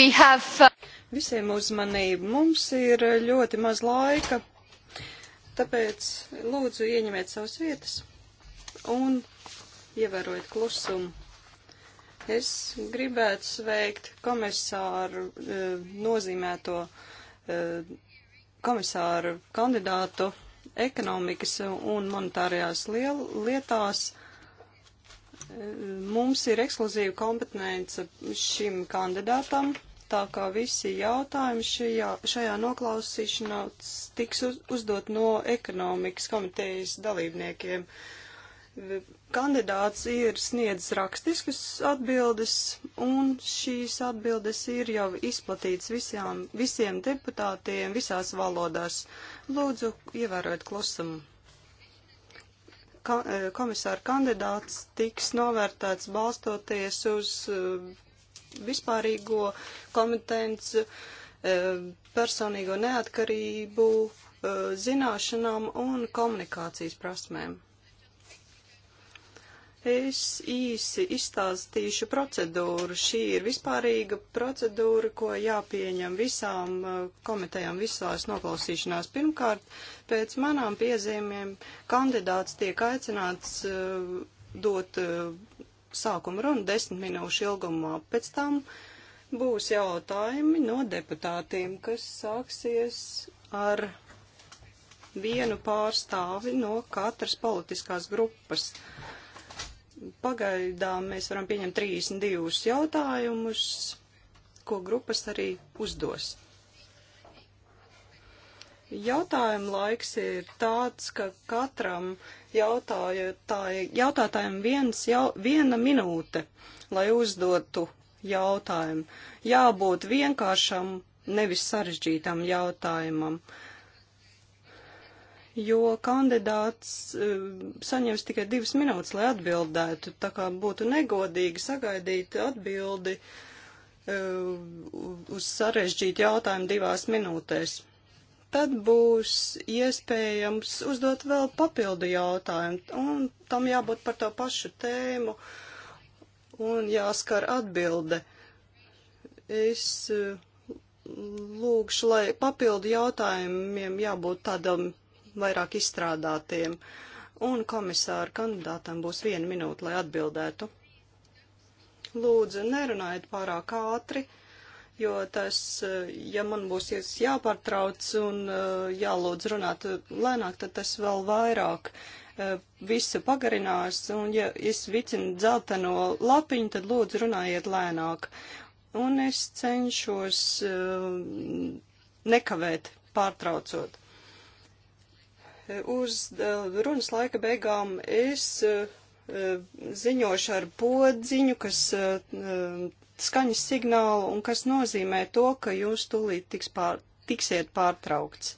have... Uh, Visiem uzmanību. Mums ir ļoti maz laika, tāpēc lūdzu ieņemiet savas vietas un ievērojiet klusumu. Es gribētu sveikt komisāru eh, nozīmēto eh, komisāru kandidātu ekonomikas un monetārajās lietās Mums ir ekskluzīva kompetence šim kandidātam, tā kā visi jautājumi šajā, šajā noklausīšanā tiks uz, uzdot no ekonomikas komitejas dalībniekiem. Kandidāts ir sniedzis rakstiskas atbildes, un šīs atbildes ir jau izplatītas visām, visiem deputātiem visās valodās. Lūdzu, ievērojiet klusumu. E, komisāra kandidāts tiks novērtēts balstoties uz e, vispārīgo kompetenci, e, personīgo neatkarību, zināšanām un komunikācijas prasmēm. Es īsi izstāstīšu procedūru. Šī ir vispārīga procedūra, ko jāpieņem visām uh, komitejām visās noklausīšanās. Pirmkārt, pēc manām piezīmēm kandidāts tiek aicināts uh, dot uh, sākumu runu desmit minūšu ilgumā. Pēc tam būs jautājumi no deputātiem, kas sāksies ar vienu pārstāvi no katras politiskās grupas. Uh, Pagaidām mēs varam pieņemt 32 jautājumus, ko grupas arī uzdos. Jautājuma laiks ir tāds, ka katram jautātājam viens, jau, viena minūte, lai uzdotu jautājumu. Jābūt vienkāršam, nevis sarežģītam jautājumam. Uh, jo kandidāts e, saņems tikai divas minūtes, lai atbildētu. Tā kā būtu negodīgi sagaidīt atbildi e, uz sarežģītu jautājumu divās minūtēs. Tad būs iespējams uzdot vēl papildu jautājumu, un tam jābūt par to pašu tēmu, un jāskar atbilde. Es e, lūgšu, lai papildu jautājumiem jābūt tādam vairāk izstrādātiem, un komisāra kandidātam būs viena minūte, lai atbildētu. Lūdzu, nerunājiet pārāk ātri, jo tas, ja man būs jāpārtrauc un eh, jālūdz runāt lēnāk, tad tas vēl vairāk eh, visu pagarinās, un ja es vicinu dzelteno lapiņu, tad lūdzu runājiet lēnāk. Un es cenšos eh, nekavēt, pārtraucot. Uz runas laika beigām es ziņošu ar podziņu, kas skaņas signālu un kas nozīmē to, ka jūs tūlīt tiks pār, tiksiet pārtraukts.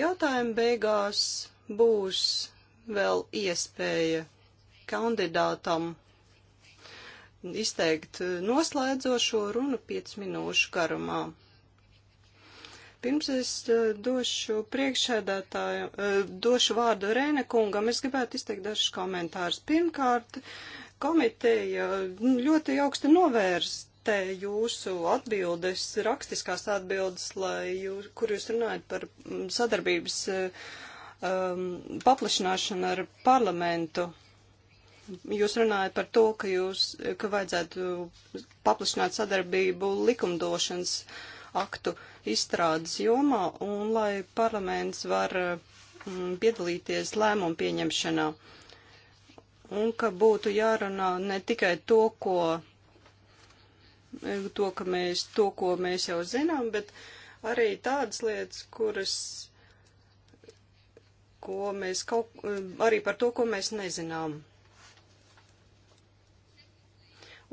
Jautājuma beigās būs vēl iespēja kandidātam izteikt noslēdzošo runu 5 minūšu garumā. Pirms es eh, došu priekšēdētāju, eh, došu vārdu Rēne kungam, es gribētu izteikt dažus komentārus. Pirmkārt, komiteja mm, ļoti augsti novērstē jūsu atbildes, rakstiskās atbildes, lai jūs, kur jūs runājat par mm, sadarbības eh, um, paplašināšanu ar parlamentu. Jūs runājat par to, ka jūs, ka vajadzētu paplašināt sadarbību likumdošanas aktu. Uh, izstrādes jomā un lai parlaments var mm, piedalīties lēmumu pieņemšanā. Un ka būtu jārunā ne tikai to, ko, to, ka mēs, to, ko mēs jau zinām, bet arī tādas lietas, kuras, ko mēs kaut, arī par to, ko mēs nezinām.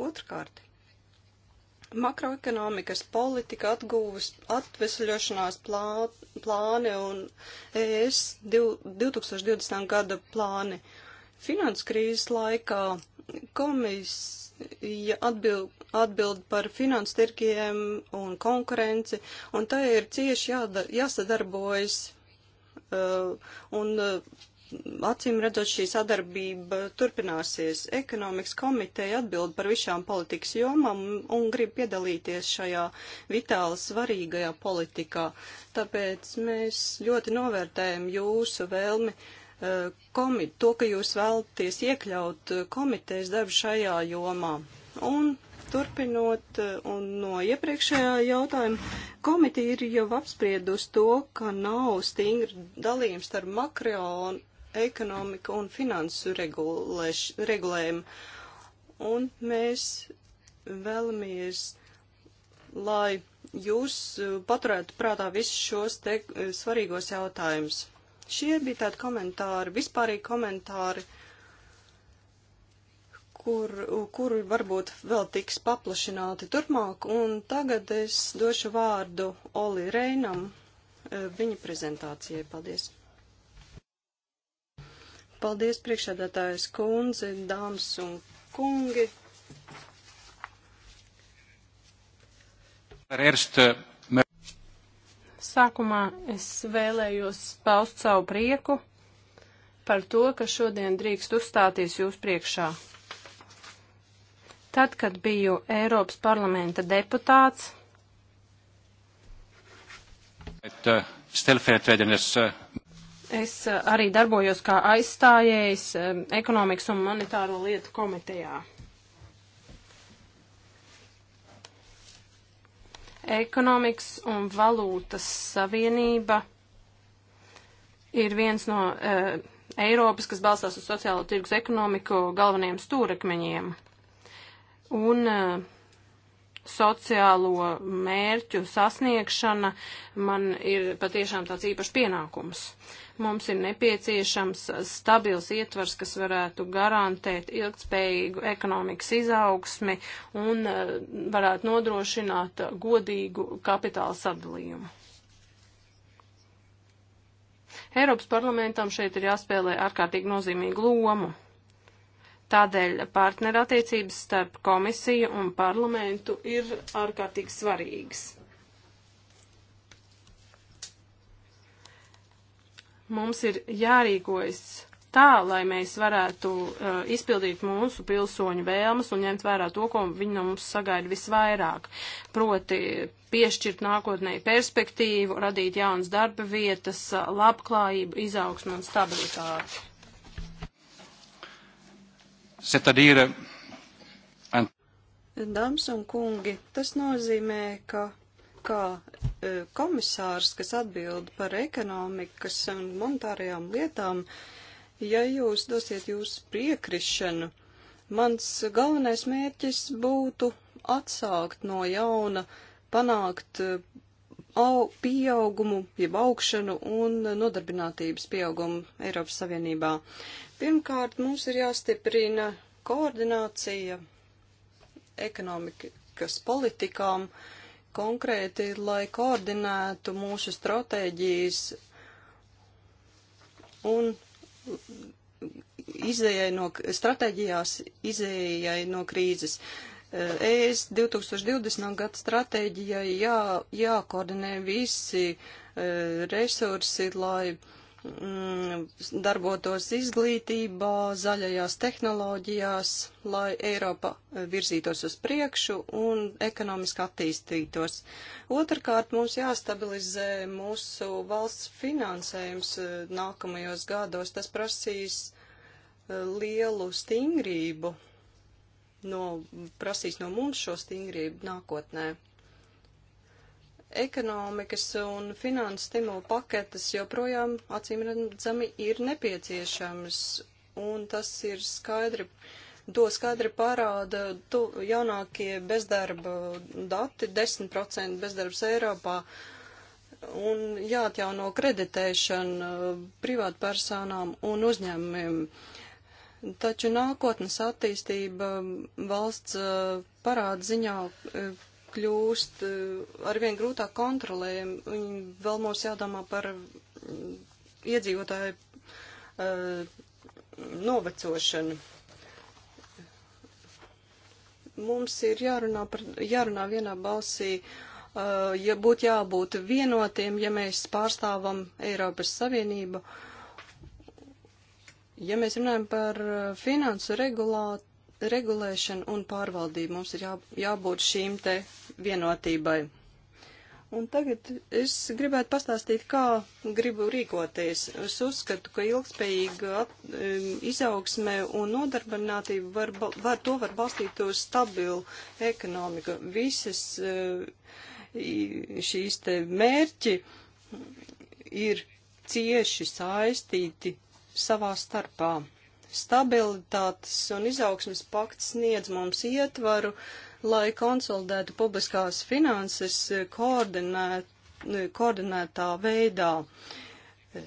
Otrkārt, Makroekonomikas politika atguvis atvesļošanās plā, plāni un e ES 2020. gada plāni. Finanses krīzes laikā komisija atbild, atbild par finanses tirkiem un konkurenci, un tā ir cieši jāda, jāsadarbojas uh, un uh, acīm redzot, šī sadarbība turpināsies. Ekonomikas komiteja atbild par visām politikas jomām un grib piedalīties šajā vitāli svarīgajā politikā. Tāpēc mēs ļoti novērtējam jūsu vēlmi eh, komit, to, ka jūs vēlaties iekļaut eh, komitejas darbu šajā jomā. Un turpinot eh, un no iepriekšējā jautājuma, komiteja ir jau apspriedusi to, ka nav stingri dalījums starp makro un, ekonomika un finansu regulēš, regulējumu. Un mēs vēlamies, lai jūs eh, paturētu prātā visus šos te eh, svarīgos jautājumus. Šie bija tādi komentāri, vispārīgi komentāri, kur, kuri varbūt vēl tiks paplašināti turpmāk, un tagad es došu vārdu Oli Reinam eh, viņa prezentācijai. Paldies! Paldies priekšādātājas kundze, dāmas un kungi. Sākumā es vēlējos paust savu prieku par to, ka šodien drīkst uzstāties jūs priekšā. Tad, kad biju Eiropas parlamenta deputāts, et uh, stelfētvedenes Es eh, arī darbojos kā aizstājējs eh, ekonomikas un monetāro lietu komitejā. Ekonomikas un valūtas savienība ir viens no e, Eiropas, kas balstās uz sociālo tirgus ekonomiku, galvenajiem stūrakmeņiem. Un e, sociālo mērķu sasniegšana man ir patiešām tāds īpašs pienākums. Mums ir nepieciešams stabils ietvars, kas varētu garantēt ilgspējīgu ekonomikas izaugsmi un eh, varētu nodrošināt godīgu kapitāla sadalījumu. Eiropas parlamentam šeit ir jāspēlē ārkārtīgi nozīmīgu lomu. Tādēļ partnerattiecības starp komisiju un parlamentu ir ārkārtīgi svarīgas. Mums ir jārīkojas tā, lai mēs varētu uh, izpildīt mūsu pilsoņu vēlmes un ņemt vērā to, ko viņi no mums sagaida visvairāk. Proti piešķirt nākotnē perspektīvu, radīt jaunas darba vietas, uh, labklājību, izaugsmu un stabilitāti. Setadīra. Dāmas un kungi, tas nozīmē, ka kā komisārs, kas atbild par ekonomikas un monetārajām lietām, ja jūs dosiet jūsu priekrišanu, mans galvenais mērķis būtu atsākt no jauna, panākt eh, au, pieaugumu, jeb augšanu un nodarbinātības pieaugumu Eiropas Savienībā. Pirmkārt, mums ir jāstiprina koordinācija ekonomikas politikām, uh, konkrēti, lai koordinētu mūsu stratēģijas un izējai no stratēģijās, izējai no krīzes. ES 2020. gada stratēģijai jā, jākoordinē visi eh, resursi, lai Mm, darbotos izglītībā, zaļajās tehnoloģijās, lai Eiropa virzītos uz priekšu un ekonomiski attīstītos. Otrkārt, mums jāstabilizē mūsu valsts finansējums eh, nākamajos gados. Tas prasīs eh, lielu stingrību, no, prasīs no mums šo stingrību nākotnē. Ekonomikas un finanses stimulu paketes joprojām acīmredzami ir nepieciešams, un tas ir skaidri, to skaidri parāda tu, jaunākie bezdarba dati, 10% bezdarbs Eiropā, un jāatjauno kreditēšana privātpersonām un uzņēmumiem. Taču nākotnes attīstība valsts eh, parāda ziņā eh, kļūst eh, arvien grūtāk kontrolējami. Viņi vēl mums jādomā par mm, iedzīvotāju uh, novecošanu. Mums ir jārunā, par, jārunā vienā balsī, uh, ja būtu jābūt vienotiem, ja mēs pārstāvam Eiropas Savienību. Ja mēs runājam par finansu regulātu, regulēšanu un pārvaldību. Mums ir jā, jābūt šīm te vienotībai. Un tagad es gribētu pastāstīt, kā gribu rīkoties. Es uzskatu, ka ilgspējīga izaugsme un nodarbinātība var, var, to var balstīt uz stabilu ekonomiku. Visas eh, šīs te mērķi ir cieši saistīti savā starpā. Stabilitātes un izaugsmes pakts sniedz mums ietvaru, uh, lai konsolidētu publiskās finanses koordinēt, koordinētā veidā. E,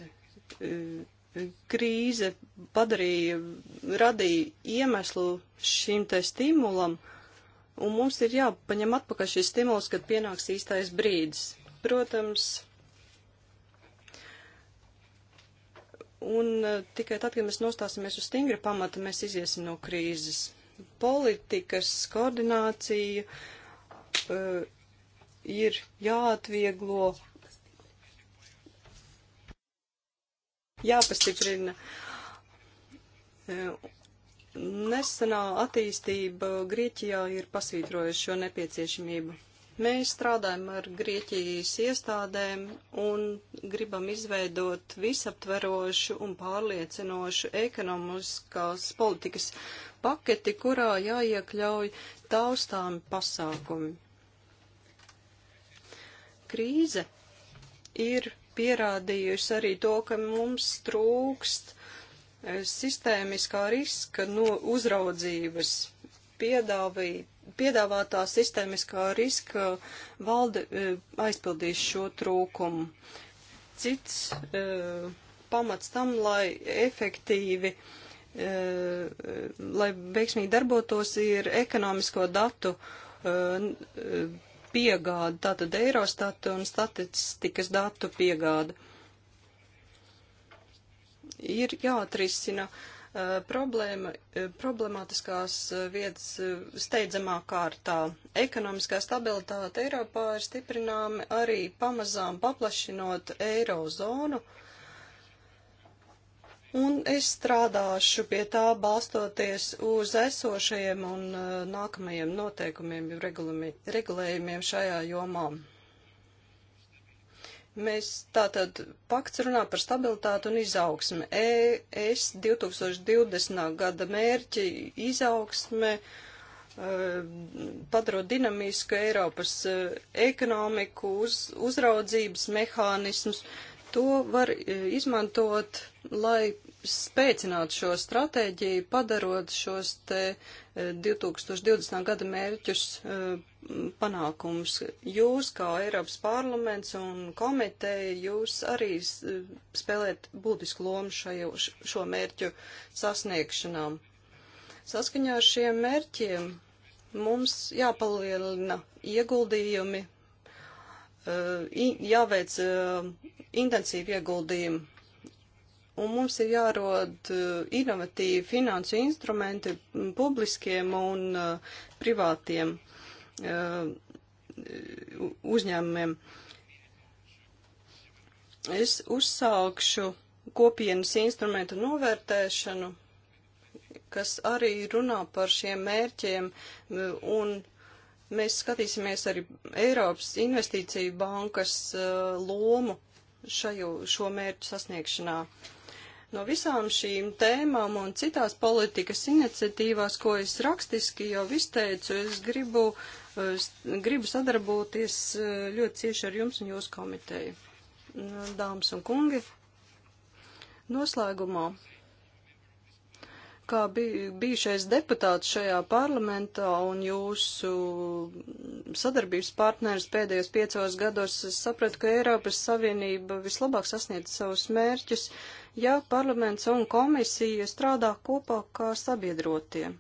e, krīze padarīja, radīja iemeslu šim te stimulam, un mums ir jāpaņem atpakaļ šis stimuls, kad pienāks īstais brīdis. Protams, un e, tikai tad, kad mēs nostāsimies uz stingra pamata, mēs iziesim no krīzes politikas koordinācija uh, eh, ir jāatvieglo, jāpastiprina. Uh, nesenā attīstība Grieķijā ir pasvītrojusi šo nepieciešamību. Mēs strādājam ar Grieķijas iestādēm un gribam izveidot visaptverošu un pārliecinošu ekonomiskās politikas paketi, kurā jāiekļauj taustāmi pasākumi. Krīze ir pierādījusi arī to, ka mums trūkst eh, sistēmiskā riska no uzraudzības piedāvīt piedāvātā sistēmiskā riska valde e, aizpildīs šo trūkumu. Cits uh, pamats tam, lai efektīvi, uh, lai veiksmīgi darbotos, ir ekonomisko datu uh, piegāda, tātad Eirostata un statistikas datu piegāda. Ir jāatrisina uh, Eh, problēma, eh, problemātiskās eh, vietas steidzamā kārtā. Ekonomiskā stabilitāte Eiropā ir stiprināma arī pamazām paplašinot eirozonu. Un es strādāšu pie tā balstoties uz esošajiem un nākamajiem noteikumiem, regulējumiem šajā jomā. Mēs tātad pakts runā par stabilitātu un izaugsmi. E ES 2020. gada mērķi izaugsme eh, padarot dinamisku Eiropas eh, ekonomiku, uz, uzraudzības mehānismus. To var eh, izmantot, lai spēcinātu šo stratēģiju, padarot šos te 2020. gada mērķus eh, panākums. Jūs, kā Eiropas parlaments un komiteja, jūs arī eh, spēlēt būtisku lomu šajo, šo mērķu sasniegšanām. Saskaņā ar šiem mērķiem mums jāpalielina ieguldījumi, eh, jāveic intensīvi ieguldījumi un mums ir jārod uh, inovatīvi finansu instrumenti publiskiem un uh, privātiem uh, uzņēmumiem. Es uzsākšu kopienas instrumentu novērtēšanu, kas arī runā par šiem mērķiem, un mēs skatīsimies arī Eiropas investīciju bankas lomu šajo, šo mērķu sasniegšanā. Uh, No visām šīm tēmām un citās politikas iniciatīvās, ko es rakstiski jau izteicu, es gribu, es gribu sadarboties eh, ļoti cieši ar jums un jūsu komiteju. Dāmas un kungi, noslēgumā kā bij, bijušais deputāts šajā parlamentā un jūsu sadarbības partneris pēdējos piecos gados, es sapratu, ka Eiropas Savienība vislabāk sasniedz savus mērķus, ja parlaments un komisija strādā kopā kā sabiedrotie.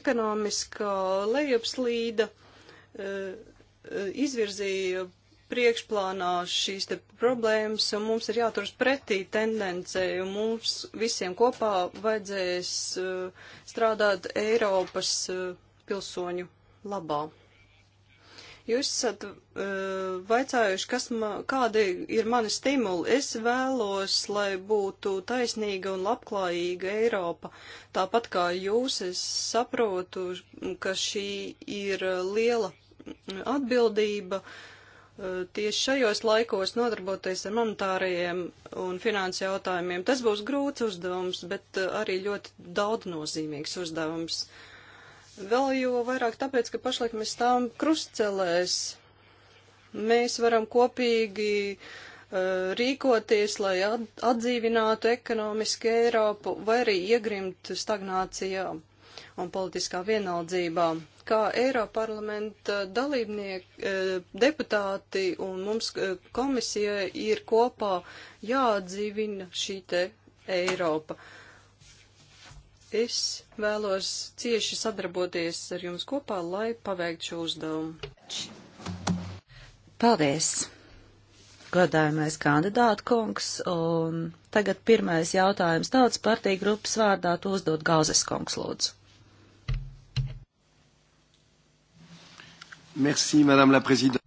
Ekonomiskā lejupslīda eh, eh, izvirzīja priekšplānā šīs te problēmas, un mums ir jāturas pretī tendencei, un mums visiem kopā vajadzēs uh, strādāt Eiropas uh, pilsoņu labā. Jūs esat uh, vaicājuši, kas ma, kādi ir mani stimuli. Es vēlos, lai būtu taisnīga un labklājīga Eiropa. Tāpat kā jūs, es saprotu, ka šī ir uh, liela atbildība. Uh, Eh, tieši šajos laikos nodarboties ar monetāriem un finansu jautājumiem. Tas būs grūts uzdevums, bet eh, arī ļoti daudznozīmīgs uzdevums. Vēl jo vairāk tāpēc, ka pašlaik mēs stāvam krustcelēs. Mēs varam kopīgi uh, rīkoties, lai atdzīvinātu ekonomiski Eiropu vai arī iegrimt stagnācijā un politiskā vienaldzībā. Kā Eiroparlamenta dalībnieki, e, deputāti un mums e, komisija ir kopā jāatdzīvina šī te Eiropa. Es vēlos cieši sadarboties ar jums kopā, lai paveiktu šo uzdevumu. Paldies! Godājumais kandidāta kungs, un tagad pirmais jautājums tautas partija grupas vārdā to uzdot Gauzes kungs lūdzu. Merci, Madame la Présidente.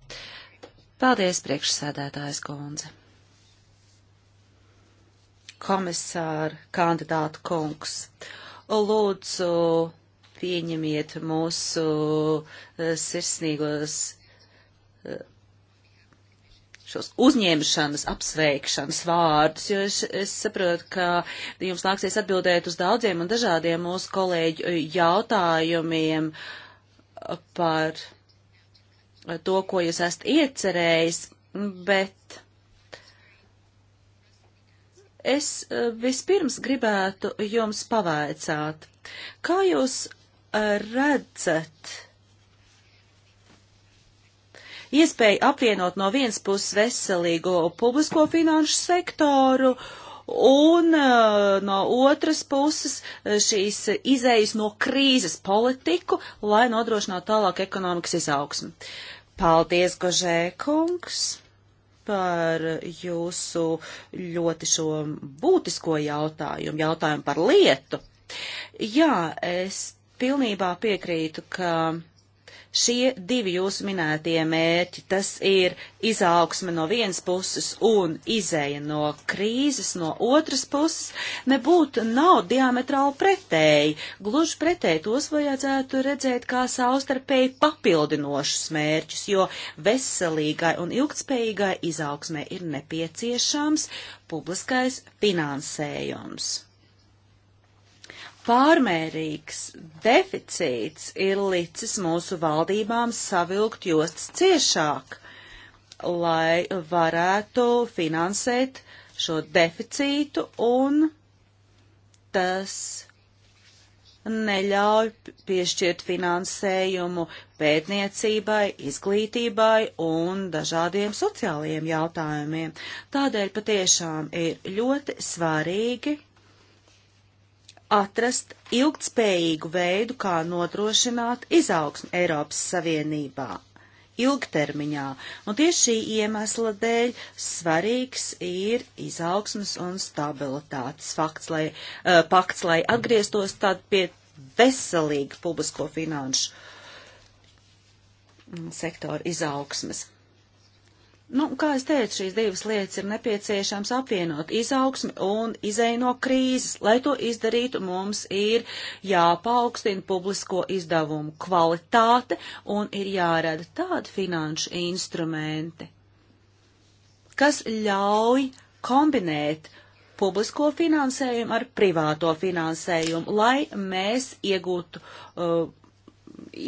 Paldies, priekšsēdētājs Gonze. Komisāra kandidāta kungs, lūdzu pieņemiet mūsu eh, sirsnīgos eh, šos uzņemšanas, apsveikšanas vārdus, jo es, es saprotu, ka jums nāksies atbildēt uz daudziem un dažādiem mūsu kolēģu jautājumiem par to, ko jūs esat iecerējis, bet es e, vispirms gribētu jums pavaicāt, kā jūs e, redzat iespēju apvienot no vienas puses veselīgo publisko finanšu sektoru un eh, no otras puses eh, šīs izējas no krīzes politiku, lai nodrošinātu tālāk ekonomikas izaugsmu. Paldies, Gožē kungs, par jūsu ļoti šo būtisko jautājumu, jautājumu par lietu. Jā, es pilnībā piekrītu, ka Šie divi jūsu minētie mērķi, tas ir izaugsme no vienas puses un izēja no krīzes no otras puses, nebūtu nav diametrāli pretēji. Gluži pretēji tos vajadzētu redzēt kā savstarpēji papildinošus mērķus, jo veselīgai un ilgtspējīgai izaugsmē ir nepieciešams publiskais finansējums pārmērīgs deficīts ir licis mūsu valdībām savilkt jostas ciešāk, lai varētu finansēt šo deficītu un tas neļauj piešķirt finansējumu pētniecībai, izglītībai un dažādiem sociālajiem jautājumiem. Tādēļ patiešām ir ļoti svarīgi atrast ilgtspējīgu veidu, kā nodrošināt izaugsmu Eiropas Savienībā ilgtermiņā, un tieši šī iemesla dēļ svarīgs ir izaugsmas un stabilitātes fakts, lai, uh, pakts, lai atgrieztos tad pie veselīga publisko finanšu mm, sektora izaugsmas. Nu, kā es teicu, šīs divas lietas ir nepieciešams apvienot - izaugsmi un izēju no krīzes. Lai to izdarītu, mums ir jāpaukstina publisko izdevumu kvalitāte un ir jārada tādi finanšu instrumenti, kas ļauj kombinēt publisko finansējumu ar privāto finansējumu, lai mēs iegūtu uh,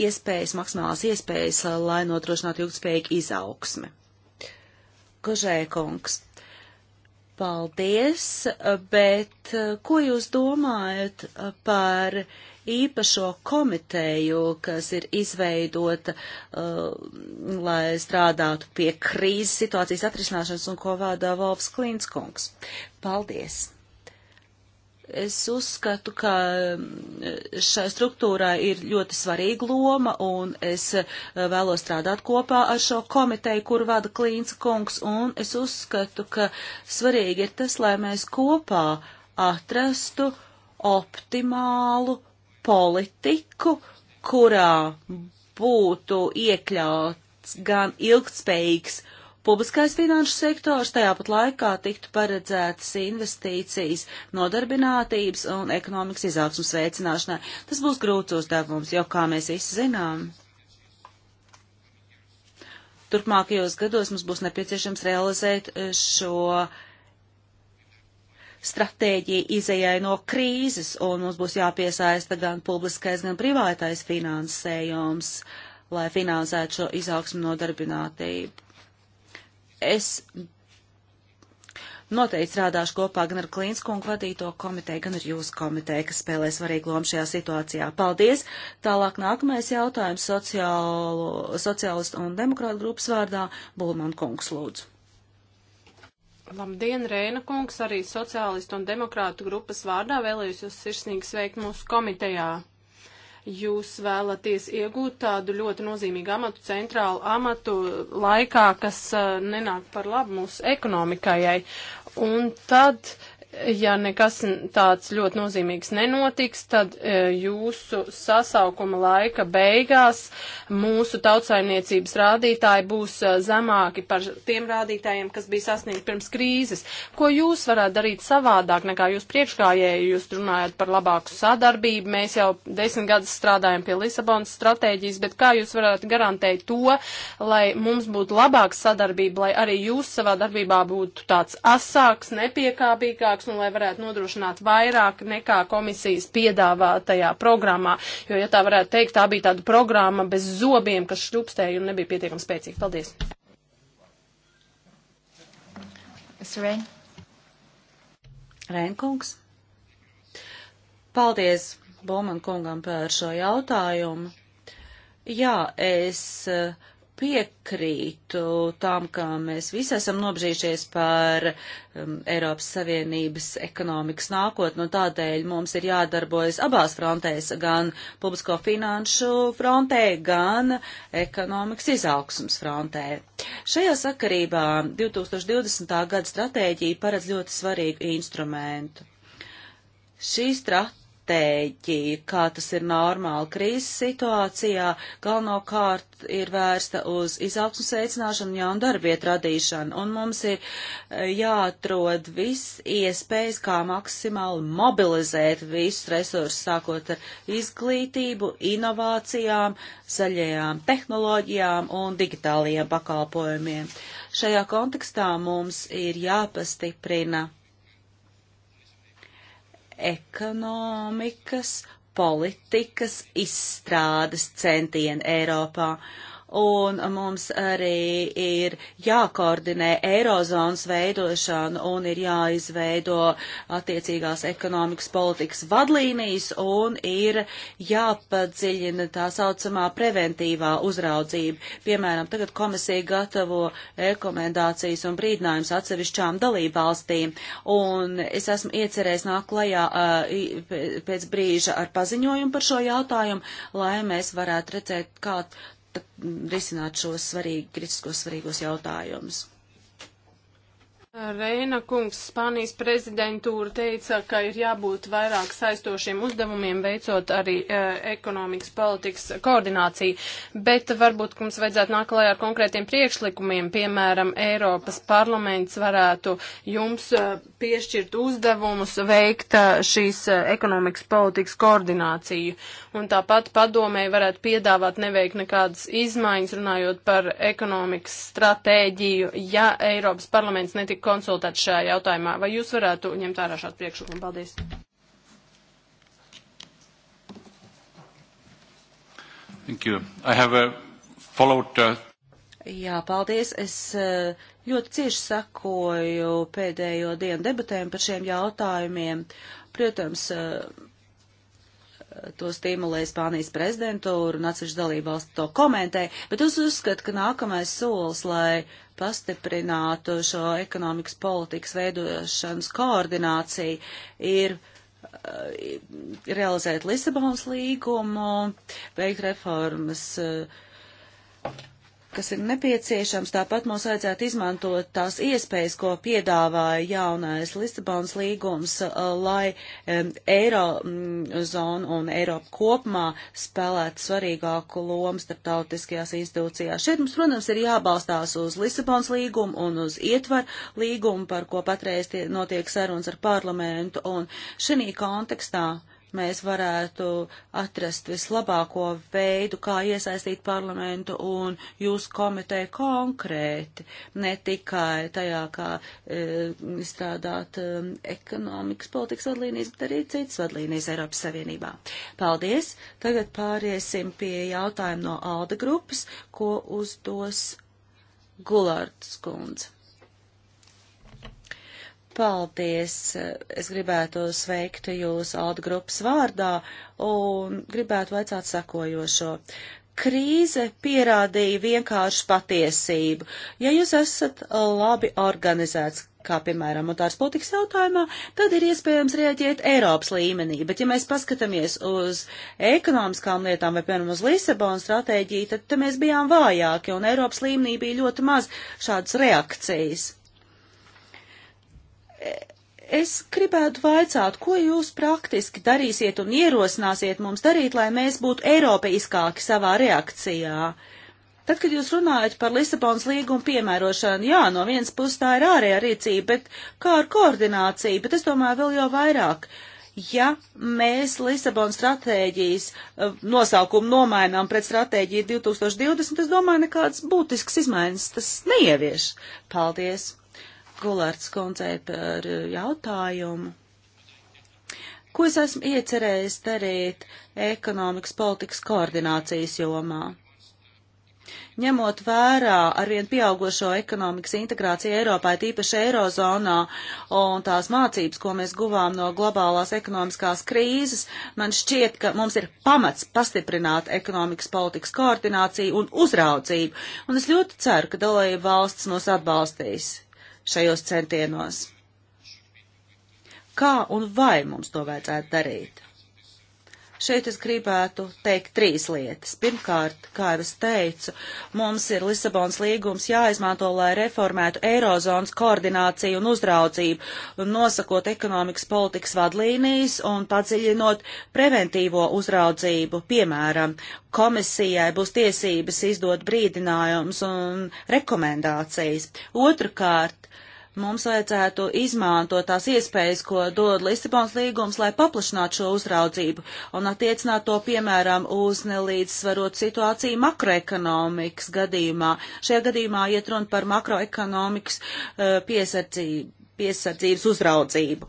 iespējas, maksimālās iespējas, uh, lai notrošinātu ilgspējīgu izaugsmi. Kožēkungs. Paldies, bet eh, ko jūs domājat eh, par īpašo komiteju, kas ir izveidota, uh, lai strādātu pie krīzes situācijas atrisināšanas un ko vādā Valfs Klīnskungs? Paldies! Es uzskatu, ka mm, šai struktūrai ir ļoti svarīga loma, un es eh, vēlos strādāt kopā ar šo komiteju, kur vada Klīnca kungs, un es uzskatu, ka svarīgi ir tas, lai mēs kopā atrastu optimālu politiku, kurā būtu iekļauts gan ilgtspējīgs publiskais finanšu sektors, tajā pat laikā tiktu paredzētas investīcijas nodarbinātības un ekonomikas izaugsmas veicināšanai. Tas būs grūts uzdevums, jo, kā mēs visi zinām, turpmākajos gados mums būs nepieciešams realizēt šo stratēģiju izējai no krīzes, un mums būs jāpiesaista gan publiskais, gan privātais finansējums, lai finansētu šo izaugsmu nodarbinātību. Es noteikti strādāšu kopā gan ar Klīnskungu vadīto komiteju, gan ar jūsu komiteju, kas spēlē svarīgu lomu šajā situācijā. Paldies! Tālāk nākamais jautājums sociālu, sociālistu un demokrātu grupas vārdā Bulman kungs lūdzu. Labdien, Rēna kungs, arī sociālistu un demokrātu grupas vārdā vēlējos jūs sirsnīgi sveikt mūsu komitejā jūs vēlaties iegūt tādu ļoti nozīmīgu amatu, centrālu amatu laikā, kas eh, nenāk par labu mūsu ekonomikajai. Un tad uh, ja nekas tāds ļoti nozīmīgs nenotiks, tad e, jūsu sasaukuma laika beigās mūsu tautsaimniecības rādītāji būs e, zemāki par tiem rādītājiem, kas bija sasniegti pirms krīzes. Ko jūs varētu darīt savādāk nekā jūs priekšgājēji? Jūs runājat par labāku sadarbību, mēs jau desmit gadus strādājam pie Lisabonas stratēģijas, bet kā jūs varētu garantēt to, lai mums būtu labāka sadarbība, lai arī jūs savā darbībā būtu tāds asāks, nepiekāpīgāks? sanāksmi, lai varētu nodrošināt vairāk nekā komisijas piedāvātajā programmā. Jo, ja tā varētu teikt, tā bija tāda programma bez zobiem, kas šļupstēja un nebija pietiekami spēcīga. Paldies! Rein. Reinkungs. Paldies Bulman kungam par šo jautājumu. Jā, es uh, piekrītu tām, kā mēs visi esam nobrīžies par um, Eiropas Savienības ekonomikas nākotnu, un tādēļ mums ir jādarbojas abās frontēs, gan publisko finanšu frontē, gan ekonomikas izaugsmas frontē. Šajā sakarībā 2020. gada stratēģija paredz ļoti svarīgu instrumentu. Šī stratēģija stratēģija, kā tas ir normāli krīzes situācijā, galvenokārt ir vērsta uz izaugsmas veicināšanu, jaunu darbvietu radīšanu, un mums ir eh, jāatrod viss iespējas, kā maksimāli mobilizēt visus resursus, sākot ar izglītību, inovācijām, zaļajām tehnoloģijām un digitālajiem pakalpojumiem. Šajā kontekstā mums ir jāpastiprina ekonomikas politikas izstrādes centieni Eiropā. Uh, un mums arī ir jākoordinē eirozonas veidošana un ir jāizveido attiecīgās ekonomikas politikas vadlīnijas un ir jāpadziļina tā saucamā preventīvā uzraudzība. Piemēram, tagad komisija gatavo rekomendācijas un brīdinājums atsevišķām dalībvalstīm un es esmu iecerējis nāk klajā pēc brīža ar paziņojumu par šo jautājumu, lai mēs varētu redzēt, kā risināt šos svarīgi, kritiskos svarīgos jautājumus. Reina kungs, Spānijas prezidentūra teica, ka ir jābūt vairāk saistošiem uzdevumiem, veicot arī e, ekonomikas politikas koordināciju, bet varbūt mums vajadzētu nāk klajā ar konkrētiem priekšlikumiem, piemēram, Eiropas parlaments varētu jums e, piešķirt uzdevumus veikt e, šīs e, ekonomikas politikas koordināciju, un tāpat padomēji varētu piedāvāt neveikt nekādas izmaiņas, runājot par ekonomikas stratēģiju, ja Eiropas parlaments netika konsultēt šajā jautājumā. Vai jūs varētu ņemt ārā šādu priekšlikumu? Paldies! Thank you. I have uh, followed uh, Jā, paldies. Es uh, ļoti cieši sakoju pēdējo dienu debatēm par šiem jautājumiem. Protams, uh, to stimulē Spānijas prezidentūru un atsevišķi dalībvalsts to komentē, bet es uzskatu, ka nākamais solis, lai pastiprinātu šo ekonomikas politikas veidošanas koordināciju, ir uh, realizēt Lisabonas līgumu, veikt reformas uh, kas ir nepieciešams. Tāpat mums vajadzētu izmantot tās iespējas, ko piedāvāja jaunais Lisabonas līgums, uh, lai um, Eirozona mm, un Eiropa kopumā spēlētu svarīgāku lomu starptautiskajās institūcijās. Šeit mums, protams, ir jābalstās uz Lisabonas līgumu un uz ietvaru līgumu, par ko patreiz notiek sarunas ar parlamentu. Un šī kontekstā mēs varētu atrast vislabāko veidu, kā iesaistīt parlamentu un jūs komiteju konkrēti, ne tikai tajā, kā e, strādāt e, ekonomikas politikas vadlīnijas, bet arī citas vadlīnijas Eiropas Savienībā. Paldies! Tagad pāriesim pie jautājuma no Alda grupas, ko uzdos Gulārds kundze. Paldies! Es gribētu sveikt jūs Alda grupas vārdā un gribētu vaicāt sakojošo krīze pierādīja vienkārši patiesību. Ja jūs esat labi organizēts, kā piemēram motārs politikas jautājumā, tad ir iespējams rēģēt Eiropas līmenī. Bet ja mēs paskatāmies uz ekonomiskām lietām vai, piemēram, uz Lisabonas stratēģiju, tad, tad mēs bijām vājāki un Eiropas līmenī bija ļoti maz šādas reakcijas. Es gribētu vaicāt, ko jūs praktiski darīsiet un ierosināsiet mums darīt, lai mēs būtu eiropeiskāki savā reakcijā. Tad, kad jūs runājat par Lisabonas līgumu piemērošanu, jā, no vienas puses tā ir ārējā rīcība, bet kā ar koordināciju, bet es domāju vēl jau vairāk. Ja mēs Lisabonas stratēģijas eh, nosaukumu nomainām pret stratēģiju 2020, es domāju, nekādas būtiskas izmaiņas tas neievieš. Paldies! Gulārds kundzei par eh, jautājumu. Ko es esmu iecerējis darīt ekonomikas politikas koordinācijas jomā? Ņemot vērā arvien pieaugošo ekonomikas integrāciju Eiropā, tīpaši Eirozonā, un tās mācības, ko mēs guvām no globālās ekonomiskās krīzes, man šķiet, ka mums ir pamats pastiprināt ekonomikas politikas koordināciju un uzraudzību, un es ļoti ceru, ka dalība valsts mūs atbalstīs šajos centienos. Kā un vai mums to vajadzētu darīt? Šeit es gribētu teikt trīs lietas. Pirmkārt, kā jau es teicu, mums ir Lisabons līgums jāizmanto, lai reformētu Eirozonas koordināciju un uzraudzību, nosakot ekonomikas politikas vadlīnijas un padziļinot preventīvo uzraudzību. Piemēram, komisijai būs tiesības izdot brīdinājums un rekomendācijas. Otrakārt, mums vajadzētu izmantot tās iespējas, ko dod Lisabons līgums, lai paplašinātu šo uzraudzību un attiecināt to, piemēram, uz nelīdzsvarot situāciju makroekonomikas gadījumā. Šajā gadījumā iet runa par makroekonomikas uh, piesardzību piesardzības uzraudzību.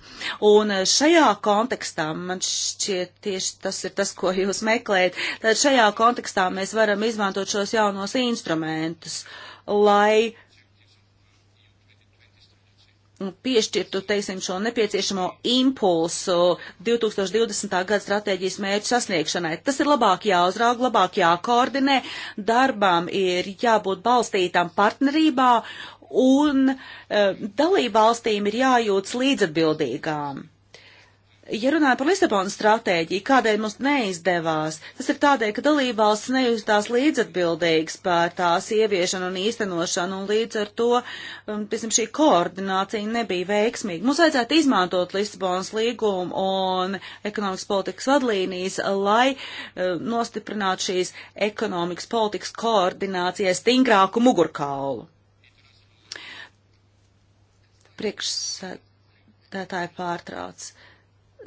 Un eh, šajā kontekstā, man šķiet tieši tas ir tas, ko jūs meklējat, tad šajā kontekstā mēs varam izmantot šos jaunos instrumentus, lai piešķirtu, teiksim, šo nepieciešamo impulsu 2020. gada stratēģijas mērķu sasniegšanai. Tas ir labāk jāuzrauga, labāk jākoordinē, darbām ir jābūt balstītām partnerībā un e, eh, dalībvalstīm ir jājūtas līdzatbildīgām. Ja runājam par Lisabonas stratēģiju, kādēļ mums neizdevās, tas ir tādēļ, ka dalībvalsts nejūtās līdzatbildīgs par tās ieviešanu un īstenošanu, un līdz ar to, um, piemēram, šī koordinācija nebija veiksmīga. Mums vajadzētu izmantot Lisabonas līgumu un ekonomikas politikas vadlīnijas, lai uh, nostiprinātu šīs ekonomikas politikas koordinācijai stingrāku mugurkaulu. Priekšsēdētāji pārtrauc. Uh,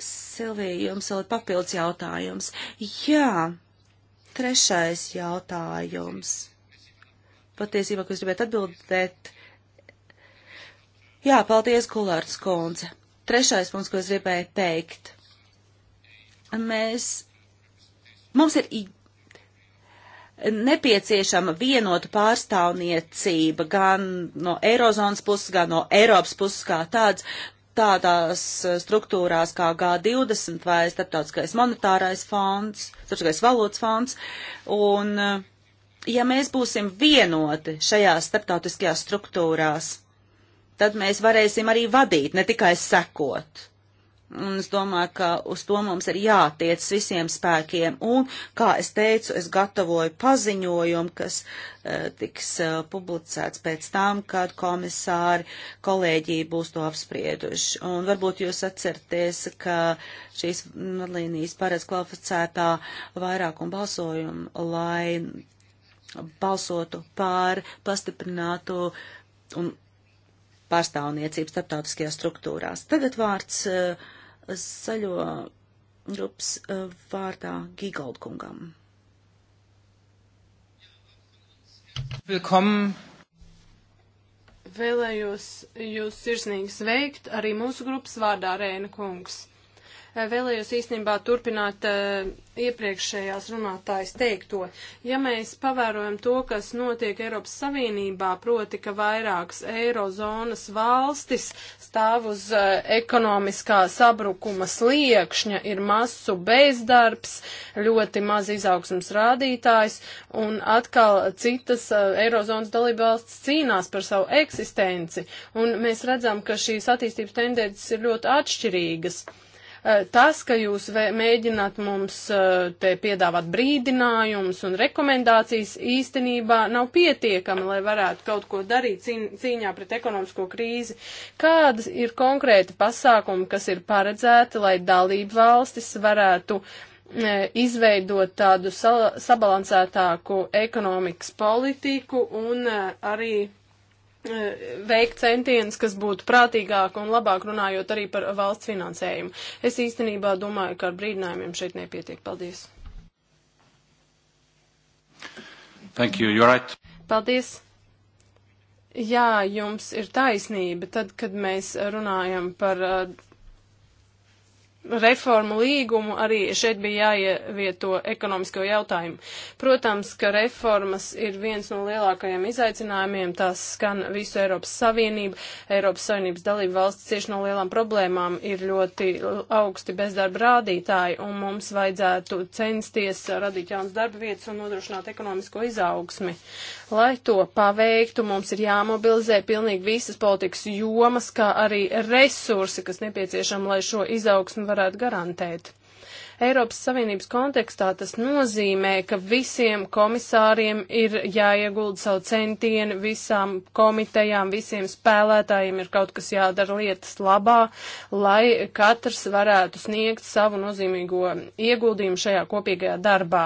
Silvija, jums vēl ir papildus jautājums. Jā, trešais jautājums. Patiesībā, ko es gribētu atbildēt. Jā, paldies, Kulārds Konze. Trešais punkts, ko es gribēju teikt. Mēs, mums ir nepieciešama vienota pārstāvniecība gan no Eirozonas puses, gan no Eiropas puses kā tāds, tādās eh, struktūrās kā G20 vai Startautiskais monetārais fonds, Startautiskais valodas fonds, un eh, ja mēs būsim vienoti šajās starptautiskajās struktūrās, tad mēs varēsim arī vadīt, ne tikai sekot. Un es domāju, ka uz to mums ir jātiec visiem spēkiem. Un, kā es teicu, es gatavoju paziņojumu, kas uh, tiks uh, publicēts pēc tam, kad komisāri kolēģija būs to apsprieduši. Un varbūt jūs atcerties, ka šīs vadlīnijas paredz kvalificētā vairākumu balsojumu, lai balsotu pār pastiprinātu un pārstāvniecību starptautiskajās struktūrās. Tagad vārds uh, zaļo grupas eh, vārdā Gigaldkungam. Willkommen vēlējos jūs sirsnīgi sveikt arī mūsu grupas vārdā Rēna kungs. Eh, vēlējos īstenībā turpināt uh, iepriekšējās runātājas teikto. Ja mēs pavērojam to, kas notiek Eiropas Savienībā, proti, ka vairākas eirozonas valstis stāv uz uh, ekonomiskā sabrukuma sliekšņa, ir masu bezdarbs, ļoti maz izaugsmas rādītājs, un atkal citas uh, eirozonas dalībvalstis cīnās par savu eksistenci, un mēs redzam, ka šīs attīstības tendences ir ļoti atšķirīgas. Thank you Eh, tas, ka jūs mēģināt mums eh, te piedāvāt brīdinājumus un rekomendācijas, īstenībā nav pietiekami, lai varētu kaut ko darīt cīņā pret ekonomisko krīzi. Kādas ir konkrēti pasākumi, kas ir paredzēti, lai dalību valstis varētu eh, izveidot tādu sabalansētāku ekonomikas politiku un arī Eh, veikt centienus, kas būtu prātīgāk un labāk runājot arī par valsts finansējumu. Es īstenībā domāju, ka ar brīdinājumiem šeit nepietiek. Paldies. Thank you. You're right. Paldies. Jā, jums ir taisnība. Tad, kad mēs runājam par uh, reformu līgumu arī šeit bija jāievieto ekonomisko jautājumu. Protams, ka reformas ir viens no lielākajiem izaicinājumiem, tās skan visu Eiropas Savienību. Eiropas Savienības dalība valsts cieši no lielām problēmām ir ļoti augsti bezdarba rādītāji, un mums vajadzētu censties radīt jaunas darba vietas un nodrošināt ekonomisko izaugsmi. Lai to paveiktu, mums ir jāmobilizē pilnīgi visas politikas jomas, kā arī resursi, kas nepieciešami, lai šo izaugsmu varētu garantēt. Eiropas Savienības kontekstā tas nozīmē, ka visiem komisāriem ir jāiegulda savu centienu, visām komitejām, visiem spēlētājiem ir kaut kas jādara lietas labā, lai katrs varētu sniegt savu nozīmīgo ieguldījumu šajā kopīgajā darbā.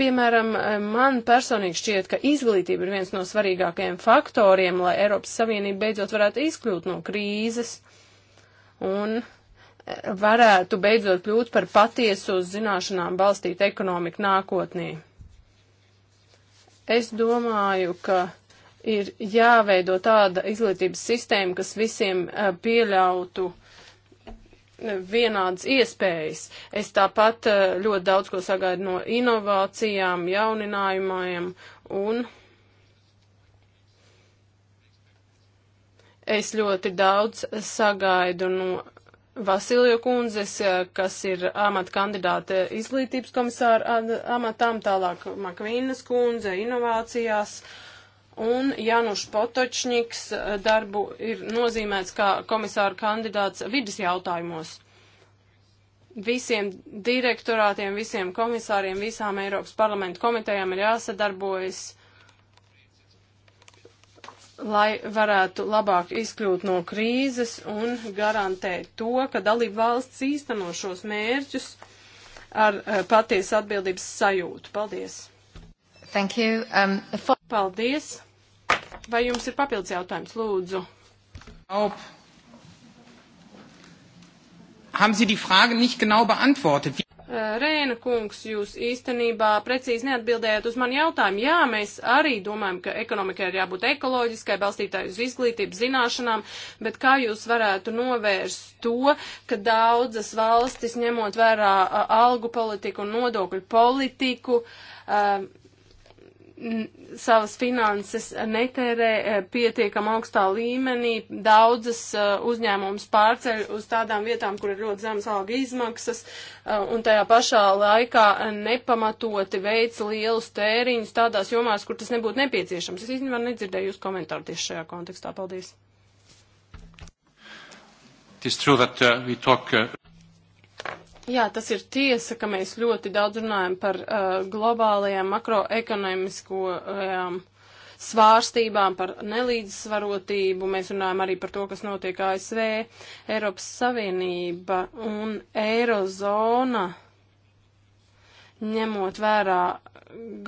Piemēram, man personīgi šķiet, ka izglītība ir viens no svarīgākajiem faktoriem, lai Eiropas Savienība beidzot varētu izkļūt no krīzes. Un varētu beidzot kļūt par patiesu uz zināšanām balstītu ekonomiku nākotnī. Es domāju, ka ir jāveido tāda izglītības sistēma, kas visiem eh, pieļautu eh, vienādas iespējas. Es tāpat eh, ļoti daudz ko sagaidu no inovācijām, jauninājumiem un. Es ļoti daudz sagaidu no Vasilju kundzes, eh, kas ir amata kandidāte izglītības komisāra amatām, tālāk Makvīnas kundze inovācijās. Un Januš Potočņiks eh, darbu ir nozīmēts kā komisāra kandidāts vidas jautājumos. Visiem direktorātiem, visiem komisāriem, visām Eiropas parlamenta komitejām ir jāsadarbojas uh, lai varētu labāk izkļūt no krīzes un garantēt to, ka dalību valsts īsteno šos mērķus ar eh, patiesu atbildības sajūtu. Paldies! Thank you. Um, for... Paldies! Vai jums ir papildus jautājums, lūdzu? Op. Haben Sie die Frage nicht genau beantwortet? Eh, Rēna kungs, jūs īstenībā precīzi neatbildējāt uz manu jautājumu. Jā, mēs arī domājam, ka ekonomikai ir jābūt ekoloģiskai, balstītāji uz izglītību, zināšanām, bet kā jūs varētu novērst to, ka daudzas valstis, ņemot vērā eh, algu politiku un nodokļu politiku, uh, savas finanses netērē e, pietiekam augstā līmenī, daudzas e, uzņēmumus pārceļ uz tādām vietām, kur ir ļoti zemas alga izmaksas, e, un tajā pašā laikā nepamatoti veic lielus tēriņus tādās jomās, kur tas nebūtu nepieciešams. Es īstenībā nedzirdēju jūs komentāru tieši šajā kontekstā. Paldies! It is true that uh, we talk uh, Jā, tas ir tiesa, ka mēs ļoti daudz runājam par uh, globālajām makroekonomiskajām um, uh, svārstībām, par nelīdzsvarotību. Mēs runājam arī par to, kas notiek ASV, Eiropas Savienība un Eirozona, ņemot vērā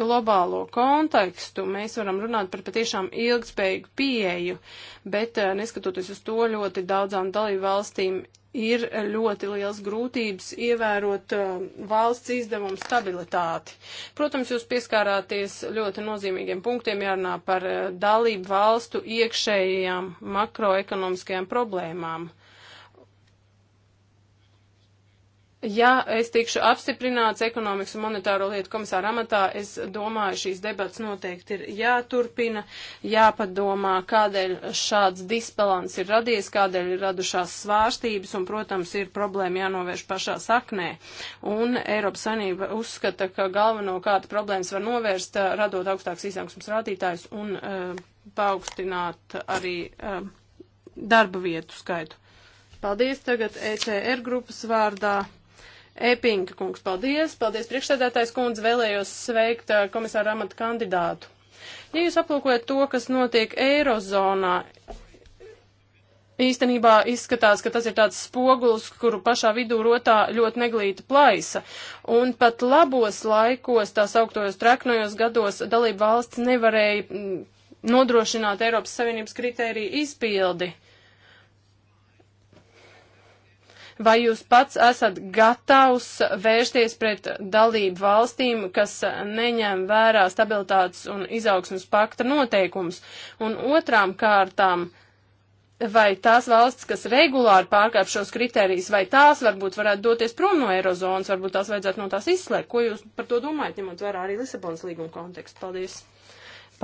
globālo kontekstu, mēs varam runāt par patiešām ilgspējīgu pieeju, bet uh, neskatoties uz to, ļoti daudzām dalību valstīm ir ļoti liels grūtības ievērot uh, valsts izdevumu stabilitāti. Protams, jūs pieskārāties ļoti nozīmīgiem punktiem, jārunā par uh, dalību valstu iekšējām makroekonomiskajām problēmām. Uh, Ja es tikšu apstiprināts ekonomikas un monetāro lietu komisāra amatā, es domāju, šīs debats noteikti ir jāturpina, jāpadomā, kādēļ šāds disbalans ir radies, kādēļ ir radušās svārstības un, protams, ir problēma jānovērš pašā saknē. Un Eiropas Sanība uzskata, ka galvenokārt problēmas var novērst, eh, radot augstāks izaugsmas rādītājs un uh, paaugstināt arī uh, darba vietu skaitu. Paldies tagad ECR grupas vārdā. Epinga kungs, paldies! Paldies, priekšsēdētājs kundze, vēlējos sveikt komisāra amata kandidātu. Ja jūs aplūkojat to, kas notiek Eirozonā, īstenībā izskatās, ka tas ir tāds spogulis, kuru pašā vidū rotā ļoti neglīta plaisa. Un pat labos laikos, tās augtojos traknojos gados, dalība valsts nevarēja mm, nodrošināt Eiropas Savienības kritēriju izpildi. Vai jūs pats esat gatavs vērsties pret dalību valstīm, kas neņem vērā stabilitātes un izaugsmas pakta noteikums? Un otrām kārtām, vai tās valstis, kas regulāri pārkāp šos kriterijus, vai tās varbūt varētu doties prom no Eirozonas, varbūt tās vajadzētu no tās izslēgt? Ko jūs par to domājat, ņemot vērā arī Lisabonas līguma kontekstu? Paldies!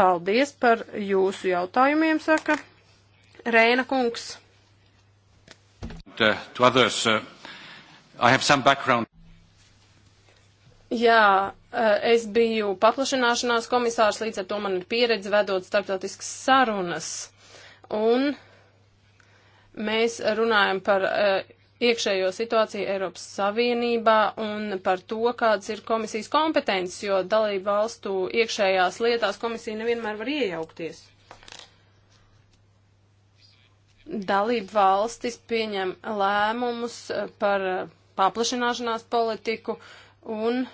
Paldies par jūsu jautājumiem, saka Rēna kungs. Uh, to others. Uh, I have some background. Jā, uh, es biju paplašināšanās komisārs, līdz ar to man ir pieredze vedot starptautiskas sarunas. Un mēs runājam par uh, iekšējo situāciju Eiropas Savienībā un par to, kādas ir komisijas kompetences, jo dalību valstu iekšējās lietās komisija nevienmēr var iejaukties dalību valstis pieņem lēmumus eh, par eh, paplašināšanās politiku un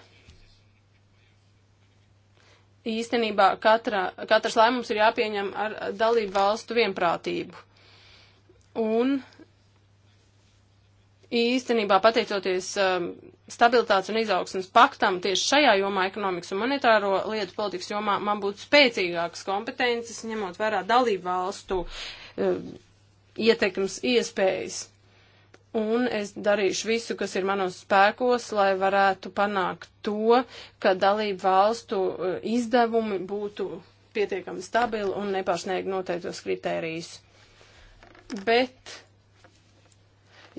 īstenībā katra, katrs lēmums ir jāpieņem ar dalību valstu vienprātību. Un īstenībā pateicoties um, stabilitātes un izaugsmas paktam tieši šajā jomā, ekonomikas un monetāro lietu politikas jomā, man būtu spēcīgākas kompetences, ņemot vērā dalību valstu um, ietekmes iespējas. Un es darīšu visu, kas ir manos spēkos, lai varētu panākt to, ka dalību valstu uh, izdevumi būtu pietiekami stabili un nepārsniegt noteiktos kritērijus. Bet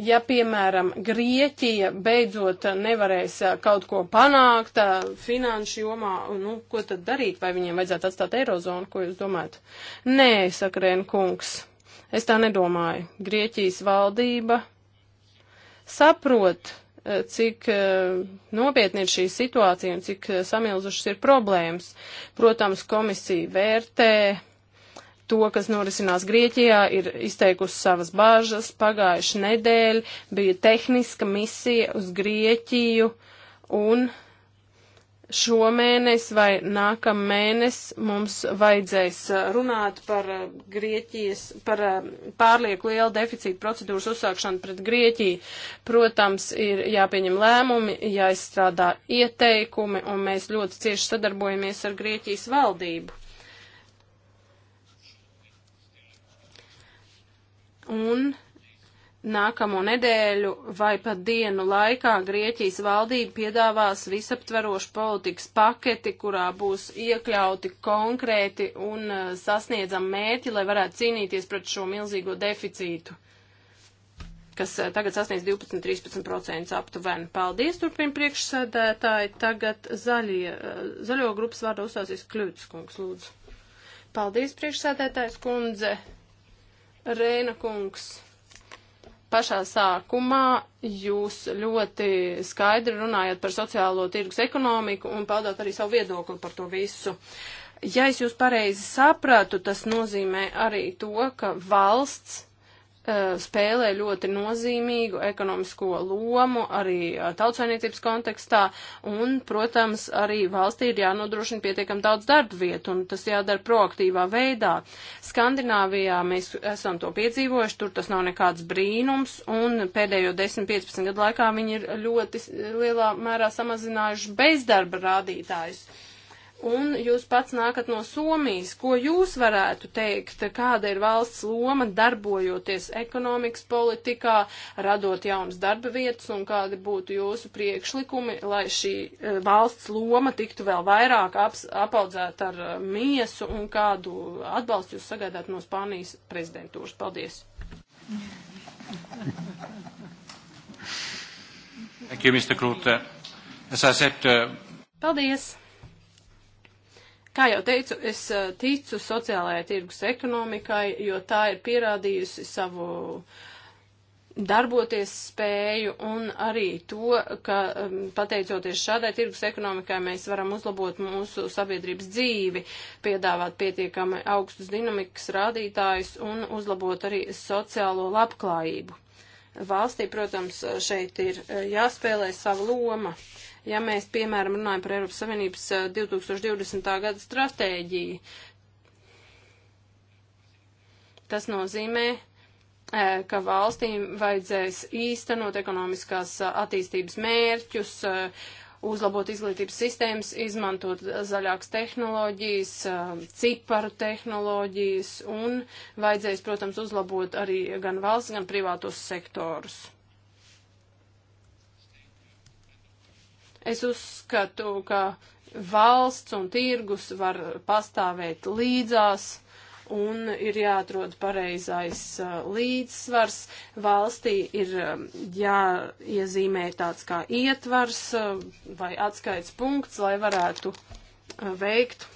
ja, piemēram, Grieķija beidzot nevarēs uh, kaut ko panākt uh, finanšu jomā, nu, ko tad darīt? Vai viņiem vajadzētu atstāt eirozonu, ko jūs domājat? Nē, saka Rēnkungs. Es tā nedomāju. Grieķijas valdība saprot, eh, cik eh, nopietni ir šī situācija un cik eh, samilzušas ir problēmas. Protams, komisija vērtē to, kas norisinās Grieķijā, ir izteikusi savas bažas. Pagājuši nedēļa bija tehniska misija uz Grieķiju un uh, šomēnes vai nākamēnes mums vajadzēs uh, runāt par uh, Grieķijas, par uh, pārlieku lielu deficītu procedūras uzsākšanu pret Grieķiju. Protams, ir jāpieņem lēmumi, jāizstrādā ieteikumi, un mēs ļoti cieši sadarbojamies ar Grieķijas valdību. Un nākamo nedēļu vai pat dienu laikā Grieķijas valdība piedāvās visaptverošu politikas paketi, kurā būs iekļauti konkrēti un uh, sasniedzam mērķi, lai varētu cīnīties pret šo milzīgo deficītu, kas uh, tagad sasniedz 12-13% aptuveni. Paldies, turpina priekšsēdētāji. Tagad zaļie, uh, zaļo grupas vārdu uzstāsies Kļūtas kungs, lūdzu. Paldies, priekšsēdētājs kundze. Rēna kungs pašā sākumā jūs ļoti skaidri runājat par sociālo tirgus ekonomiku un paudāt arī savu viedokli par to visu. Ja es jūs pareizi sapratu, tas nozīmē arī to, ka valsts Eh, spēlē ļoti nozīmīgu ekonomisko lomu arī eh, tautsainiecības kontekstā, un, protams, arī valstī ir jānodrošina pietiekam daudz darba vietu, un tas jādara proaktīvā veidā. Skandināvijā mēs esam to piedzīvojuši, tur tas nav nekāds brīnums, un pēdējo 10-15 gadu laikā viņi ir ļoti lielā mērā samazinājuši bezdarba rādītājus. Un jūs pats nākat no Somijas. Ko jūs varētu teikt, kāda ir valsts loma darbojoties ekonomikas politikā, radot jaunas darba vietas un kādi būtu jūsu priekšlikumi, lai šī eh, valsts loma tiktu vēl vairāk ap, apaudzēta ar eh, miesu un kādu atbalstu jūs sagaidāt no Spānijas prezidentūras? Paldies! Thank you, Mr. Krūte. As I said, uh... Paldies! Kā jau teicu, es eh, ticu sociālajai tirgus ekonomikai, jo tā ir pierādījusi savu darboties spēju un arī to, ka um, pateicoties šādai tirgus ekonomikai mēs varam uzlabot mūsu sabiedrības dzīvi, piedāvāt pietiekami augstus dinamikas rādītājus un uzlabot arī sociālo labklājību. Valstī, protams, šeit ir eh, jāspēlē sava loma. Uh, Ja mēs, piemēram, runājam par Eiropas Savienības 2020. Eh, gada stratēģiju, tas nozīmē, eh, ka valstīm vajadzēs īstenot ekonomiskās eh, attīstības mērķus, uzlabot izglītības sistēmas, izmantot zaļākas tehnoloģijas, ciparu tehnoloģijas un vajadzēs, protams, uzlabot arī gan valsts, gan privātos sektorus. Es uzskatu, ka valsts un tirgus var pastāvēt līdzās un ir jāatrod pareizais uh, līdzsvars. Valstī ir uh, jāiezīmē tāds kā ietvars uh, vai atskaits punkts, lai varētu uh, veikt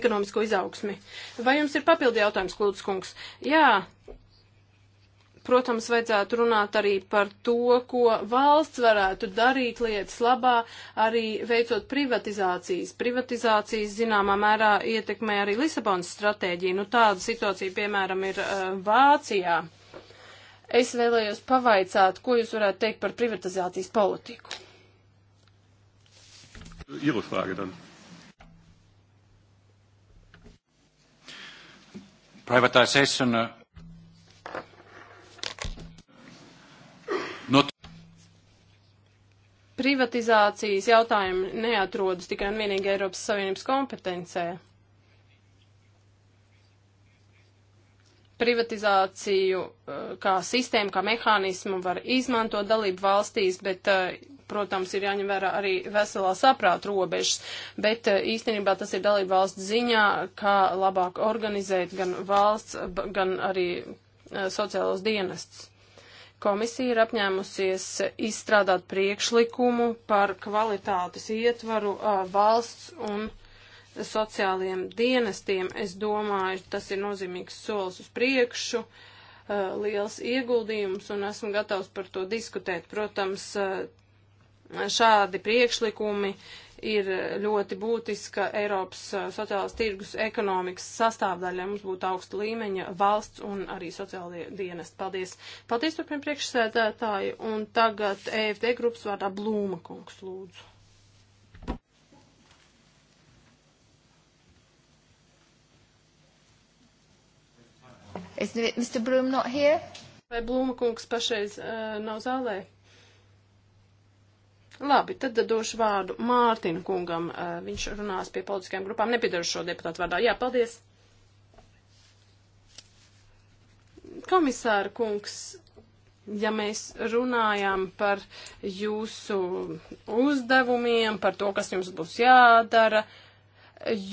ekonomisko izaugsmi. Vai jums ir papildi jautājums, Klūdz kungs? Jā, protams, vajadzētu runāt arī par to, ko valsts varētu darīt lietas labā, arī veicot privatizācijas. Privatizācijas, zināmā mērā, ietekmē arī Lisabonas stratēģiju. Nu, tāda situācija, piemēram, ir uh, Vācijā. Es vēlējos pavaicāt, ko jūs varētu teikt par privatizācijas politiku. Ihre Frage dann. Privatization uh, privatizācijas jautājumi neatrodas tikai un vienīgi Eiropas Savienības kompetencē. Privatizāciju eh, kā sistēmu, kā mehānismu var izmantot dalību valstīs, bet, eh, protams, ir jāņem vērā arī veselā saprāta robežas. Bet eh, īstenībā tas ir dalību valsts ziņā, kā labāk organizēt gan valsts, gan arī sociālos dienestus. Komisija ir apņēmusies izstrādāt priekšlikumu par kvalitātes ietvaru valsts un sociālajiem dienestiem. Es domāju, tas ir nozīmīgs solis uz priekšu, liels ieguldījums un esmu gatavs par to diskutēt. Protams, šādi priekšlikumi ir ļoti būtiska Eiropas uh, sociālās tirgus ekonomikas sastāvdaļa, mums būtu augsta līmeņa valsts un arī sociālie dienesti. Paldies. Paldies turpin priekšsēdētāji. Un tagad EFD grupas vārdā Blūma kungs lūdzu. Is Mr. Bloom not here? Vai Blūma kungs pašreiz uh, nav zālē? Labi, tad došu vārdu Mārtinu kungam. Eh, viņš runās pie politiskajām grupām nepiedarušo deputātu vārdā. Jā, paldies. Komisāra kungs, ja mēs runājam par jūsu uzdevumiem, par to, kas jums būs jādara,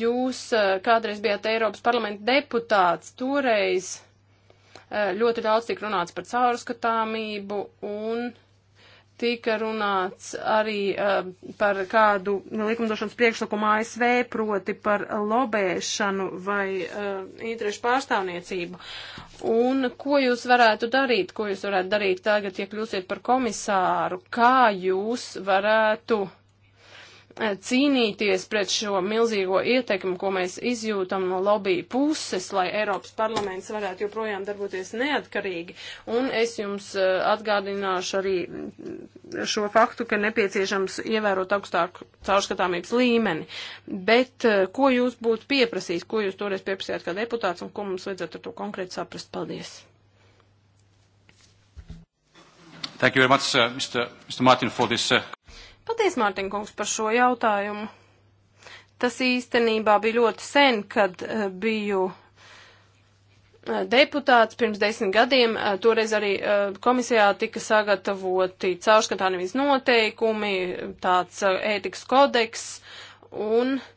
jūs eh, kādreiz bijāt Eiropas parlamenta deputāts, toreiz eh, ļoti daudz tika runāts par caurskatāmību un tika runāts arī uh, par kādu likumdošanas priekšlikumu ASV, proti par lobēšanu vai uh, interešu pārstāvniecību. Un ko jūs varētu darīt, ko jūs varētu darīt tagad, ja kļūsiet par komisāru, kā jūs varētu uh, Eh, cīnīties pret šo milzīgo ietekmi, ko mēs izjūtam no lobby puses, lai Eiropas parlaments varētu joprojām darboties neatkarīgi. Un es jums eh, atgādināšu arī šo faktu, ka nepieciešams ievērot augstāku caurskatāmības līmeni. Bet eh, ko jūs būtu pieprasījis, ko jūs toreiz pieprasījāt kā deputāts un ko mums vajadzētu ar to konkrēti saprast? Paldies! Thank you very much, uh, Mr. Mr. Martin, for this. Uh... Paldies, Mārtiņ kungs, par šo jautājumu. Tas īstenībā bija ļoti sen, kad eh, biju eh, deputāts pirms desmit gadiem, eh, toreiz arī komisijā tika sagatavoti caurskatāmības noteikumi, tāds ētikas kodeks, un uh,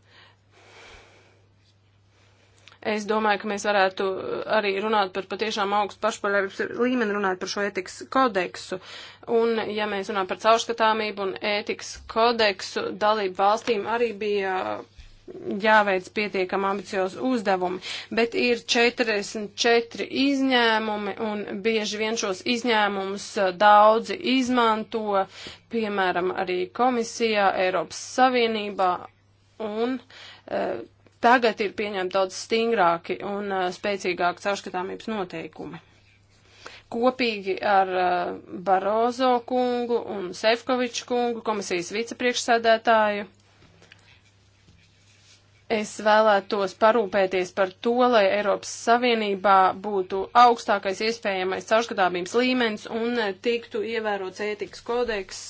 Es domāju, ka mēs varētu arī runāt par patiešām augstu pašpaļāvības līmeni, runāt par šo ētikas kodeksu. Un, ja mēs runājam par caurskatāmību un ētikas kodeksu, dalību valstīm arī bija jāveic pietiekami ambiciozi uzdevumi, bet ir 44 izņēmumi, un bieži vien šos izņēmumus daudzi izmanto, piemēram, arī komisijā, Eiropas Savienībā, un e, Tagad ir pieņemti daudz stingrāki un uh, spēcīgāki caurskatāmības noteikumi. Kopīgi ar uh, Barozo kungu un Sefkoviču kungu, komisijas vicepriekšsēdētāju, Es vēlētos parūpēties par to, lai Eiropas Savienībā būtu augstākais iespējamais caurskatāmības līmenis un uh, tiktu ievērots ētikas kodeks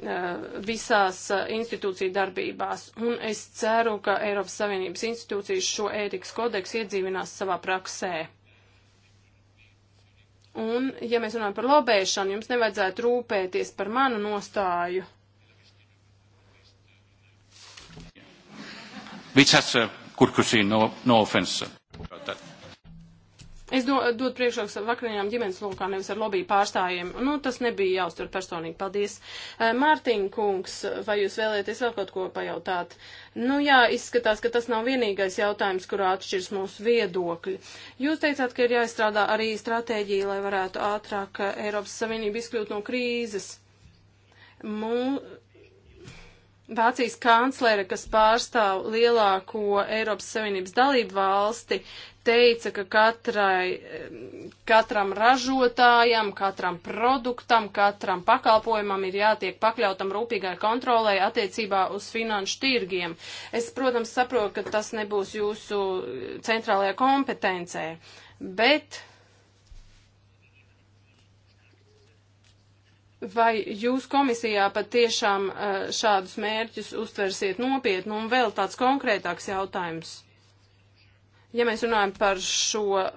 Eh, visās eh, institūciju darbībās. Un es ceru, ka Eiropas Savienības institūcijas šo ētikas kodeksu iedzīvinās savā praksē. Un, ja mēs runājam par lobēšanu, jums nevajadzētu rūpēties par manu nostāju. Which has a eh, kurkusī no, no offense. But that. Es do, dodu priekšroku ar vakariņām ģimenes lokā, nevis ar lobby pārstājiem. Nu, tas nebija jāuztur personīgi. Paldies. Mārtiņ kungs, vai jūs vēlēties vēl kaut ko pajautāt? Nu jā, izskatās, ka tas nav vienīgais jautājums, kurā atšķirs mūsu viedokļi. Jūs teicāt, ka ir jāizstrādā arī stratēģija, lai varētu ātrāk Eiropas Savienība izkļūt no krīzes. Mū, Vācijas kanclere, kas pārstāv lielāko Eiropas Savienības dalību valsti, teica, ka katrai, katram ražotājam, katram produktam, katram pakalpojumam ir jātiek pakļautam rūpīgai kontrolai attiecībā uz finanšu tirgiem. Es, protams, saprotu, ka tas nebūs jūsu centrālajā kompetencē, bet Vai jūs komisijā pat tiešām eh, šādus mērķus uztversiet nopietni? Un vēl tāds konkrētāks jautājums. Ja mēs runājam par šo uh,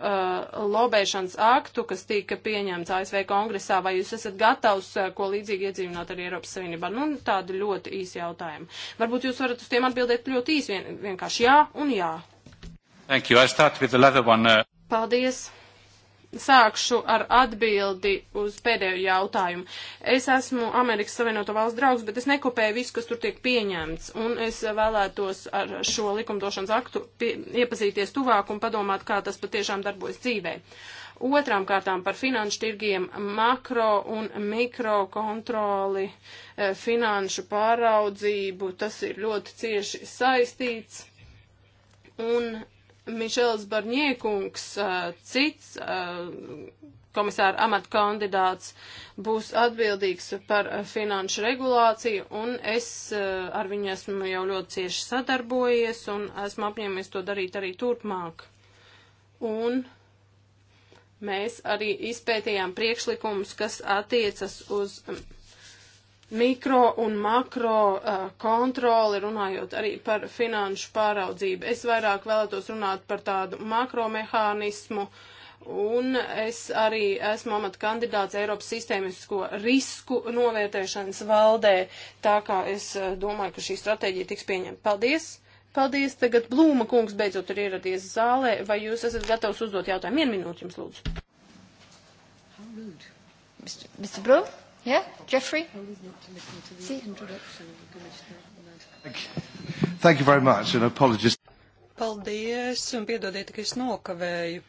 lobēšanas aktu, kas tika pieņemts ASV kongresā, vai jūs esat gatavs uh, ko līdzīgi iedzīvināt arī Eiropas Savienībā? Nu, tādi ļoti īsi jautājumi. Varbūt jūs varat uz tiem atbildēt ļoti īsi, vien, vienkārši jā un jā. Thank you. I start with the leather one. Uh... Paldies sākšu ar atbildi uz pēdējo jautājumu. Es esmu Amerikas Savienoto Valstu draugs, bet es nekopēju visu, kas tur tiek pieņemts, un es vēlētos ar šo likumdošanas aktu pie, iepazīties tuvāk un padomāt, kā tas patiešām darbojas dzīvē. Otrām kārtām par finanšu tirgiem makro un mikro kontroli, eh, finanšu pāraudzību, tas ir ļoti cieši saistīts. Un Mišels Barņiekungs, cits komisāra amata kandidāts, būs atbildīgs par finanšu regulāciju, un es ar viņu esmu jau ļoti cieši sadarbojies, un esmu apņēmies to darīt arī turpmāk. Un mēs arī izpētījām priekšlikumus, kas attiecas uz mikro un makro uh, kontroli, runājot arī par finanšu pāraudzību. Es vairāk vēlētos runāt par tādu makromehānismu, un es arī esmu amata kandidāts Eiropas sistēmisko risku novērtēšanas valdē, tā kā es uh, domāju, ka šī stratēģija tiks pieņemta. Paldies! Paldies! Tagad Blūma kungs beidzot ir ieradies zālē. Vai jūs esat gatavs uzdot jautājumu? Vienu minūti jums lūdzu. Mr. Mr. Blue? Yeah, Jeffrey? Thank you very much and apologies. Paldies un piedodiet, ka es nokavēju.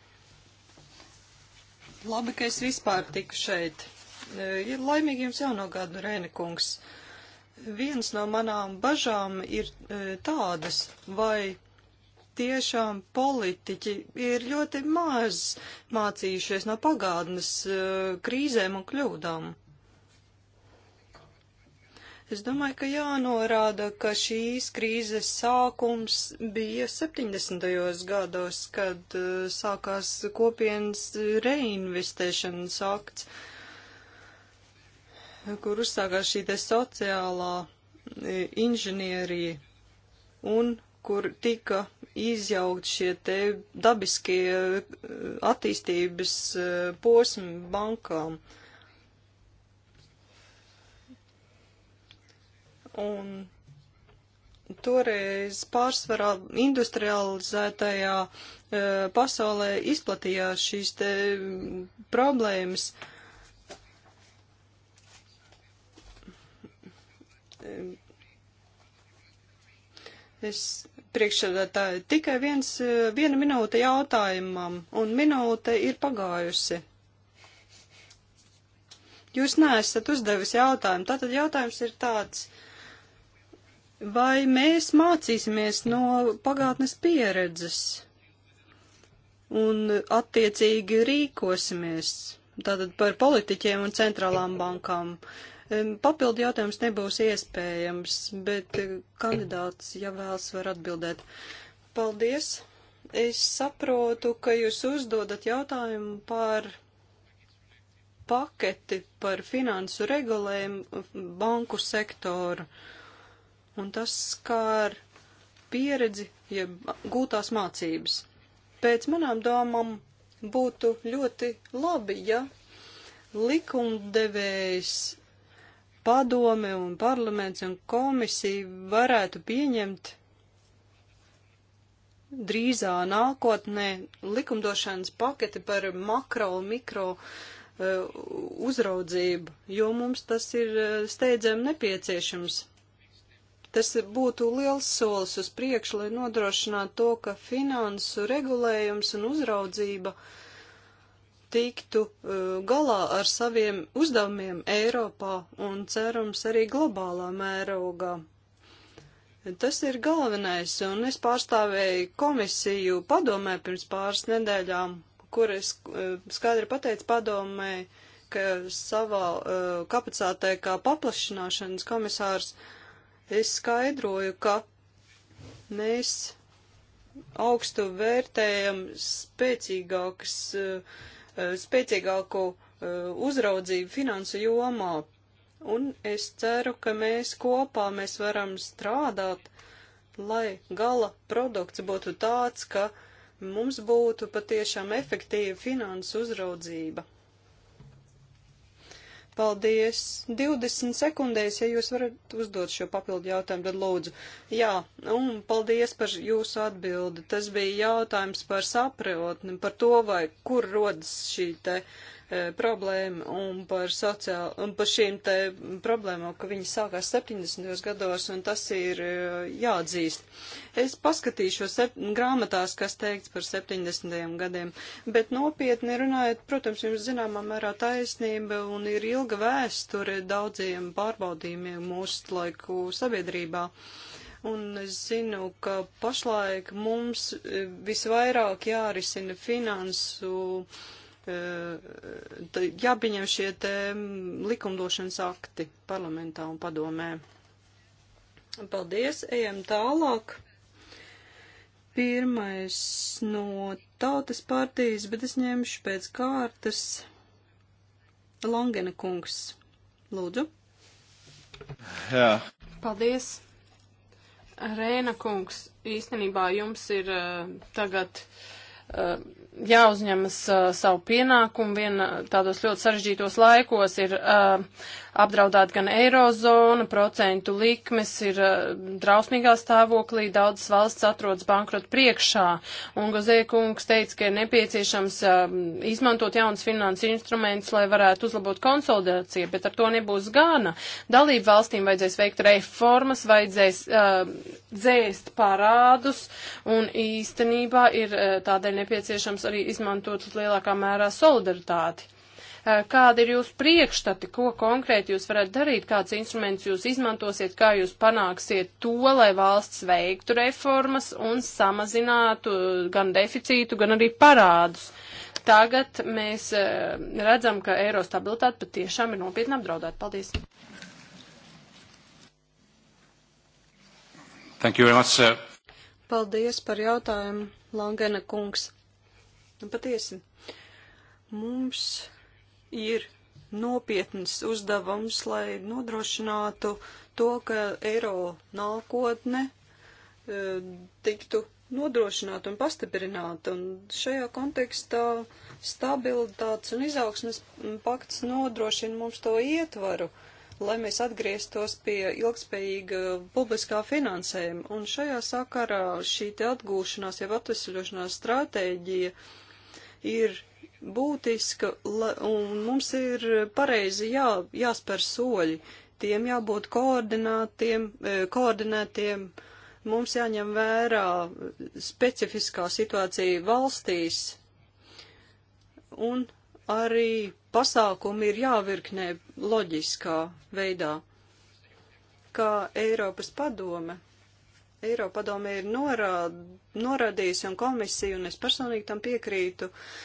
Labi, ka es vispār tiku šeit. Ir e, laimīgi jums jauno gadu, Rēne kungs. Viens no manām bažām ir e, tādas, vai tiešām politiķi ir ļoti maz mācījušies no pagātnes e, krīzēm un kļūdām. Es domāju, ka jānorāda, ka šīs krīzes sākums bija 70. gados, kad uh, sākās kopienas reinvestēšanas akts, kur uzsākās šī te sociālā e, inženierija un kur tika izjaukt šie te dabiskie e, attīstības e, posmi bankām. Uh, Un toreiz pārsvarā industrializētajā e, pasaulē izplatījās šīs te mm, problēmas. Es priekšsēdētāji tikai viens, e, viena minūte jautājumam, un minūte ir pagājusi. Jūs neesat uzdevis jautājumu, tātad jautājums ir tāds Vai mēs mācīsimies no pagātnes pieredzes un attiecīgi rīkosimies tātad par politiķiem un centrālām bankām? Papildu jautājums nebūs iespējams, bet eh, kandidāts, ja vēlas, var atbildēt. Paldies! Es saprotu, ka jūs uzdodat jautājumu par paketi par finansu regulējumu banku sektoru. Uh, un tas skār pieredzi, jeb ja gūtās mācības. Pēc manām domām būtu ļoti labi, ja likumdevējs padome un parlaments un komisija varētu pieņemt drīzā nākotnē likumdošanas paketi par makro un mikro uh, uzraudzību, jo mums tas ir eh, steidzami nepieciešams. Tas būtu liels solis uz priekšu, lai nodrošinātu to, ka finansu regulējums un uzraudzība tiktu uh, galā ar saviem uzdevumiem Eiropā un cerams arī globālā mērogā. Tas ir galvenais, un es pārstāvēju komisiju padomē pirms pāris nedēļām, kur es uh, skaidri pateicu padomē, ka savā uh, kapacitātē kā paplašināšanas komisārs uh, Es skaidroju, ka mēs augstu vērtējam spēcīgākas, eh, spēcīgāko eh, uzraudzību finansu jomā. Un es ceru, ka mēs kopā mēs varam strādāt, lai gala produkts būtu tāds, ka mums būtu patiešām efektīva finansu uzraudzība. Paldies! 20 sekundēs, ja jūs varat uzdot šo papildu jautājumu, tad lūdzu. Jā, un paldies par jūsu atbildi. Tas bija jautājums par saprotni, par to, vai kur rodas šī te E, problēmu un par, sociāl, un par šīm te problēmām, ka viņi sākās 70. gados, un tas ir e, jāatzīst. Es paskatīšos grāmatās, kas teikts par 70. gadiem, bet nopietni runājot, protams, jums zināmā mērā taisnība un ir ilga vēsture daudziem pārbaudījumiem mūsu laiku sabiedrībā. Un es zinu, ka pašlaik mums e, visvairāk jārisina finansu uh, Eh, jāpieņem šie te likumdošanas akti parlamentā un padomē. Paldies, ejam tālāk. Pirmais no tautas partijas, bet es ņemšu pēc kārtas Langena kungs. Lūdzu. Jā. Paldies. Rēna kungs, īstenībā jums ir uh, tagad. Uh, jāuzņemas uh, savu pienākumu vien tādos ļoti sarežģītos laikos, ir uh, apdraudēta gan eirozona, procentu likmes ir eh, drausmīgā stāvoklī, daudzas valsts atrodas bankrota priekšā. Un Gozēkungs teica, ka ir nepieciešams ehm, izmantot jaunas finanses instrumentus, lai varētu uzlabot konsolidāciju, bet ar to nebūs gana. Dalību valstīm vajadzēs veikt reformas, vajadzēs ehm, dzēst parādus, un īstenībā ir eh, tādēļ nepieciešams arī izmantot lielākā mērā solidaritāti. Eh, kādi ir jūsu priekšstati, ko konkrēti jūs varat darīt, kāds instruments jūs izmantosiet, kā jūs panāksiet to, lai valsts veiktu reformas un samazinātu gan deficītu, gan arī parādus? Tagad mēs eh, redzam, ka eiro stabilitāte patiešām ir nopietni apdraudēta. Paldies! Thank you very much, sir. Paldies par jautājumu, Langena kungs. Nu, patiesi, mums ir nopietns uzdevums, lai nodrošinātu to, ka eiro nākotne e, tiktu nodrošināta un pastiprināta. Un šajā kontekstā stabilitātes un izaugsmes pakts nodrošina mums to ietvaru, lai mēs atgrieztos pie ilgspējīga publiskā finansējuma. Un šajā sakarā šī te atgūšanās, jeb atvesļošanās stratēģija ir būtiska, un mums ir pareizi jā, jāspēr soļi. Tiem jābūt koordinātiem, e, koordinētiem. Mums jāņem vērā specifiskā situācija valstīs, un arī pasākumi ir jāvirknē loģiskā veidā. Kā Eiropas padome, Eiropa padome ir norād, norādījusi un komisija, un es personīgi tam piekrītu, uh,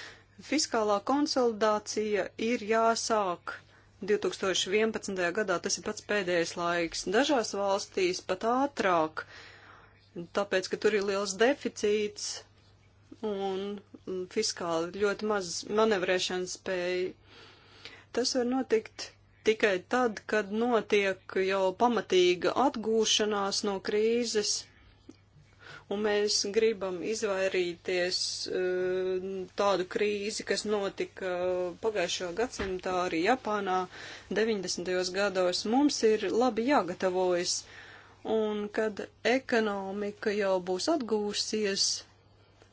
Fiskālā konsolidācija ir jāsāk 2011. gadā, tas ir pats pēdējais laiks. Dažās valstīs pat ātrāk, tāpēc, ka tur ir liels deficīts un fiskāli ļoti maz manevrēšanas spēja. Tas var notikt tikai tad, kad notiek jau pamatīga atgūšanās no krīzes un mēs gribam izvairīties eh, tādu krīzi, kas notika pagājušo gadsimtā arī Japānā 90. gados. Mums ir labi jāgatavojas, un kad ekonomika jau būs atgūsies,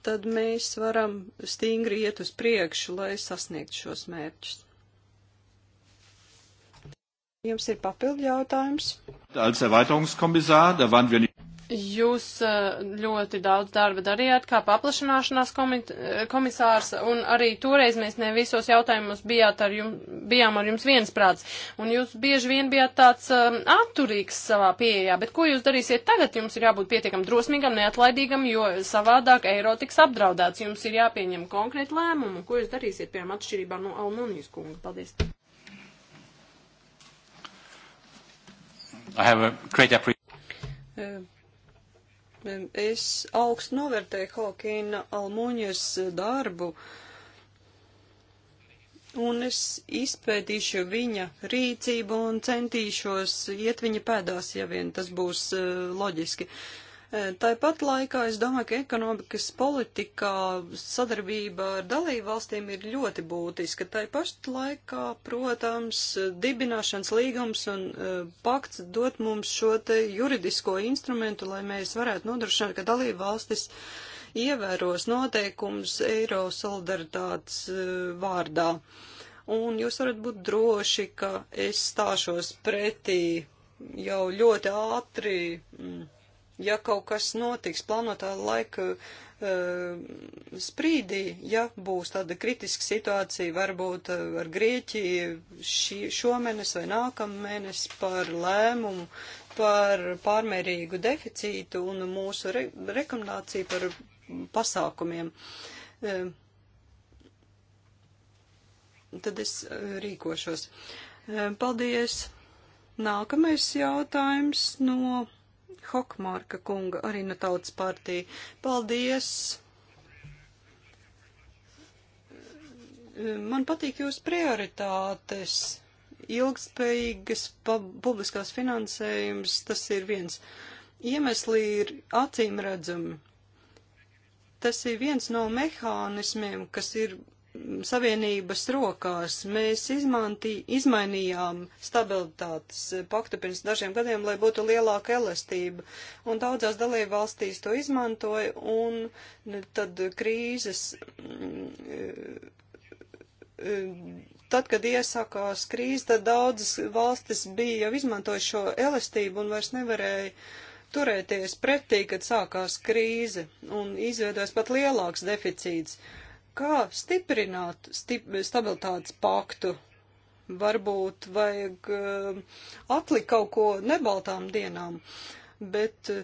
tad mēs varam stingri iet uz priekšu, lai sasniegtu šos mērķus. Jums ir papildu jautājums? Jūs eh, ļoti daudz darba darījāt kā paplašanāšanās eh, komisārs, un arī toreiz mēs ne visos jautājumos bijāt ar jums, bijām ar jums viensprāts, un jūs bieži vien bijāt tāds um, atturīgs savā pieejā, bet ko jūs darīsiet tagad? Jums ir jābūt pietiekam drosmīgam, neatlaidīgam, jo savādāk eiro tiks apdraudēts. Jums ir jāpieņem konkrēti lēmumi, ko jūs darīsiet, piemēram, atšķirībā no Almonijas kunga. Paldies. I have a great appreciation. Uh, Es augstu novērtēju Hokina Almuņas darbu, un es izpētīšu viņa rīcību un centīšos iet viņa pēdās, ja vien tas būs uh, loģiski. Uh, E, Tāpat laikā es domāju, ka ekonomikas politikā sadarbība ar dalību valstīm ir ļoti būtiska. Tā pašā laikā, protams, dibināšanas līgums un uh, pakts dot mums šo te juridisko instrumentu, lai mēs varētu nodrošināt, ka dalību valstis ievēros noteikums eiro solidaritātes uh, vārdā. Un jūs varat būt droši, ka es stāšos pretī jau ļoti ātri. Mm, ja kaut kas notiks plānotā laika uh, sprīdī, ja būs tāda kritiska situācija, varbūt uh, ar Grieķiju šī, šomēnes vai nākamēnes par lēmumu par pārmērīgu deficītu un mūsu re rekomendāciju par pasākumiem. Uh, tad es rīkošos. Paldies! Nākamais jautājums no Hokmarka kunga, arī no tautas partija. Paldies! Man patīk jūsu prioritātes. Ilgspējīgas publiskās finansējums, tas ir viens. Iemesli ir acīm redzami. Tas ir viens no mehānismiem, kas ir Savienības rokās. Mēs izmantī, izmainījām stabilitātes paktu pirms dažiem gadiem, lai būtu lielāka elastība, un daudzās dalība valstīs to izmantoja, un tad krīzes, tad, kad iesākās krīze, tad daudzas valstis bija jau izmantojuši šo elastību un vairs nevarēja turēties pretī, kad sākās krīze, un izveidojas pat lielāks deficīts. Uh, kā stiprināt stip stabilitātes paktu. Varbūt vajag uh, atlikt kaut ko nebaltām dienām, bet uh,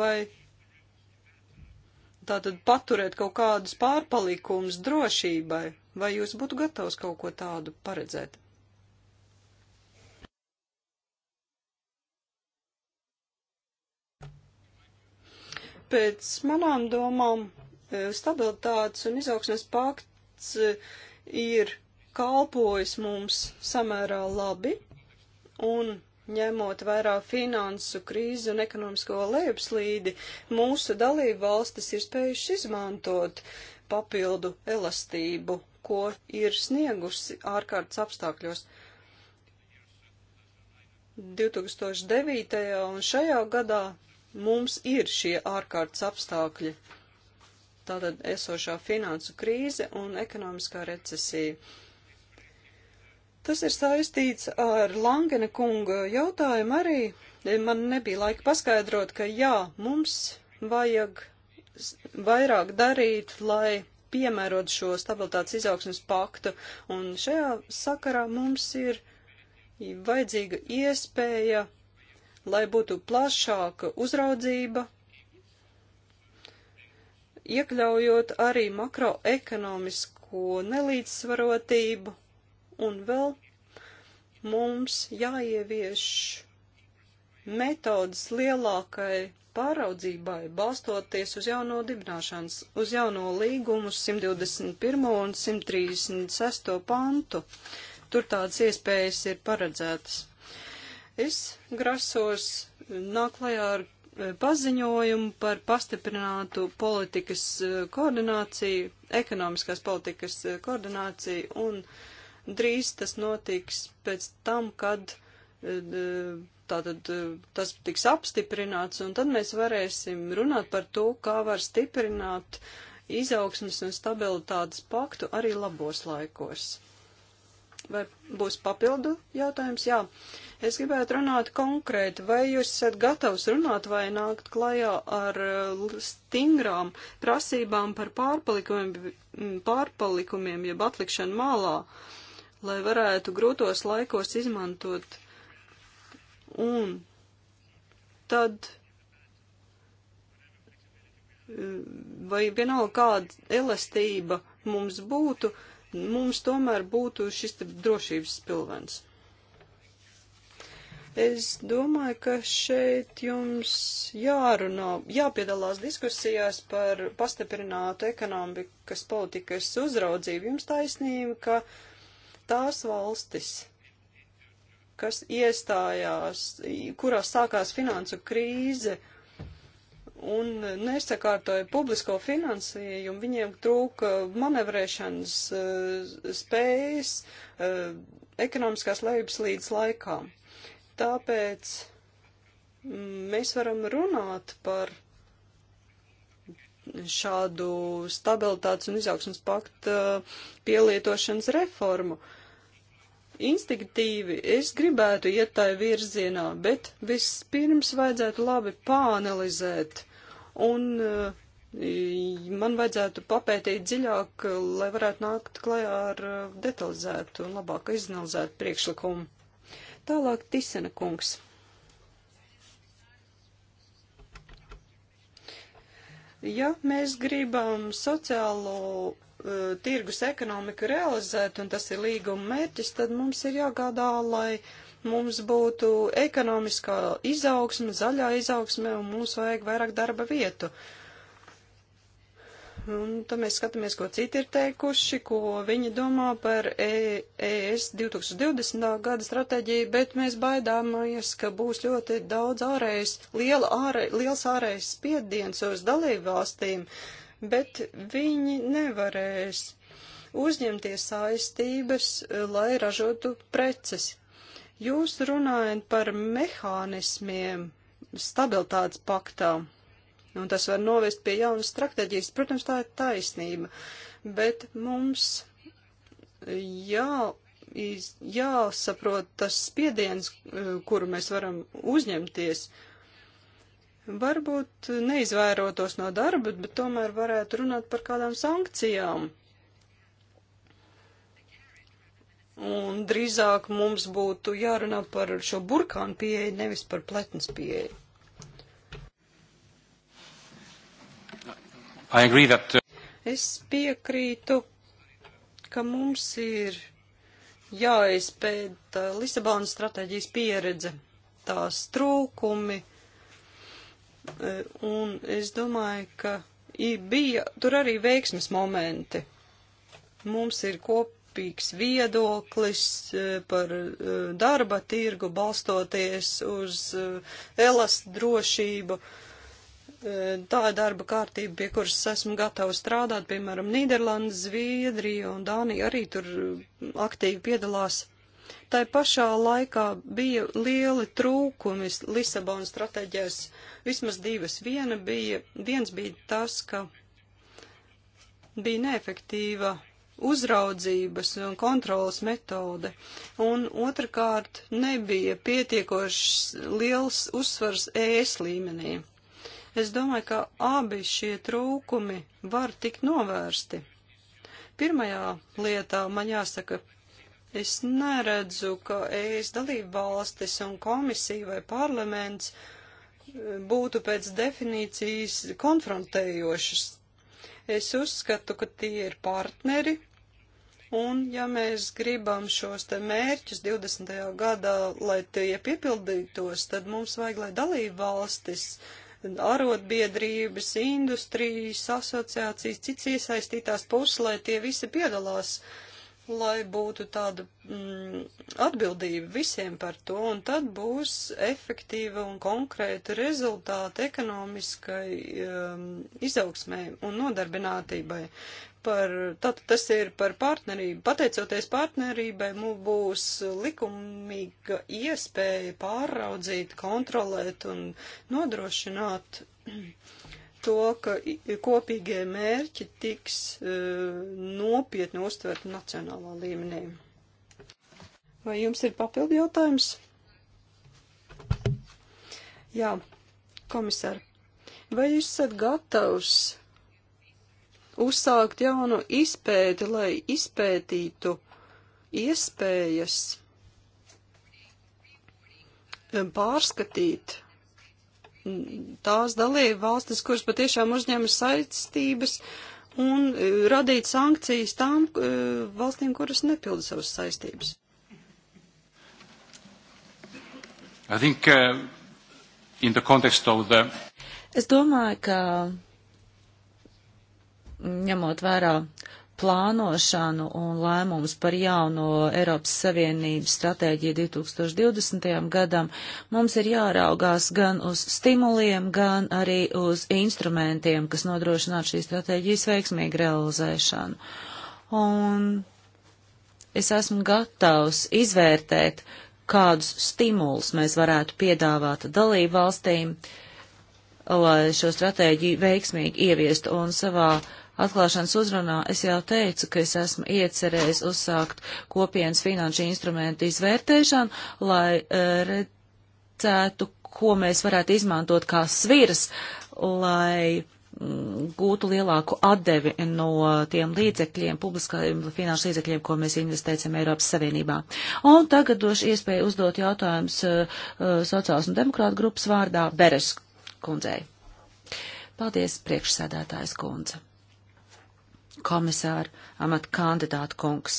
vai tātad paturēt kaut kādus pārpalikumus drošībai, vai jūs būtu gatavs kaut ko tādu paredzēt? Pēc manām domām Stabilitātes un izaugsmes pakts eh, ir kalpojis mums samērā labi, un ņemot vērā finansu krīzi un ekonomisko lejupslīdi, mūsu dalību valstis ir spējuši izmantot papildu elastību, ko ir sniegusi ārkārtas apstākļos. 2009. un šajā gadā mums ir šie ārkārtas apstākļi tātad esošā finansu krīze un ekonomiskā recesija. Tas ir saistīts ar Langena kunga jautājumu arī. Man nebija laika paskaidrot, ka jā, mums vajag vairāk darīt, lai piemērot šo stabilitātes izaugsmes paktu, un šajā sakarā mums ir vajadzīga iespēja, lai būtu plašāka uzraudzība iekļaujot arī makroekonomisko nelīdzsvarotību un vēl mums jāievieš metodas lielākai pāraudzībai, balstoties uz jauno dibināšanas, uz jauno līgumu 121. un 136. pantu. Tur tādas iespējas ir paredzētas. Es grasos nāk klajā ar paziņojumu par pastiprinātu politikas e, koordināciju, ekonomiskās politikas e, koordināciju, un drīz tas notiks pēc tam, kad e, tātad tas tiks apstiprināts, un tad mēs varēsim runāt par to, kā var stiprināt izaugsmas un stabilitātes paktu arī labos laikos. Vai būs papildu jautājums? Jā. Uh, Es gribētu runāt konkrēti, vai jūs esat gatavs runāt vai nākt klajā ar uh, stingrām prasībām par pārpalikumiem, pārpalikumiem jeb atlikšanu malā, lai varētu grūtos laikos izmantot. Un tad uh, vai vienalga kāda elastība mums būtu, mums tomēr būtu šis drošības pilvens. Es domāju, ka šeit jums jārunā, jāpiedalās diskusijās par pastiprinātu ekonomikas politikas uzraudzību. Jums taisnība, ka tās valstis, kas iestājās, kurās sākās finansu krīze un nesakārtoja publisko finansējumu, viņiem trūka manevrēšanas eh, spējas eh, ekonomiskās lejupslīdes laikā Tāpēc mēs varam runāt par šādu stabilitātes un izaugsmas pakta uh, pielietošanas reformu. Instinktīvi es gribētu iet tai virzienā, bet vispirms vajadzētu labi pāanalizēt un uh, man vajadzētu papētīt dziļāk, lai varētu nākt klajā ar uh, detalizētu un labāk izanalizētu priekšlikumu. Tālāk Tisena kungs. Ja mēs gribam sociālo uh, tirgus ekonomiku realizēt, un tas ir līguma mērķis, tad mums ir jāgādā, lai mums būtu ekonomiskā izaugsme, zaļā izaugsme, un mums vajag vairāk darba vietu. Uh, Un tad mēs skatāmies, ko citi ir teikuši, ko viņi domā par e e ES 2020. gada stratēģiju, bet mēs baidāmies, ka būs ļoti daudz ārējs, liela ārē, liels ārējs spiediens uz dalību valstīm, bet viņi nevarēs uzņemties saistības, lai ražotu preces. Jūs runājat par mehānismiem stabilitātes paktām un tas var novest pie jaunas stratēģijas. Protams, tā ir taisnība, bet mums jā, jāsaprot tas spiediens, eh, kuru mēs varam uzņemties. Varbūt neizvairotos no darba, bet tomēr varētu runāt par kādām sankcijām. Un drīzāk mums būtu jārunā par šo burkānu pieeju, nevis par pletnes pieeju. That... Uh, es piekrītu, ka mums ir jāizpēta Lisabonas stratēģijas pieredze, tās trūkumi, e, un es domāju, ka bija tur arī veiksmes momenti. Mums ir kopīgs viedoklis e, par e, darba tirgu balstoties uz elas drošību. Uh, E, tā darba kārtība, pie kuras esmu gatava strādāt, piemēram, Nīderlanda, Zviedrija un Dānija arī tur e, aktīvi piedalās. Tā pašā laikā bija lieli trūkumi Lisabonas stratēģijās, vismaz divas. Viena bija, viens bija tas, ka bija neefektīva uzraudzības un kontrolas metode, un otrkārt nebija pietiekošs liels uzsvars ES līmenī. Es domāju, ka abi šie trūkumi var tikt novērsti. Pirmajā lietā man jāsaka, es neredzu, ka es dalību valstis un komisija vai parlaments eh, būtu pēc definīcijas konfrontējošas. Es uzskatu, ka tie ir partneri, Un, ja mēs gribam šos te mērķus 20. gadā, lai tie piepildītos, tad mums vajag, lai dalība valstis arotbiedrības, industrijas, asociācijas, cits iesaistītās puses, lai tie visi piedalās, lai būtu tāda mm, atbildība visiem par to, un tad būs efektīva un konkrēta rezultāta ekonomiskai um, izaugsmē un nodarbinātībai par, tātad tas ir par partnerību. Pateicoties partnerībai, mums būs likumīga iespēja pāraudzīt, kontrolēt un nodrošināt to, ka kopīgie mērķi tiks e, nopietni uztvert nacionālā līmenī. Vai jums ir papildu jautājums? Jā, komisār. Vai jūs esat gatavs uzsākt jaunu izpēti, lai izpētītu iespējas pārskatīt tās dalību valstis, kuras patiešām uzņemas saistības un e, radīt sankcijas tām e, valstīm, kuras nepilda savas saistības. I think, uh, the... Es domāju, ka ņemot vērā plānošanu un lēmumus par jauno Eiropas Savienības stratēģiju 2020. gadam, mums ir jāraugās gan uz stimuliem, gan arī uz instrumentiem, kas nodrošinātu šīs stratēģijas veiksmīgu realizēšanu. Un es esmu gatavs izvērtēt, kādus stimulus mēs varētu piedāvāt dalību valstīm, lai šo stratēģiju veiksmīgi ieviestu un savā uh, atklāšanas uzrunā es jau teicu, ka es esmu iecerējis uzsākt kopienas finanšu instrumentu izvērtēšanu, lai eh, redzētu, ko mēs varētu izmantot kā sviras, lai mm, gūtu lielāku atdevi no tiem līdzekļiem, publiskajiem finanšu līdzekļiem, ko mēs investēsim Eiropas Savienībā. Un tagad došu iespēju uzdot jautājumus uh, sociāls un demokrāta grupas vārdā Beres kundzei. Paldies, priekšsēdētājs kundze komisāru amatu kandidātu kungs.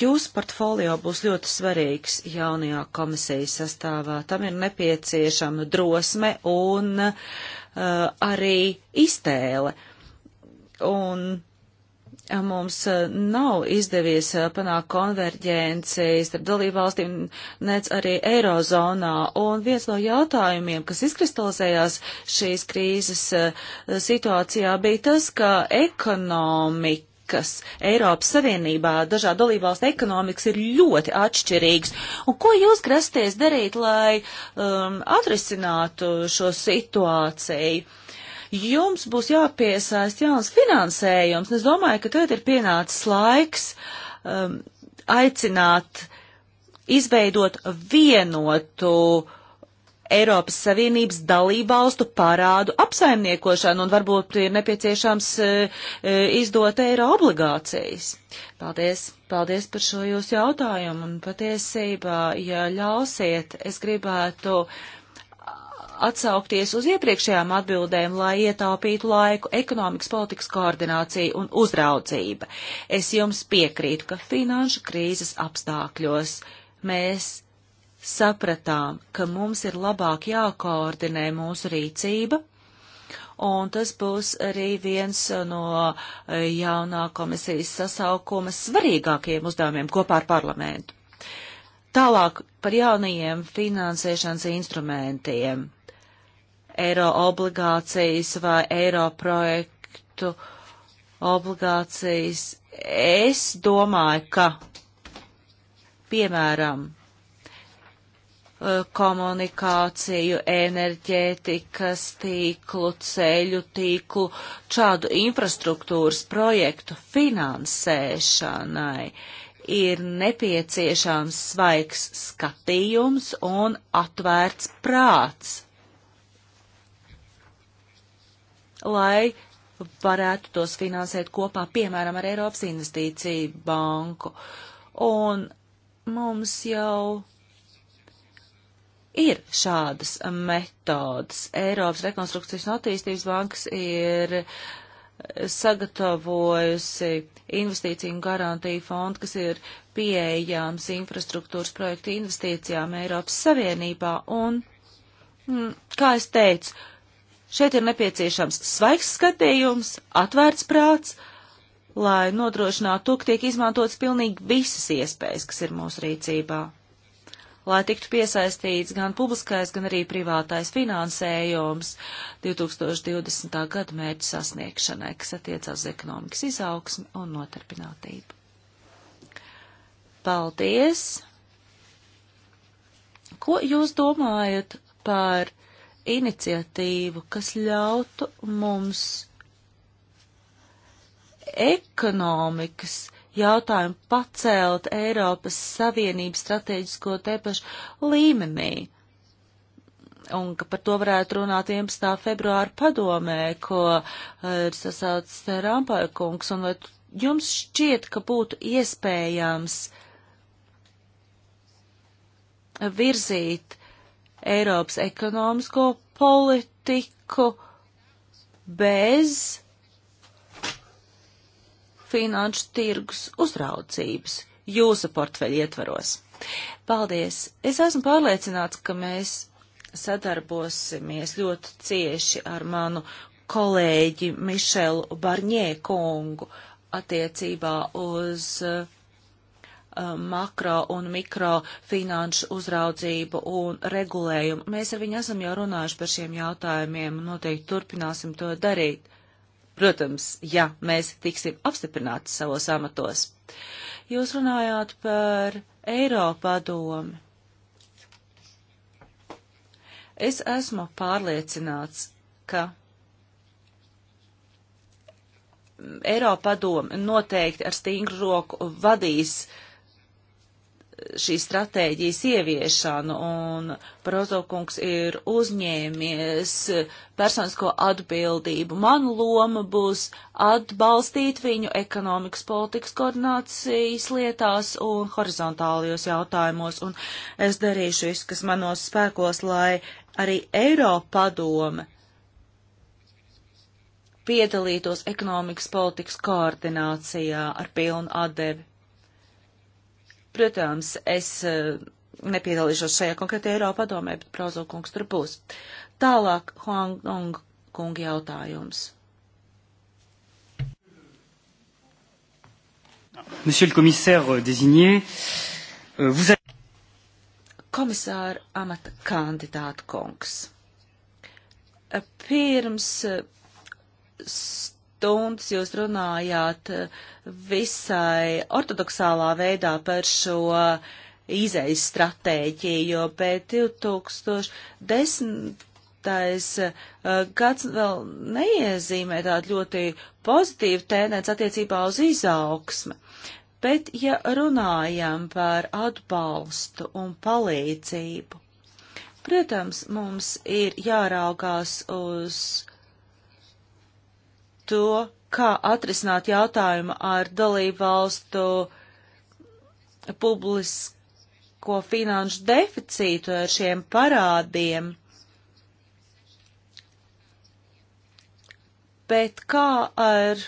Jūsu portfolio būs ļoti svarīgs jaunajā komisijas sastāvā. Tam ir nepieciešama drosme un uh, arī iztēle. Un mums eh, nav izdevies eh, panākt konverģenci starp dalībvalstīm, nec arī Eirozonā. Un viens no jautājumiem, kas izkristalizējās šīs krīzes eh, situācijā, bija tas, ka ekonomika ekonomikas. Eiropas Savienībā dažādu dalībvalstu ekonomikas ir ļoti atšķirīgas. Un ko jūs grasties darīt, lai um, atrisinātu šo situāciju? jums būs jāpiesaist jauns finansējums. Es domāju, ka tagad ir pienācis laiks um, aicināt izveidot vienotu Eiropas Savienības dalībvalstu parādu apsaimniekošanu un varbūt ir nepieciešams uh, izdot eiro obligācijas. Paldies, paldies par šo jūsu jautājumu un patiesībā, ja ļausiet, es gribētu uh, atsaukties uz iepriekšējām atbildēm, lai ietaupītu laiku ekonomikas politikas koordinācija un uzraudzība. Es jums piekrītu, ka finanšu krīzes apstākļos mēs sapratām, ka mums ir labāk jākoordinē mūsu rīcība, un tas būs arī viens no eh, jaunā komisijas sasaukuma svarīgākajiem uzdevumiem kopā ar parlamentu. Tālāk par jaunajiem finansēšanas instrumentiem eiro obligācijas vai eiro projektu obligācijas. Es domāju, ka, piemēram, e, komunikāciju, enerģētikas tīklu, ceļu tīklu, šādu infrastruktūras projektu finansēšanai ir nepieciešams svaigs skatījums un atvērts prāts. lai varētu tos finansēt kopā, piemēram, ar Eiropas investīciju banku. Un mums jau ir šādas metodas. Eiropas rekonstrukcijas un attīstības bankas ir sagatavojusi investīciju un garantiju fondu, kas ir pieejams infrastruktūras projektu investīcijām Eiropas Savienībā. Un, mm, kā es teicu, Šeit ir nepieciešams svaigs skatījums, atvērts prāts, lai nodrošinātu to, ka tiek izmantotas pilnīgi visas iespējas, kas ir mūsu rīcībā. Lai tiktu piesaistīts gan publiskais, gan arī privātais finansējums 2020. gada mērķu sasniegšanai, kas attiecās uz ekonomikas izaugsmi un notarpinātību. Paldies! Ko jūs domājat par iniciatīvu, kas ļautu mums ekonomikas jautājumu pacelt Eiropas Savienības strateģisko tepašu līmenī. Un ka par to varētu runāt 11. februāra padomē, ko eh, ir uh, sasaucis Rampoja kungs, un vai jums šķiet, ka būtu iespējams virzīt Eiropas ekonomisko politiku bez finanšu tirgus uzraudzības jūsu portfeļa ietvaros. Paldies! Es esmu pārliecināts, ka mēs sadarbosimies ļoti cieši ar manu kolēģi Mišelu Barņē kungu attiecībā uz uh, Um, makro un mikro finanšu uzraudzību un regulējumu. Mēs ar viņu esam jau runājuši par šiem jautājumiem un noteikti turpināsim to darīt. Protams, ja mēs tiksim apstiprināti savos amatos. Jūs runājāt par Eiropadomi. Es esmu pārliecināts, ka Eiropadome noteikti ar stingru roku vadīs šīs stratēģijas ieviešanu, un Prozokungs ir uzņēmies personisko atbildību. Man loma būs atbalstīt viņu ekonomikas politikas koordinācijas lietās un horizontālajos jautājumos, un es darīšu visu, kas manos spēkos, lai arī Eiropa padome piedalītos ekonomikas politikas koordinācijā ar pilnu atdevi. Protams, es eh, nepiedalīšos šajā konkrētajā Eiropā domē, bet Prauzo kungs tur būs. Tālāk Huang Dong kunga jautājums. Monsieur le commissaire euh, désigné, euh, vous avez... Komisāra amata kandidāta kungs. Pirms eh, stundas jūs runājāt eh, visai ortodoksālā veidā par šo izejas stratēģiju, jo pēc 2010. gads vēl neiezīmē tādu ļoti pozitīvu tendēnci attiecībā uz izaugsmi. Bet, ja runājam par atbalstu un palīdzību, protams, mums ir jāraugās uz to, kā atrisināt jautājumu ar dalību valstu publisko finanšu deficītu ar šiem parādiem, bet kā ar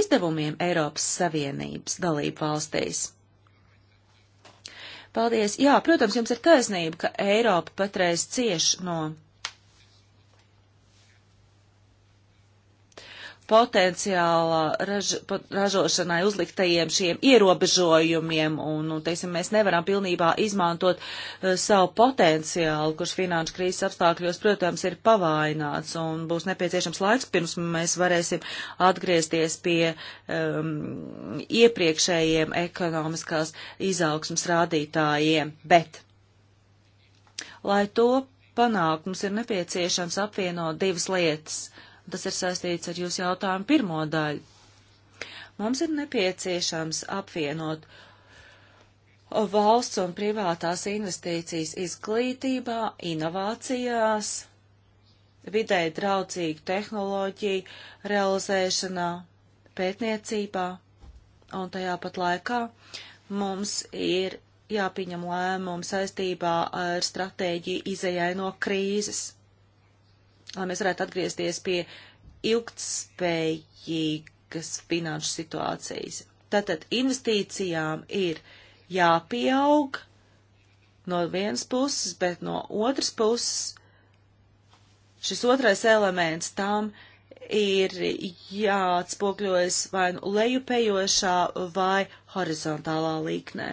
izdevumiem Eiropas Savienības dalību valstīs. Paldies! Jā, protams, jums ir taisnība, ka Eiropa patreiz cieš no potenciāla raž, ražošanai uzliktajiem šiem ierobežojumiem, un, un nu, teiksim, mēs nevaram pilnībā izmantot uh, savu potenciālu, kurš finanšu krīzes apstākļos, protams, ir pavaināts, un būs nepieciešams laiks, pirms mēs varēsim atgriezties pie um, iepriekšējiem ekonomiskās izaugsmas rādītājiem, bet, lai to panākt, mums ir nepieciešams apvienot divas lietas. Uh, Tas ir saistīts ar jūsu jautājumu pirmo daļu. Mums ir nepieciešams apvienot valsts un privātās investīcijas izglītībā, inovācijās, vidē draudzīgu tehnoloģiju realizēšanā, pētniecībā, un tajā pat laikā mums ir jāpieņem lēmumu saistībā ar stratēģiju izējai no krīzes lai mēs varētu atgriezties pie ilgtspējīgas finanšu situācijas. Tātad investīcijām ir jāpieaug no vienas puses, bet no otras puses šis otrais elements tam ir jāatspokļojas vai nu lejupējošā vai horizontālā līknē.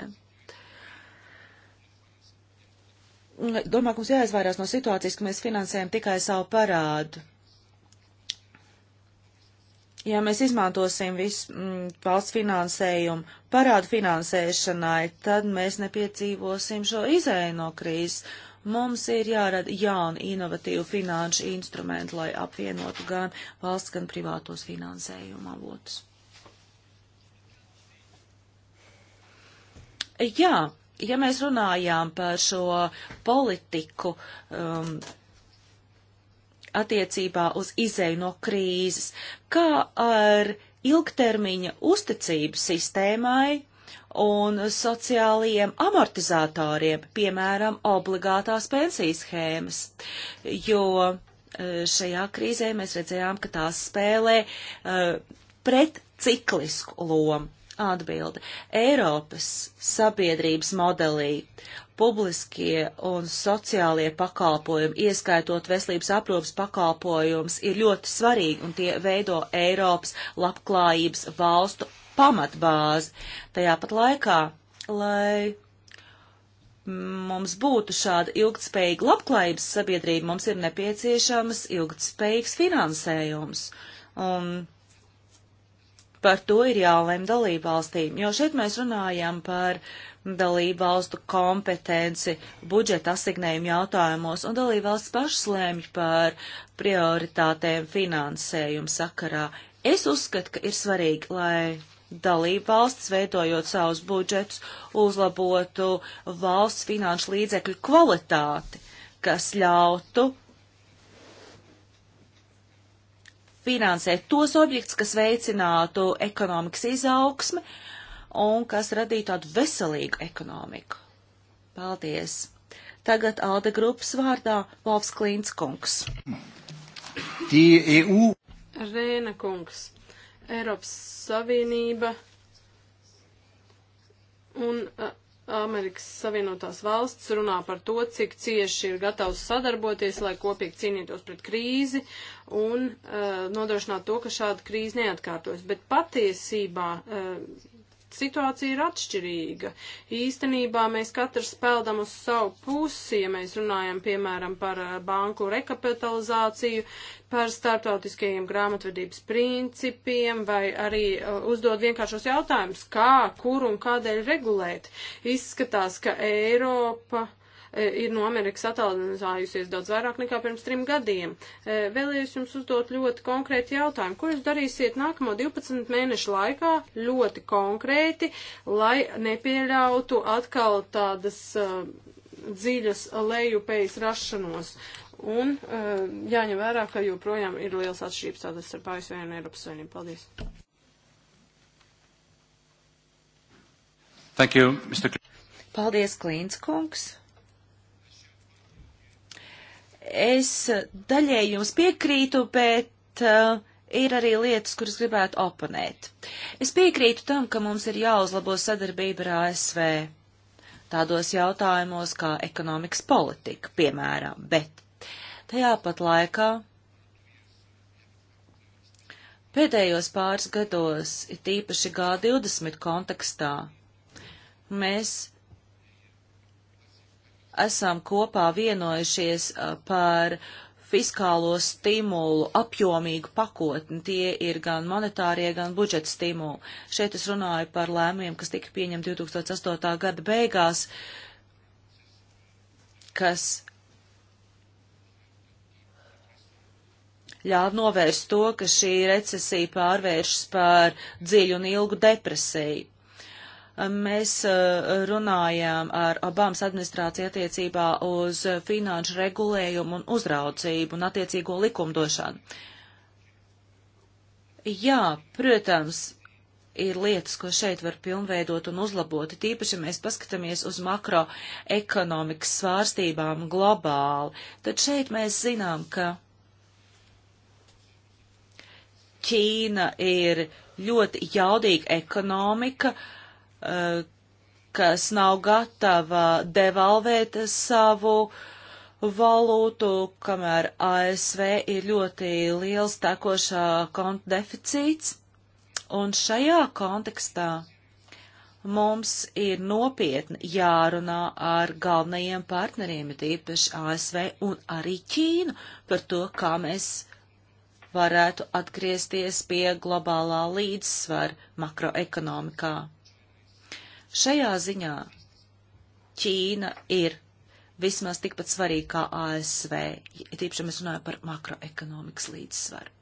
Mm, domāju, ka mums jāizvairās no situācijas, ka mēs finansējam tikai savu parādu. Ja mēs izmantosim visu mm, valsts finansējumu parādu finansēšanai, tad mēs nepiedzīvosim šo izēju no krīzes. Mums ir jārada jauni inovatīvi finanšu instrumenti, lai apvienotu gan valsts, gan privātos finansējumu avotus. Jā, ja mēs runājām par šo politiku um, attiecībā uz izēju no krīzes, kā ar ilgtermiņa uzticības sistēmai un sociālajiem amortizatoriem, piemēram, obligātās pensijas schēmas, jo uh, šajā krīzē mēs redzējām, ka tās spēlē uh, pret ciklisku lomu. Atbilde. Eiropas sabiedrības modelī publiskie un sociālie pakalpojumi, ieskaitot veselības aprūpas pakalpojumus, ir ļoti svarīgi un tie veido Eiropas labklājības valstu pamatbāzi. Tajā pat laikā, lai mums būtu šāda ilgtspējīga labklājības sabiedrība, mums ir nepieciešams ilgtspējīgs finansējums. Un par to ir jālem dalībvalstīm, jo šeit mēs runājam par dalībvalstu kompetenci budžeta asignējumu jautājumos, un dalībvalsts pašas lēmj par prioritātēm finansējumu sakarā. Es uzskatu, ka ir svarīgi, lai dalībvalsts, veidojot savus budžetus, uzlabotu valsts finanšu līdzekļu kvalitāti, kas ļautu finansēt tos objektus, kas veicinātu ekonomikas izaugsmi un kas radītu tādu veselīgu ekonomiku. Paldies! Tagad Alde grupas vārdā Valfs Klīnskungs. EU... E Rēna kungs, Eiropas Savienība un uh, Amerikas Savienotās valsts runā par to, cik cieši ir gatavs sadarboties, lai kopīgi cīnītos pret krīzi un uh, nodrošināt to, ka šāda krīze neatkārtos. Bet patiesībā uh, situācija ir atšķirīga. Īstenībā mēs katrs peldam uz savu pusi, ja mēs runājam, piemēram, par eh, banku rekapitalizāciju, par startautiskajiem grāmatvedības principiem, vai arī eh, uzdod vienkāršos jautājumus, kā, kur un kādēļ regulēt. Izskatās, ka Eiropa. Uh, E, ir no Amerikas attālinājusies daudz vairāk nekā pirms trim gadiem. E, vēlējos jums uzdot ļoti konkrēti jautājumu. Ko jūs darīsiet nākamo 12 mēnešu laikā ļoti konkrēti, lai nepieļautu atkal tādas e, dziļas lejupējas rašanos? Un jāņem vērā, ka joprojām ir liels atšķirības tādas starp ASV un Eiropas Savienību. Paldies! Thank you, Mr. Paldies, Klīns kungs. Es daļai jums piekrītu, bet uh, ir arī lietas, kuras gribētu oponēt. Es piekrītu tam, ka mums ir jāuzlabo sadarbība ar ASV tādos jautājumos kā ekonomikas politika, piemēram, bet tajā pat laikā Pēdējos pāris gados, it īpaši G20 kontekstā, mēs esam kopā vienojušies uh, par fiskālo stimulu apjomīgu pakotni. Tie ir gan monetārie, gan budžeta stimuli. Šeit es runāju par lēmumiem, kas tika pieņemti 2008. gada beigās, kas ļāva novērst to, ka šī recesija pārvēršas par dziļu un ilgu depresiju mēs eh, runājām ar Obamas administrāciju attiecībā uz finanšu regulējumu un uzraucību un attiecīgo likumdošanu. Jā, protams, ir lietas, ko šeit var pilnveidot un uzlabot, tīpaši, ja mēs paskatāmies uz makroekonomikas svārstībām globāli, tad šeit mēs zinām, ka Ķīna ir ļoti jaudīga ekonomika, uh, Eh, kas nav gatava devalvēt savu valūtu, kamēr ASV ir ļoti liels tekošā konta deficīts. Un šajā kontekstā mums ir nopietni jārunā ar galvenajiem partneriem, tīpaši ASV un arī Ķīnu, par to, kā mēs varētu atgriezties pie globālā līdzsvara makroekonomikā. Šajā ziņā Ķīna ir vismaz tikpat svarīga kā ASV, ja tīpaši mēs runājam par makroekonomikas līdzsvaru.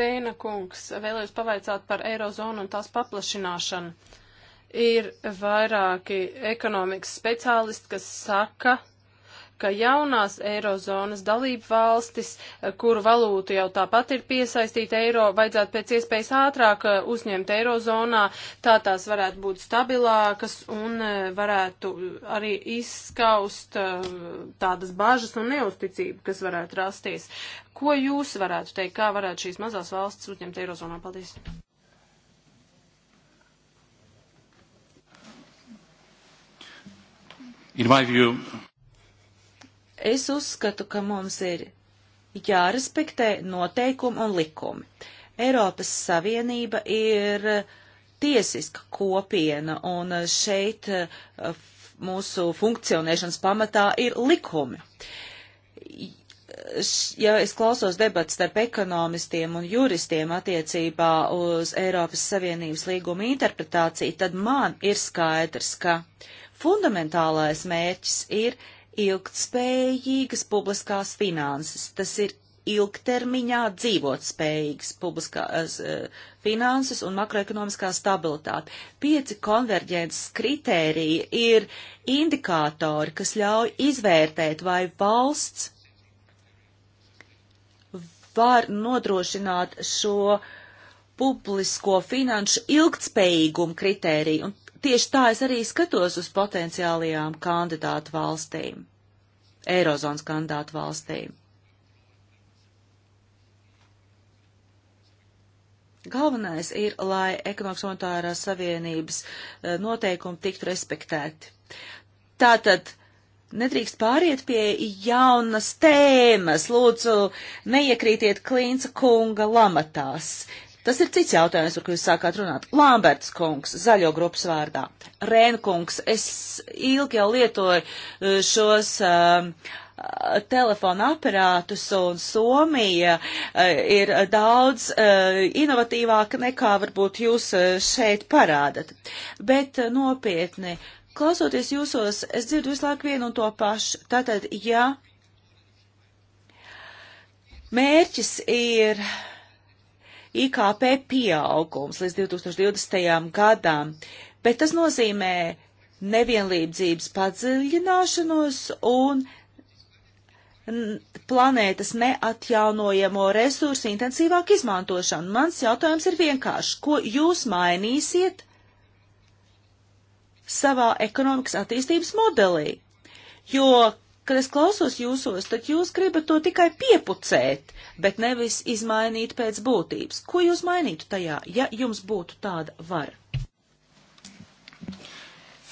Rēna kungs, vēlējos pavaicāt par eirozonu un tās paplašināšanu. Ir vairāki ekonomikas speciālisti, kas saka, ka jaunās eirozonas dalību valstis, eh, kuru valūtu jau tāpat ir piesaistīta eiro, vajadzētu pēc iespējas ātrāk eh, uzņemt eirozonā, tā tās varētu būt stabilākas un eh, varētu arī izskaust tādas bažas un neusticību, kas varētu rasties. Ko jūs varētu teikt, kā varētu šīs mazās valstis uzņemt eirozonā? Paldies! In my view, es uzskatu, ka mums ir jārespektē noteikumi un likumi. Eiropas Savienība ir tiesiska kopiena, un šeit eh, mūsu funkcionēšanas pamatā ir likumi. Ja es klausos debats starp ekonomistiem un juristiem attiecībā uz Eiropas Savienības līguma interpretāciju, tad man ir skaidrs, ka fundamentālais mērķis ir uh, ilgtspējīgas publiskās finanses. Tas ir ilgtermiņā dzīvotspējīgas publiskās uh, finanses un makroekonomiskā stabilitāte. Pieci konverģences kritērija ir indikātori, kas ļauj izvērtēt, vai valsts var nodrošināt šo publisko finanšu ilgtspējīgumu kritēriju. Un tieši tā es arī skatos uz potenciālajām kandidātu valstīm, Eirozonas kandidātu valstīm. Galvenais ir, lai ekonomikas monetārās savienības eh, noteikumi tiktu respektēti. Tātad nedrīkst pāriet pie jaunas tēmas. Lūdzu, neiekrītiet klīnca kunga lamatās. Tas ir cits jautājums, par ko jūs sākāt runāt. Lamberts kungs, zaļo grupas vārdā. Rēn kungs, es ilgi jau lietoju eh, šos. Um, ehm, eh, telefona aparātus un Somija eh, ir daudz inovatīvāka nekā varbūt jūs šeit parādat. Bet nopietni, klausoties jūsos, es dzirdu visu laiku vienu un to pašu. Tātad, ja mērķis ir IKP pieaugums līdz 2020. gadam, bet tas nozīmē nevienlīdzības padziļināšanos un planētas neatjaunojamo resursu intensīvāku izmantošanu. Mans jautājums ir vienkārši, ko jūs mainīsiet savā ekonomikas attīstības modelī? Jo Kad es klausos jūsos, tad jūs gribat to tikai piepucēt, bet nevis izmainīt pēc būtības. Ko jūs mainītu tajā, ja jums būtu tāda vara?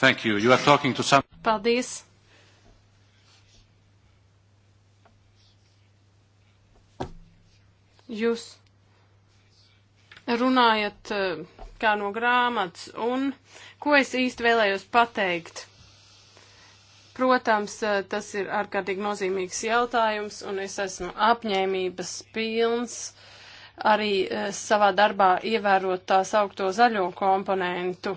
Thank you. You are talking to some... Paldies. Jūs runājat eh, kā no grāmatas, un ko es īsti vēlējos pateikt? Protams, eh, tas ir ārkārtīgi nozīmīgs jautājums, un es esmu apņēmības pilns arī eh, savā darbā ievērot tā saukto zaļo komponentu.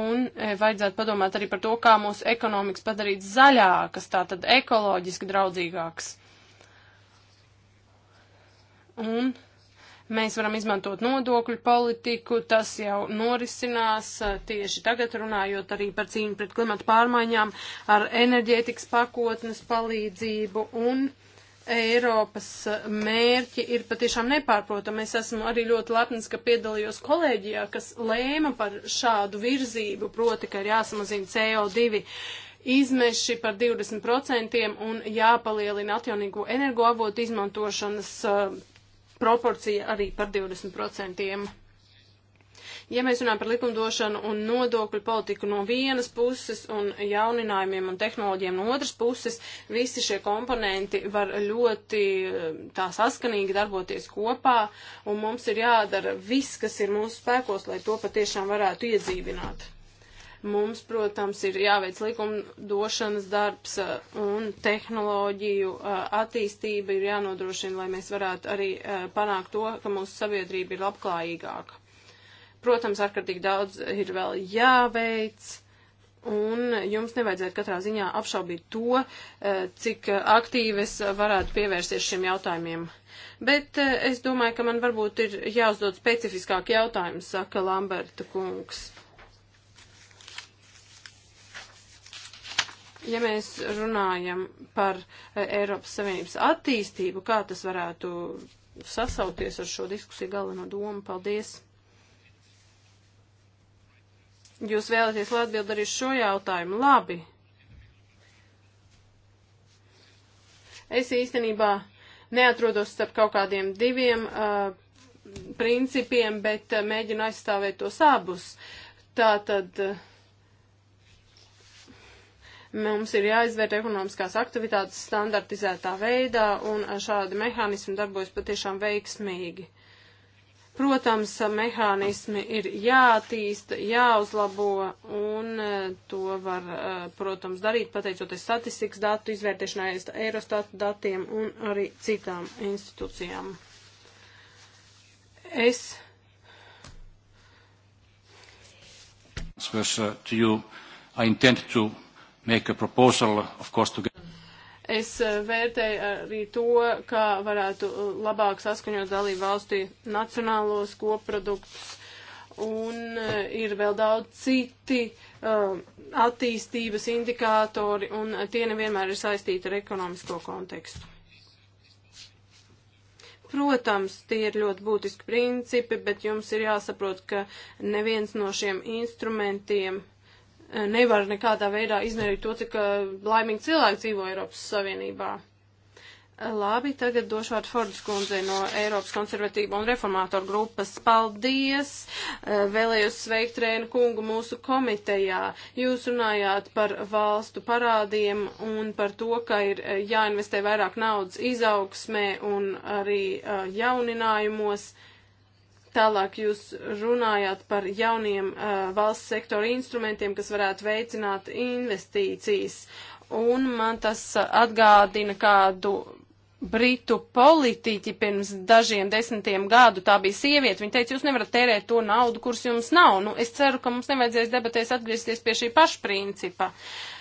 Un eh, vajadzētu padomāt arī par to, kā mūsu ekonomikas padarīt zaļākas, tātad ekoloģiski draudzīgākas. Un Mēs varam izmantot nodokļu politiku, tas jau norisinās eh, tieši tagad, runājot arī par cīņu pret klimatu pārmaiņām, ar enerģētikas pakotnes palīdzību un Eiropas eh, mērķi ir patiešām nepārprotami. Es esmu arī ļoti lepns, ka piedalījos kolēģijā, kas lēma par šādu virzību, proti, ka ir jāsamazina CO2 izmeši par 20% un jāpalielina atjaunīgo energoavotu izmantošanas eh, proporcija arī par 20%. Ja mēs runājam par likumdošanu un nodokļu politiku no vienas puses un jauninājumiem un tehnoloģiem no otras puses, visi šie komponenti var ļoti tā saskanīgi darboties kopā, un mums ir jādara viss, kas ir mūsu spēkos, lai to patiešām varētu iedzīvināt. Mums, protams, ir jāveic likumdošanas darbs uh, un tehnoloģiju uh, attīstība ir jānodrošina, lai mēs varētu arī uh, panākt to, ka mūsu sabiedrība ir labklājīgāka. Protams, ārkārtīgi daudz ir vēl jāveic. Un jums nevajadzētu katrā ziņā apšaubīt to, cik aktīvi es varētu pievērsties šiem jautājumiem. Bet es domāju, ka man varbūt ir jāuzdod specifiskāk jautājumu, saka Lamberta kungs. Ja mēs runājam par eh, Eiropas Savienības attīstību, kā tas varētu sasauties ar šo diskusiju galveno domu? Paldies! Jūs vēlaties, lai atbild arī šo jautājumu? Labi. Es īstenībā neatrodos starp kaut kādiem diviem uh, principiem, bet uh, mēģinu aizstāvēt tos abus. Tātad. Uh, Mums ir jāizvērt ekonomiskās aktivitātes standartizētā veidā, un šādi mehānismi darbojas patiešām veiksmīgi. Protams, mehānismi ir jātīsta, jāuzlabo, un e, to var, e, protams, darīt pateicoties statistikas datu izvērtēšanai, Eurostatu datiem un arī citām institūcijām. Es Special to you, I intend to make a proposal, of course, together. Es eh, vērtēju arī to, kā varētu eh, labāk saskaņot dalību valstī nacionālos koproduktus, un eh, ir vēl daudz citi uh, attīstības indikātori, un tie nevienmēr ir saistīti ar ekonomisko kontekstu. Protams, tie ir ļoti būtiski principi, bet jums ir jāsaprot, ka neviens no šiem instrumentiem uh, Eh, nevar nekādā veidā izmērīt to, cik eh, laimīgi cilvēki dzīvo Eiropas Savienībā. Eh, labi, tagad došu vārdu Fordas kundzei no Eiropas konservatīva un reformātoru grupas. Paldies! Vēlējos sveikt Rēnu kungu mūsu komitejā. Jūs runājāt par valstu parādiem un par to, ka ir jāinvestē vairāk naudas izaugsmē un arī jauninājumos. Uh, Tālāk jūs runājāt par jauniem uh, valsts sektora instrumentiem, kas varētu veicināt investīcijas. Un man tas uh, atgādina kādu britu politiķi pirms dažiem desmitiem gadu, tā bija sieviete, viņa teica, jūs nevarat tērēt to naudu, kuras jums nav. Nu, es ceru, ka mums nevajadzēs debatēs atgriezties pie šī paša principa.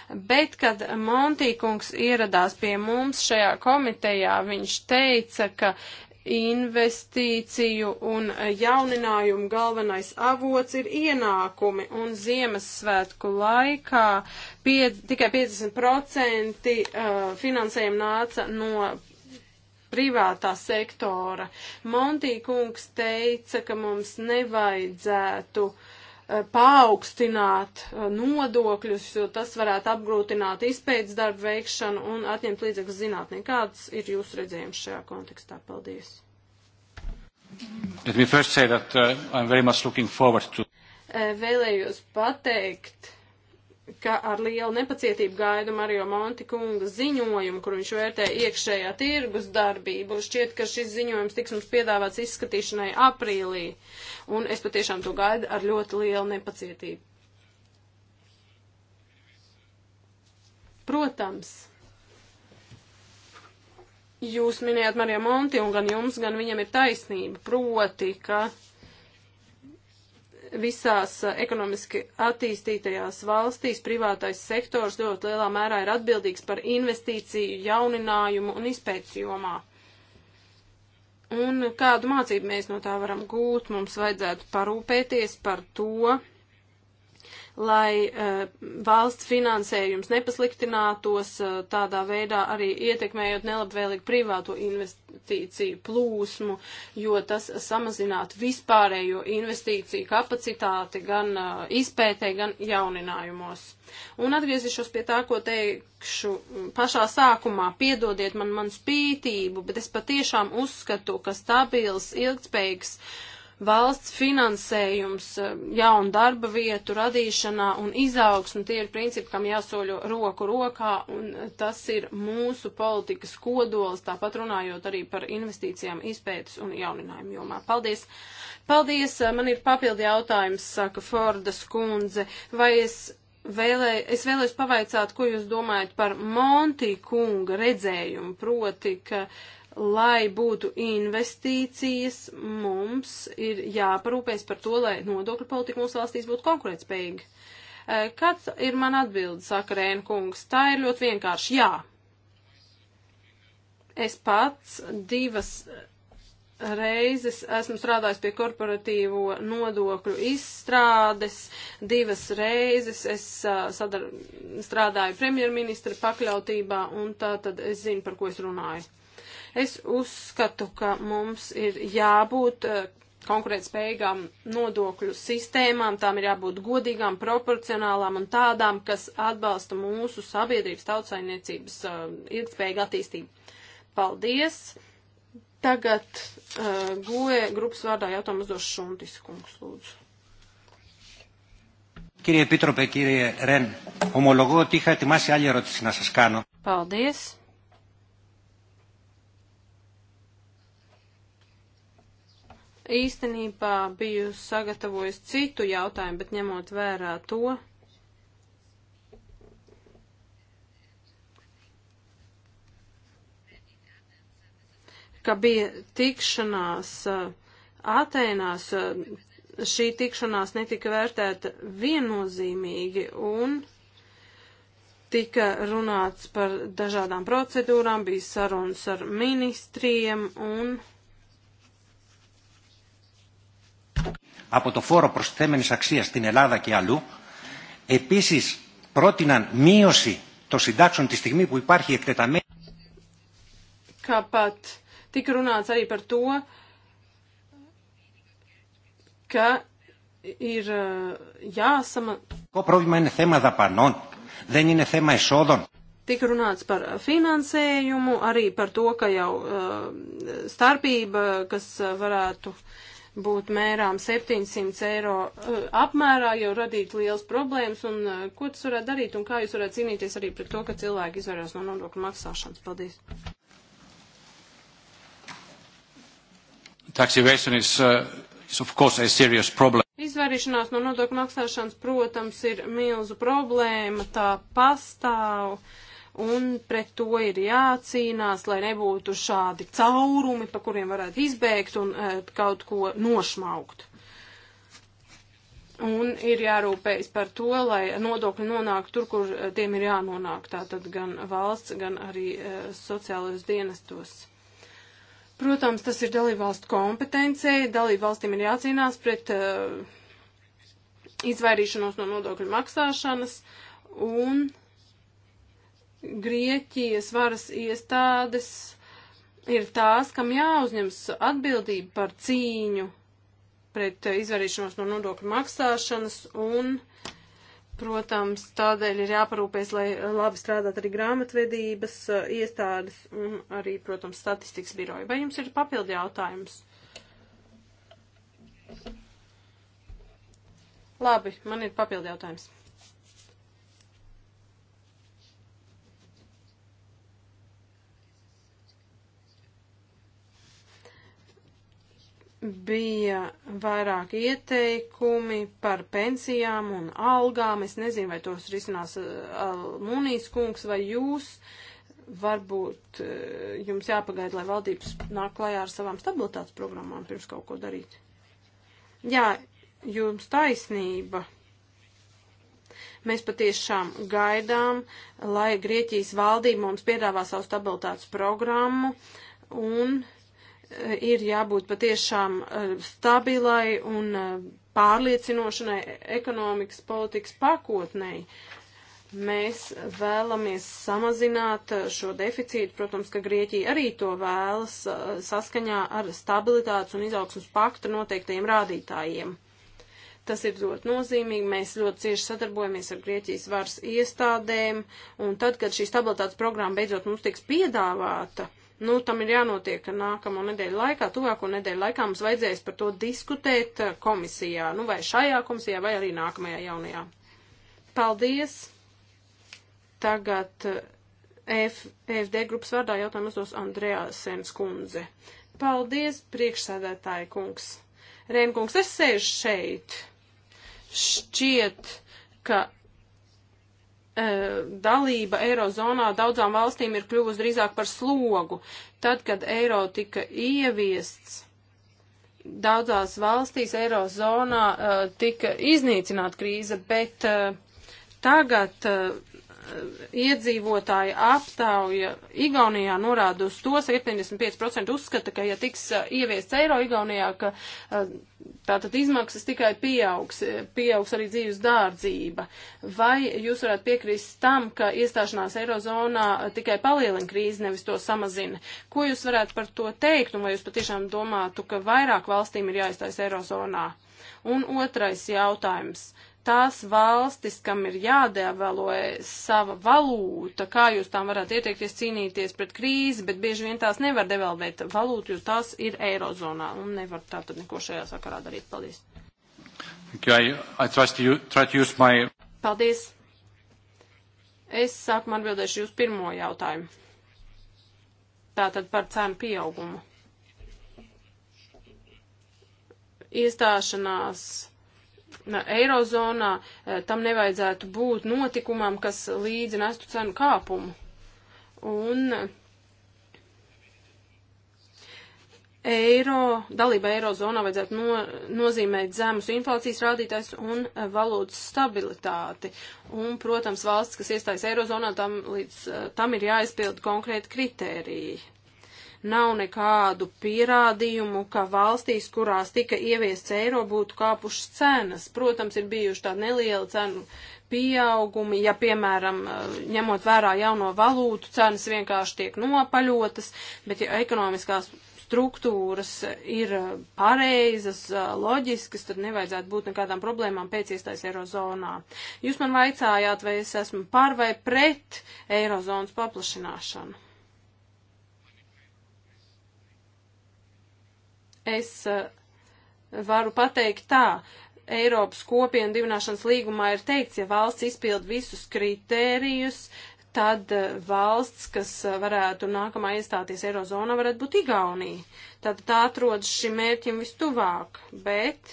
Bet, kad Montīkungs ieradās pie mums šajā komitejā, viņš teica, ka investīciju un jauninājumu galvenais avots ir ienākumi, un Ziemassvētku laikā pie, tikai 50% uh, finansējumu nāca no privātā sektora. Montī kungs teica, ka mums nevajadzētu uh, Eh, paaugstināt eh, nodokļus, jo tas varētu apgrūtināt izpētes darbu veikšanu un atņemt līdzekļus zinātnē. Kāds ir jūsu redzējums šajā kontekstā? Paldies! That, uh, to... Eh, vēlējos pateikt, ka ar lielu nepacietību gaida Mario Monti kunga ziņojumu, kur viņš vērtē iekšējā tirgus darbību. Šķiet, ka šis ziņojums tiks mums piedāvāts izskatīšanai aprīlī, un es patiešām to gaidu ar ļoti lielu nepacietību. Protams, jūs minējāt Mario Monti, un gan jums, gan viņam ir taisnība, proti, ka visās eh, ekonomiski attīstītajās valstīs privātais sektors ļoti lielā mērā ir atbildīgs par investīciju, jauninājumu un izpētes jomā. Un kādu mācību mēs no tā varam gūt, mums vajadzētu parūpēties par to, lai uh, valsts finansējums nepasliktinātos, uh, tādā veidā arī ietekmējot nelabvēlīgu privāto investīciju plūsmu, jo tas samazinātu vispārējo investīciju kapacitāti gan uh, izpētē, gan jauninājumos. Un atgriezīšos pie tā, ko teikšu pašā sākumā. Piedodiet man man spītību, bet es patiešām uzskatu, ka stabils, ilgspējīgs uh, valsts finansējums eh, jaunu darba vietu radīšanā un izaugsmu, tie ir principi, kam jāsoļo roku rokā, un eh, tas ir mūsu politikas kodols, tāpat runājot arī par investīcijām izpētes un jauninājumu jomā. Paldies! Paldies! Eh, man ir papildi jautājums, saka Fordas kundze. Vai es vēlēju, es vēlējos pavaicāt, ko jūs domājat par Monti kunga redzējumu, proti, ka uh, lai būtu investīcijas, mums ir jāparūpēs par to, lai nodokļu politika mūsu valstīs būtu konkurētspējīga. Eh, kāds ir man atbildi, saka Rēna kungs? Tā ir ļoti vienkārši jā. Es pats divas reizes esmu strādājis pie korporatīvo nodokļu izstrādes, divas reizes es eh, sadar, strādāju premjerministra pakļautībā, un tā tad es zinu, par ko es runāju. Es uzskatu, ka mums ir jābūt eh, konkurētspējīgām nodokļu sistēmām, tām ir jābūt godīgām, proporcionālām un tādām, kas atbalsta mūsu sabiedrības tautsainiecības uh, ilgspējīgu attīstību. Paldies! Tagad uh, eh, goja e grupas vārdā jautājumu uzdos Šuntis kungs, lūdzu. Κύριε Επίτροπε, κύριε Ρεν, ομολογώ ότι είχα ετοιμάσει άλλη ερώτηση να σας κάνω. Paldies. īstenībā biju sagatavojis citu jautājumu, bet ņemot vērā to, ka bija tikšanās Ātēnās, uh, uh, šī tikšanās netika vērtēta viennozīmīgi un tika runāts par dažādām procedūrām, bija sarunas ar ministriem un. από το φόρο προσθέμενης αξίας στην Ελλάδα και αλλού. Επίσης πρότειναν μείωση των συντάξεων τη στιγμή που υπάρχει εκτεταμένη. Kāpat tika runāts arī par to, ka ir jāsama. Ko problēma ir tēma dapanon, δεν είναι θέμα εσόδων. Tika runāts par finansējumu, arī par to, ka jau uh, starpība, kas varētu uh, būtu mērām 700 eiro eh, apmērā, jau radītu liels problēmas, un eh, ko tas varētu darīt, un kā jūs varētu cīnīties arī pret to, ka cilvēki izvairās no nodokļu maksāšanas. Paldies! Tax evasion is, uh, is of course a serious problem. Izvairīšanās no nodokļu maksāšanas, protams, ir milzu problēma, tā pastāv. Uh, un pret to ir jācīnās, lai nebūtu šādi caurumi, pa kuriem varētu izbēgt un e, kaut ko nošmaukt. Un ir jārūpējas par to, lai nodokļi nonāk tur, kur e, tiem ir jānonāk, tātad gan valsts, gan arī e, sociālajos dienestos. Protams, tas ir dalībvalstu kompetencija, dalībvalstīm ir jācīnās pret e, izvairīšanos no nodokļu maksāšanas un. E, Grieķijas varas iestādes ir tās, kam jāuzņems atbildība par cīņu pret izvarīšanos no nodokļu maksāšanas un, protams, tādēļ ir jāparūpēs, lai labi strādāt arī grāmatvedības eh, iestādes un arī, protams, statistikas biroja. Vai jums ir papildi jautājums? Labi, man ir papildi jautājums. bija vairāk ieteikumi par pensijām un algām. Es nezinu, vai tos risinās eh, Munīs kungs vai jūs. Varbūt eh, jums jāpagaida, lai valdības nāk klajā ar savām stabilitātes programmām pirms kaut ko darīt. Jā, jums taisnība. Mēs patiešām gaidām, lai Grieķijas valdība mums piedāvā savu stabilitātes programmu un uh, ir jābūt patiešām eh, stabilai un eh, pārliecinošanai ekonomikas politikas pakotnei. Mēs vēlamies samazināt eh, šo deficītu, protams, ka Grieķija arī to vēlas saskaņā ar stabilitātes un izaugsmas pakta noteiktajiem rādītājiem. Tas ir ļoti nozīmīgi. Mēs ļoti cieši sadarbojamies ar Grieķijas varas iestādēm, un tad, kad šī stabilitātes programma beidzot mums tiks piedāvāta, Nu, tam ir jānotiek nākamo nedēļu laikā, tuvāko nedēļu laikā mums vajadzēs par to diskutēt eh, komisijā, nu vai šajā komisijā, vai arī nākamajā jaunajā. Paldies! Tagad EF, eh, EFD grupas vārdā jautājumu uzdos Andrejā Senskundze. Paldies, priekšsēdētāji kungs! Rēnkungs, es sēžu šeit. Šķiet, ka E, dalība Eirozonā daudzām valstīm ir kļuvusi drīzāk par slogu. Tad, kad eiro tika ieviests, daudzās valstīs Eirozonā e, tika iznīcināta krīze, bet e, tagad iedzīvotāja aptauja Igaunijā norāda uz to, 75% uzskata, ka ja tiks uh, ieviests eiro Igaunijā, ka uh, tātad izmaksas tikai pieaugs, pieaugs arī dzīves dārdzība. Vai jūs varētu piekrist tam, ka iestāšanās eirozonā uh, tikai palielina krīzi, nevis to samazina? Ko jūs varētu par to teikt, un vai jūs patiešām domātu, ka vairāk valstīm ir jāiztais eirozonā? Un otrais jautājums. Uh, tās valstis, kam ir jādevalē sava valūta, kā jūs tām varētu ieteikties cīnīties pret krīzi, bet bieži vien tās nevar devalvēt valūtu, jo tās ir eirozonā un nevar tātad neko šajā sakarā darīt. Paldies. Okay, I, I try to, try to use my... Paldies. Es sākumā atbildēšu jūs pirmo jautājumu. Tātad par cenu pieaugumu. Iestāšanās Eirozonā e, tam nevajadzētu būt notikumam, kas līdzi nestu cenu kāpumu. Un e, eiro, dalība eirozonā vajadzētu no, nozīmēt zemus inflācijas rādītājs un e, valūtas stabilitāti. Un, protams, valsts, kas iestājas eirozonā, tam, līdz, tam ir jāizpild konkrēti kritēriji. Nav nekādu pierādījumu, ka valstīs, kurās tika ieviests eiro, būtu kāpušas cenas. Protams, ir bijuši tādi nelieli cenu pieaugumi, ja, piemēram, eh, ņemot vērā jauno valūtu, cenas vienkārši tiek nopaļotas, bet ja ekonomiskās struktūras ir eh, pareizas, eh, loģiskas, tad nevajadzētu būt nekādām problēmām pēc iestājas Eirozonā. Jūs man vaicājāt, vai es esmu par vai pret Eirozonas paplašināšanu. Es eh, varu pateikt tā, Eiropas kopienu divināšanas līgumā ir teikts, ja valsts izpild visus kritērijus, tad eh, valsts, kas eh, varētu nākamā iestāties Eirozonā, varētu būt Igaunija. Tad tā atrodas šim mērķim vistuvāk, bet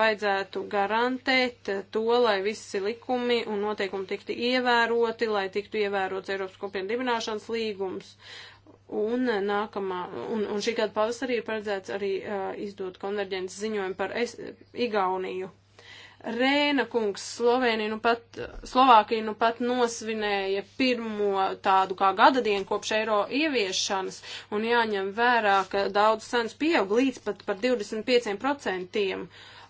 vajadzētu garantēt to, lai visi likumi un noteikumi tiktu ievēroti, lai tiktu ievērots Eiropas kopienu dibināšanas līgums. Un, nākamā, un, un šī gada pavasarī ir paredzēts arī uh, izdot konverģences ziņojumu par es, Igauniju. Rēna kungs, Slovēnija nu pat, Slovākija nu pat nosvinēja pirmo tādu kā gada dienu kopš eiro ieviešanas, un jāņem vērā, ka daudz cenas pieaug līdz pat par 25%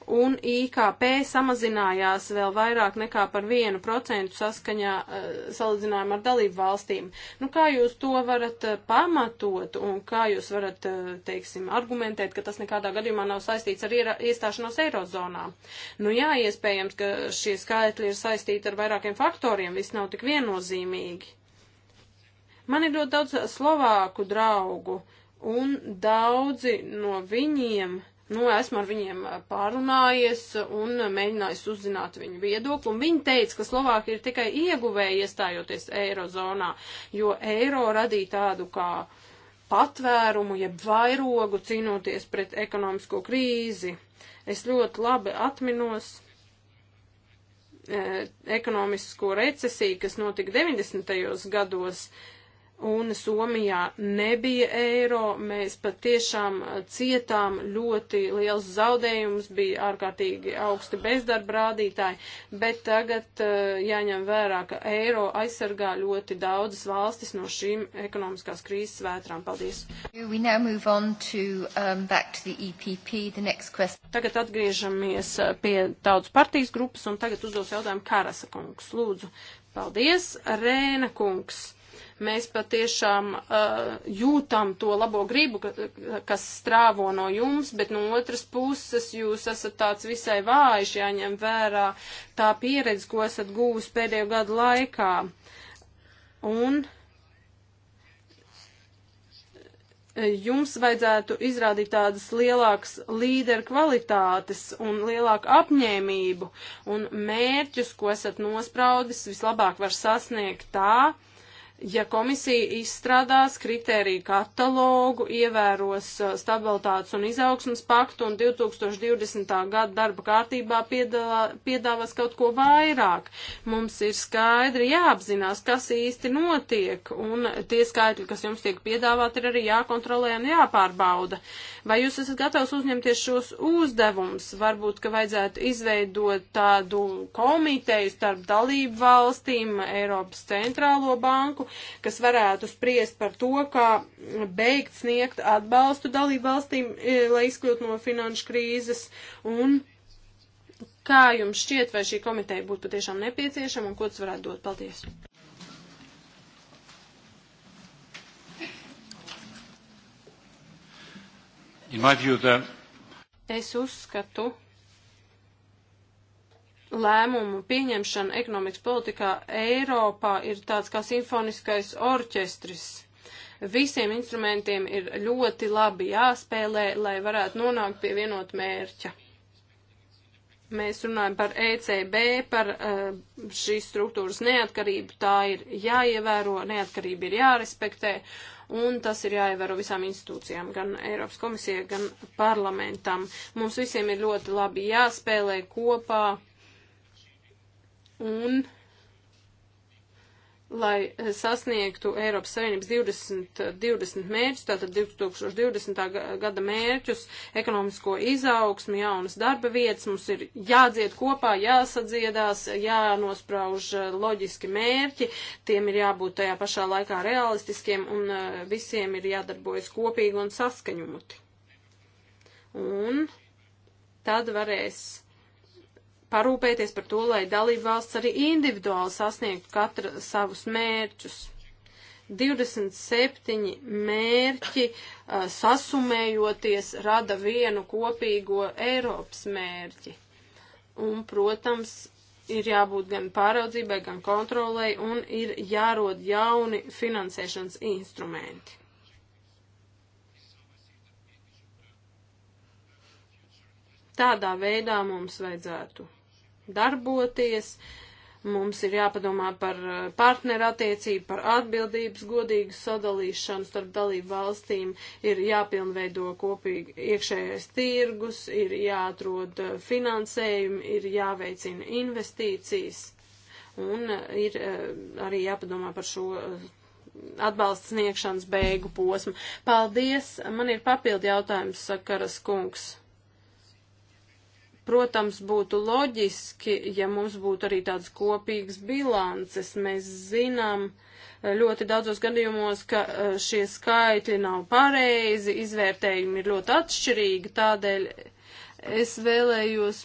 un IKP samazinājās vēl vairāk nekā par 1% saskaņā eh, salīdzinājumā ar dalību valstīm. Nu, kā jūs to varat eh, pamatot un kā jūs varat, eh, teiksim, argumentēt, ka tas nekādā gadījumā nav saistīts ar iera, iestāšanos Eirozonā? Nu jā, iespējams, ka šie skaitļi ir saistīti ar vairākiem faktoriem, viss nav tik viennozīmīgi. Man ir ļoti daudz slovāku draugu, un daudzi no viņiem Nu, esmu ar viņiem pārunājies un mēģinājis uzzināt viņu viedokli, un viņi teica, ka Slovākija ir tikai ieguvēja iestājoties eirozonā, jo eiro radīja tādu kā patvērumu, jeb vairogu cīnoties pret ekonomisko krīzi. Es ļoti labi atminos ekonomisko recesiju, kas notika 90. gados, un Somijā nebija eiro, mēs patiešām uh, cietām ļoti liels zaudējums, bija ārkārtīgi augsti bezdarba rādītāji, bet tagad uh, jāņem vērā, ka eiro aizsargā ļoti daudzas valstis no šīm ekonomiskās krīzes vētrām. Paldies! To, um, to EPP, e tagad atgriežamies uh, pie tautas partijas grupas un tagad uzdos jautājumu Karasa kungs. Lūdzu, paldies, Rēna kungs! Mēs patiešām uh, jūtam to labo gribu, ka, kas strāvo no jums, bet no otras puses jūs esat tāds visai vājš, jāņem vērā tā pieredze, ko esat guvis pēdējo gadu laikā. Un jums vajadzētu izrādīt tādas lielākas līderu kvalitātes un lielāku apņēmību un mērķus, ko esat nospraudis, vislabāk var sasniegt tā, ja komisija izstrādās kritēriju katalogu, ievēros uh, stabilitātes un izaugsmas paktu un 2020. gada darba kārtībā piedalā, piedāvās kaut ko vairāk. Mums ir skaidri jāapzinās, kas īsti notiek, un tie skaitļi, kas jums tiek piedāvāti, ir arī jākontrolē un jāpārbauda. Vai jūs esat gatavs uzņemties šos uzdevumus? Varbūt, ka vajadzētu izveidot tādu komiteju starp dalību valstīm, Eiropas centrālo banku, kas varētu spriest par to, kā beigt sniegt atbalstu dalību valstīm, e, lai izkļūtu no finanšu krīzes. Un kā jums šķiet, vai šī komiteja būtu patiešām nepieciešama un ko tas varētu dot? Paldies! In my view, the... Es uzskatu, lēmumu pieņemšana ekonomikas politikā Eiropā ir tāds kā simfoniskais orķestris. Visiem instrumentiem ir ļoti labi jāspēlē, lai varētu nonākt pie vienot mērķa. Mēs runājam par ECB, par eh, šīs struktūras neatkarību. Tā ir jāievēro, neatkarība ir jārespektē, un tas ir jāievēro visām institūcijām, gan Eiropas komisijai, gan parlamentam. Mums visiem ir ļoti labi jāspēlē kopā un lai sasniegtu Eiropas Savienības 20, 20 mērķus, tātad 2020. gada mērķus, ekonomisko izaugsmu, jaunas darba vietas, mums ir jādzied kopā, jāsadziedās, jānosprauž eh, loģiski mērķi, tiem ir jābūt tajā pašā laikā realistiskiem un eh, visiem ir jādarbojas kopīgi un saskaņoti. Un tad varēs parūpēties par to, lai dalība valsts arī individuāli sasniegtu katra savus mērķus. 27 mērķi uh, sasumējoties rada vienu kopīgo Eiropas mērķi. Un, protams, ir jābūt gan pāraudzībai, gan kontrolai un ir jārod jauni finansēšanas instrumenti. Tādā veidā mums vajadzētu darboties. Mums ir jāpadomā par eh, partneru attiecību, par atbildības godīgu sadalīšanu starp dalību valstīm, ir jāpilnveido kopīgi iekšējais tirgus, ir jāatrod eh, finansējumi, ir jāveicina investīcijas un eh, ir arī jāpadomā par šo atbalsta sniegšanas beigu posmu. Paldies! Man ir papildi jautājums, sakaras kungs. Protams, būtu loģiski, ja mums būtu arī tādas kopīgas bilances. Mēs zinām eh, ļoti daudzos gadījumos, ka eh, šie skaitļi nav pareizi, izvērtējumi ir ļoti atšķirīgi, tādēļ es vēlējos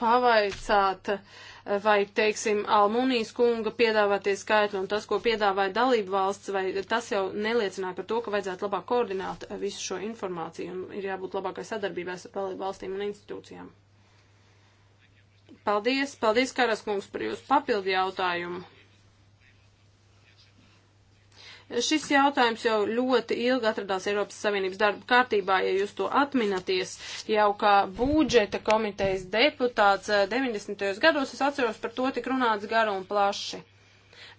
pavaicāt, uh, vai, teiksim, Almunijas kunga piedāvātie skaitļi un tas, ko piedāvāja dalību valsts, vai tas jau neliecināja par to, ka vajadzētu labāk koordinēt eh, visu šo informāciju un ir jābūt labākai sadarbībai ar dalību valstīm un institūcijām. Paldies, paldies, Karas kungs, par jūsu papildu jautājumu. Šis jautājums jau ļoti ilgi atradās Eiropas Savienības darba kārtībā, ja jūs to atminaties. Jau kā budžeta komitejas deputāts 90. Eh, gados es atceros par to tik runāts garu un plaši.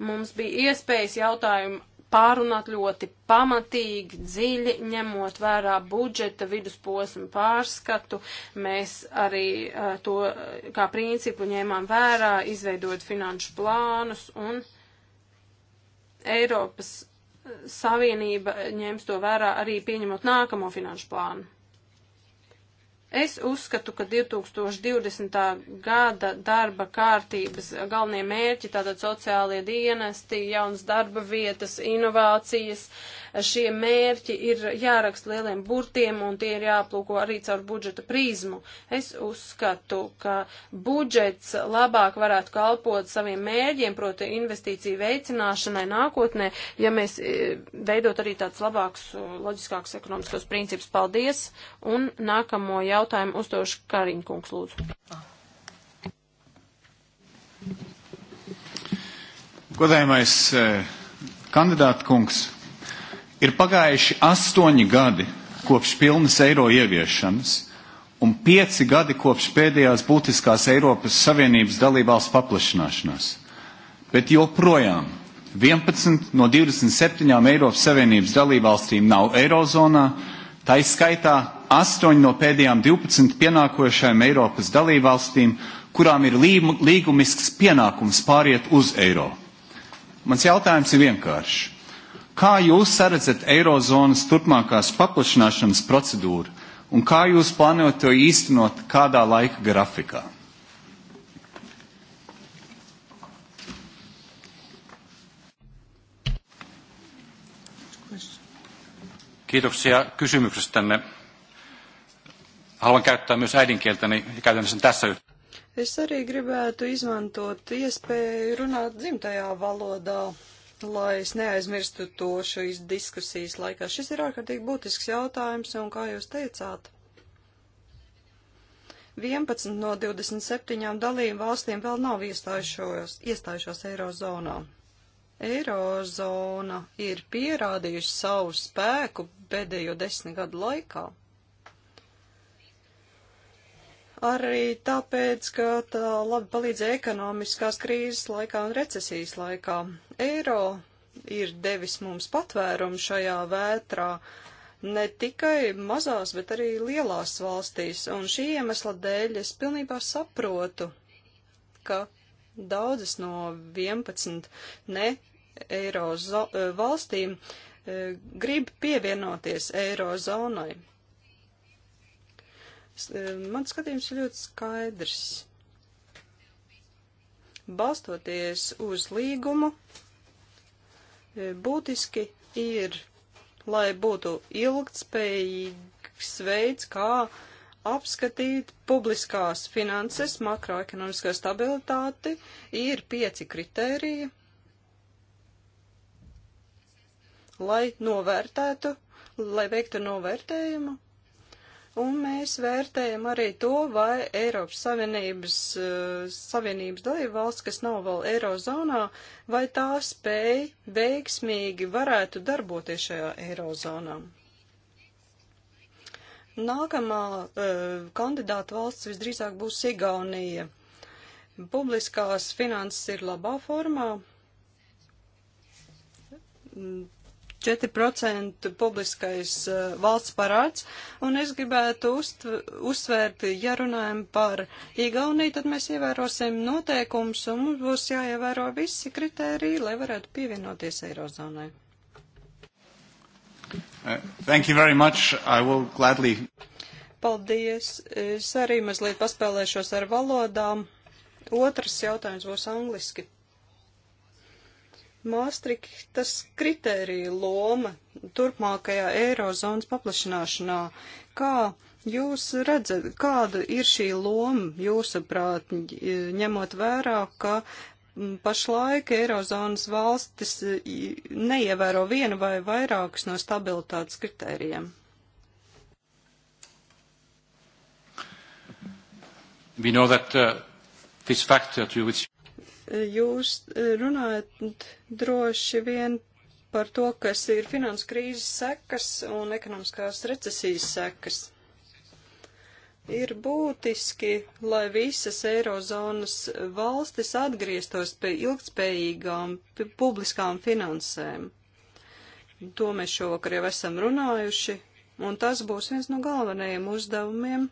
Mums bija iespējas jautājumu pārunāt ļoti pamatīgi, dziļi, ņemot vērā budžeta vidusposmu pārskatu. Mēs arī uh, to eh, kā principu ņēmām vērā, izveidot finanšu plānus un Eiropas Savienība ņems to vērā arī pieņemot nākamo finanšu plānu. Es uzskatu, ka 2020. gada darba kārtības galvenie mērķi, tātad sociālie dienesti, jaunas darba vietas, inovācijas, Šie mērķi ir jāraksta lieliem burtiem un tie ir jāplūko arī caur budžeta prizmu. Es uzskatu, ka budžets labāk varētu kalpot saviem mērķiem, proti investīciju veicināšanai nākotnē, ja mēs e, veidot arī tāds labāks, e, loģiskāks ekonomiskos principus. Paldies! Un nākamo jautājumu uzdošu Kariņkungs, lūdzu. Godējumais e, kandidāta kungs, Ir pagājuši astoņi gadi kopš pilnas eiro ieviešanas un pieci gadi kopš pēdējās būtiskās Eiropas Savienības dalībvalsts paplašināšanās. Bet joprojām 11 no 27 Eiropas Savienības dalībvalstīm nav eirozonā, tā izskaitā 8 no pēdējām 12 pienākošajām Eiropas dalībvalstīm, kurām ir līgumisks pienākums pāriet uz eiro. Mans jautājums ir vienkāršs. Kā jūs saredzat Eirozonas turpmākās paplašināšanas procedūru un kā jūs plānojat to īstenot kādā laika grafikā? Kiitoksia kysymyksestänne. Haluan käyttää myös äidinkieltäni ja käytän sen tässä yhteydessä. Es arī gribētu izmantot iespēju runāt dzimtajā valodā, lai es neaizmirstu to šīs diskusijas laikā. Šis ir ārkārtīgi būtisks jautājums, un kā jūs teicāt, 11 no 27 dalību valstīm vēl nav iestājušos, iestājušos Eirozonā. Eirozona ir pierādījusi savu spēku pēdējo desmit gadu laikā arī tāpēc, ka tā labi palīdzēja ekonomiskās krīzes laikā un recesijas laikā. Eiro ir devis mums patvērumu šajā vētrā ne tikai mazās, bet arī lielās valstīs, un šī iemesla dēļ es pilnībā saprotu, ka daudzas no 11 ne eiro eh, valstīm eh, grib pievienoties eirozonai. E, mans skatījums ir ļoti skaidrs. Balstoties uz līgumu, e, būtiski ir, lai būtu ilgtspējīgs veids, kā apskatīt publiskās finanses, makroekonomiskā stabilitāti, ir pieci kritēriji, lai novērtētu, lai veiktu novērtējumu Un mēs vērtējam arī to, vai Eiropas Savienības, eh, Savienības dalība valsts, kas nav vēl Eirozonā, vai tā spēj veiksmīgi varētu darboties šajā Eirozonā. Nākamā eh, kandidāta valsts visdrīzāk būs Igaunija. Publiskās finanses ir labā formā, 4% publiskais uh, valsts parāds, un es gribētu uzt, uzsvērt, ja runājam par Igauniju, tad mēs ievērosim noteikumus, un mums būs jāievēro visi kritēriji, lai varētu pievienoties Eirozonai. Uh, thank you very much. I will gladly. Paldies. Es arī mazliet paspēlēšos ar valodām. Otrs jautājums būs angliski. Māstriktas kritērija loma turpmākajā eirozonas paplašanāšanā. Kā jūs redzat, kāda ir šī loma jūsuprāt, ņemot vērā, ka pašlaik eirozonas valstis neievēro vienu vai vairākus no stabilitātes kritērijiem? We know that uh, this factor to which Jūs eh, runājat droši vien par to, kas ir finanses krīzes sekas un ekonomiskās recesijas sekas. Ir būtiski, lai visas Eirozonas valstis atgrieztos pie ilgtspējīgām pie publiskām finansēm. To mēs šovakar jau esam runājuši, un tas būs viens no galvenajiem uzdevumiem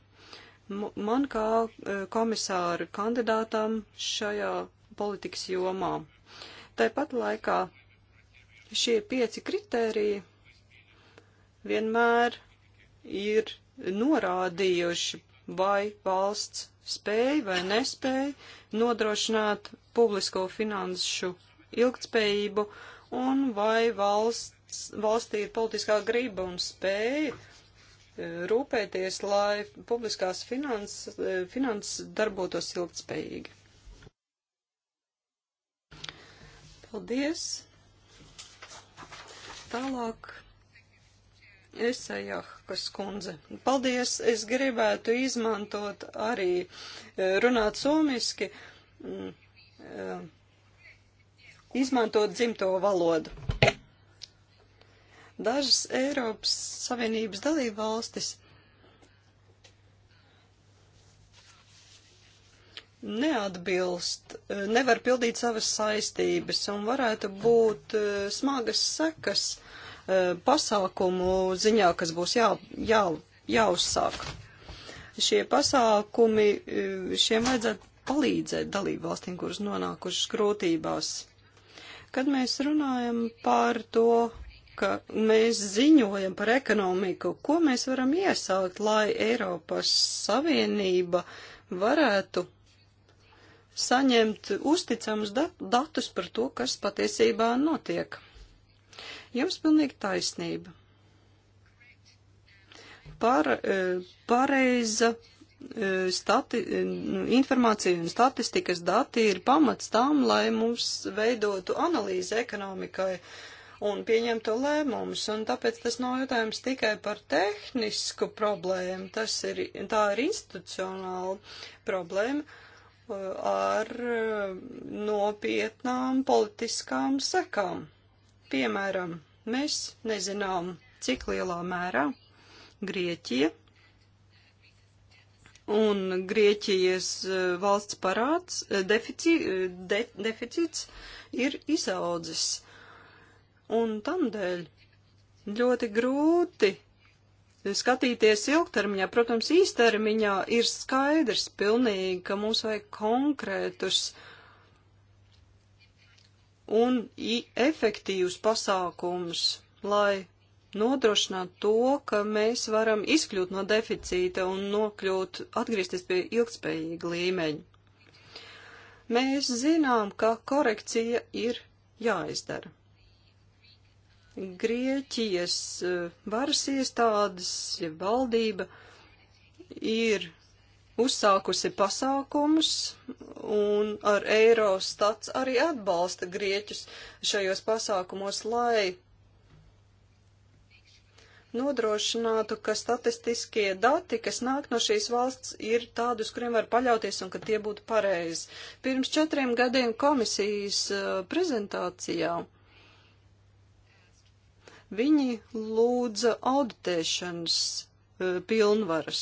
man kā eh, komisāra kandidātam šajā politikas jomā. Tāpat laikā šie pieci kritēriji vienmēr ir norādījuši, vai valsts spēja vai nespēja nodrošināt publisko finanšu ilgtspējību un vai valsts, valstī ir politiskā griba un spēja e, rūpēties, lai publiskās finanses, finanses darbotos ilgtspējīgi. Paldies! Tālāk. Esajahkas kundze. Paldies, es gribētu izmantot arī e, runāt somiski, mm, e, izmantot dzimto valodu. Dažas Eiropas Savienības dalībvalstis valstis neatbilst, nevar pildīt savas saistības un varētu būt eh, smagas sekas eh, pasākumu ziņā, kas būs jā, jā, jāuzsāk. Šie pasākumi, eh, šiem vajadzētu palīdzēt dalību valstīm, kuras nonākušas grūtībās. Kad mēs runājam par to, ka mēs ziņojam par ekonomiku, ko mēs varam iesākt, lai Eiropas Savienība varētu saņemt uzticamus datus par to, kas patiesībā notiek. Jums pilnīgi taisnība. Par, e, pareiza e, stati, e, nu, informācija un statistikas dati ir pamats tam, lai mums veidotu analīzi ekonomikai un pieņemtu lēmumus. Un tāpēc tas nav jautājums tikai par tehnisku problēmu, tas ir, tā ir institucionāla problēma ar eh, nopietnām politiskām sekām. Piemēram, mēs nezinām, cik lielā mērā Grieķija un Grieķijas eh, valsts parāds, eh, defici, de, deficīts ir izaudzis. Un tamdēļ ļoti grūti skatīties ilgtermiņā. Protams, īstermiņā ir skaidrs pilnīgi, ka mums vajag konkrētus un efektīvus pasākumus, lai nodrošināt to, ka mēs varam izkļūt no deficīta un nokļūt, atgriezties pie ilgspējīga līmeņa. Mēs zinām, ka korekcija ir jāizdara. Grieķijas eh, varas iestādes, ja valdība ir uzsākusi pasākumus un ar Eirostats arī atbalsta Grieķus šajos pasākumos, lai nodrošinātu, ka statistiskie dati, kas nāk no šīs valsts, ir tādi, uz kuriem var paļauties un ka tie būtu pareizi. Pirms četriem gadiem komisijas eh, prezentācijā uh, Viņi lūdza auditēšanas e, pilnvaras,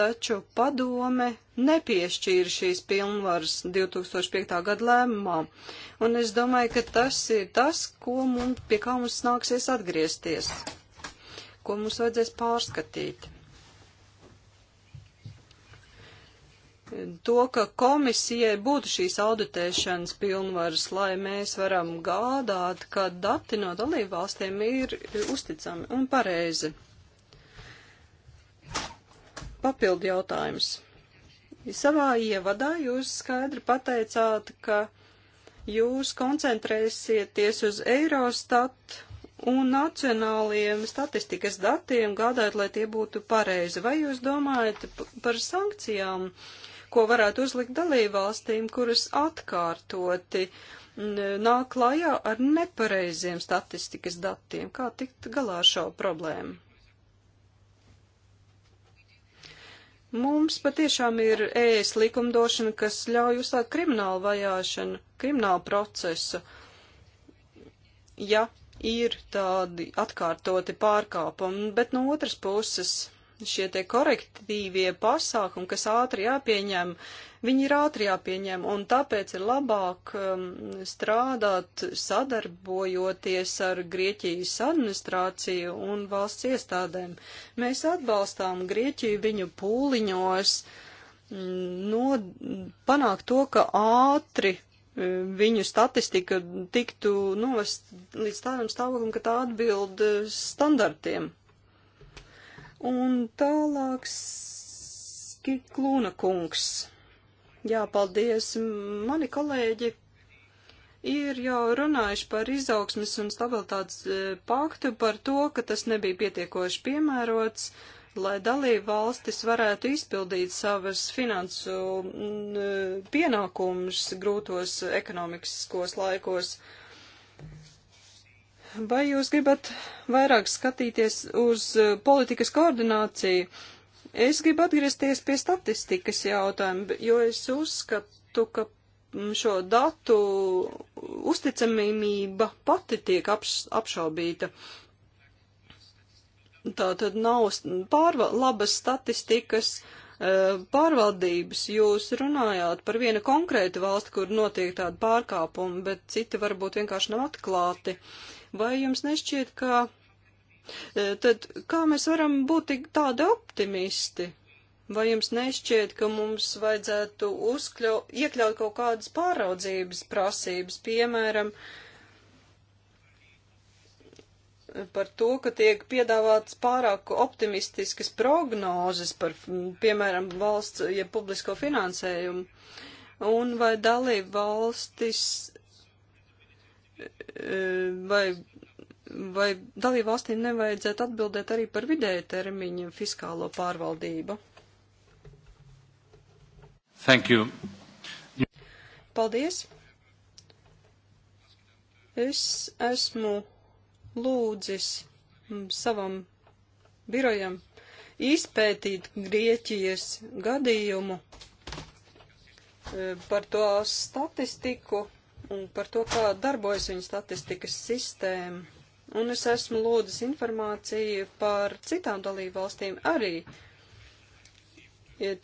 taču padome nepiešķīra šīs pilnvaras 2005. gada lēmumā, un es domāju, ka tas ir tas, ko mums, pie kā mums nāksies atgriezties, ko mums vajadzēs pārskatīt. to, ka komisijai būtu šīs auditēšanas pilnvaras, lai mēs varam gādāt, ka dati no dalībvalstiem ir uzticami un pareizi. Papildu jautājums. Savā ievadā jūs skaidri pateicāt, ka jūs koncentrēsieties uz Eurostat un nacionāliem statistikas datiem, gādājot, lai tie būtu pareizi. Vai jūs domājat par sankcijām? Uh, ko varētu uzlikt dalībvalstīm, kuras atkārtoti nāk klajā ar nepareiziem statistikas datiem. Kā tikt galā ar šo problēmu? Mums patiešām ir ēs likumdošana, kas ļauj uzsākt kriminālu vajāšanu, kriminālu procesu. Ja ir tādi atkārtoti pārkāpumi, bet no otras puses šie te korektīvie pasākumi, kas ātri jāpieņem, viņi ir ātri jāpieņem, un tāpēc ir labāk um, strādāt sadarbojoties ar Grieķijas administrāciju un valsts iestādēm. Mēs atbalstām Grieķiju viņu pūliņos, mm, no, panākt to, ka ātri um, viņu statistika tiktu novest līdz tādam stāvoklim, ka tā atbild uh, standartiem. Un tālāk Skiklūna kungs. Jā, paldies. Mani kolēģi ir jau runājuši par izaugsmes un stabilitātes e, paktu, par to, ka tas nebija pietiekoši piemērots, lai dalību valstis varētu izpildīt savas finansu mm, e, pienākumus grūtos ekonomiskos laikos. Uh, Vai jūs gribat vairāk skatīties uz eh, politikas koordināciju? Es gribu atgriezties pie statistikas jautājuma, jo es uzskatu, ka mm, šo datu uzticamība pati tiek apš apšaubīta. Tā tad nav pārva labas statistikas eh, pārvaldības. Jūs runājāt par vienu konkrētu valsti, kur notiek tāda pārkāpuma, bet citi varbūt vienkārši nav atklāti. Uh, Vai jums nešķiet, ka e, tad kā mēs varam būt tik tādi optimisti? Vai jums nešķiet, ka mums vajadzētu uzkļau, iekļaut kaut kādas pāraudzības prasības, piemēram, par to, ka tiek piedāvāts pārāk optimistiskas prognozes par, piemēram, valsts, ja publisko finansējumu? Un vai dalība valstis Eh, vai, vai dalībvalstīm nevajadzētu atbildēt arī par vidēja termiņa fiskālo pārvaldību? Thank you. Paldies. Es esmu lūdzis savam birojam izpētīt Grieķijas gadījumu eh, par to statistiku, un par to, kā darbojas viņa statistikas sistēma. Un es esmu lūdzis informāciju par citām dalību valstīm arī.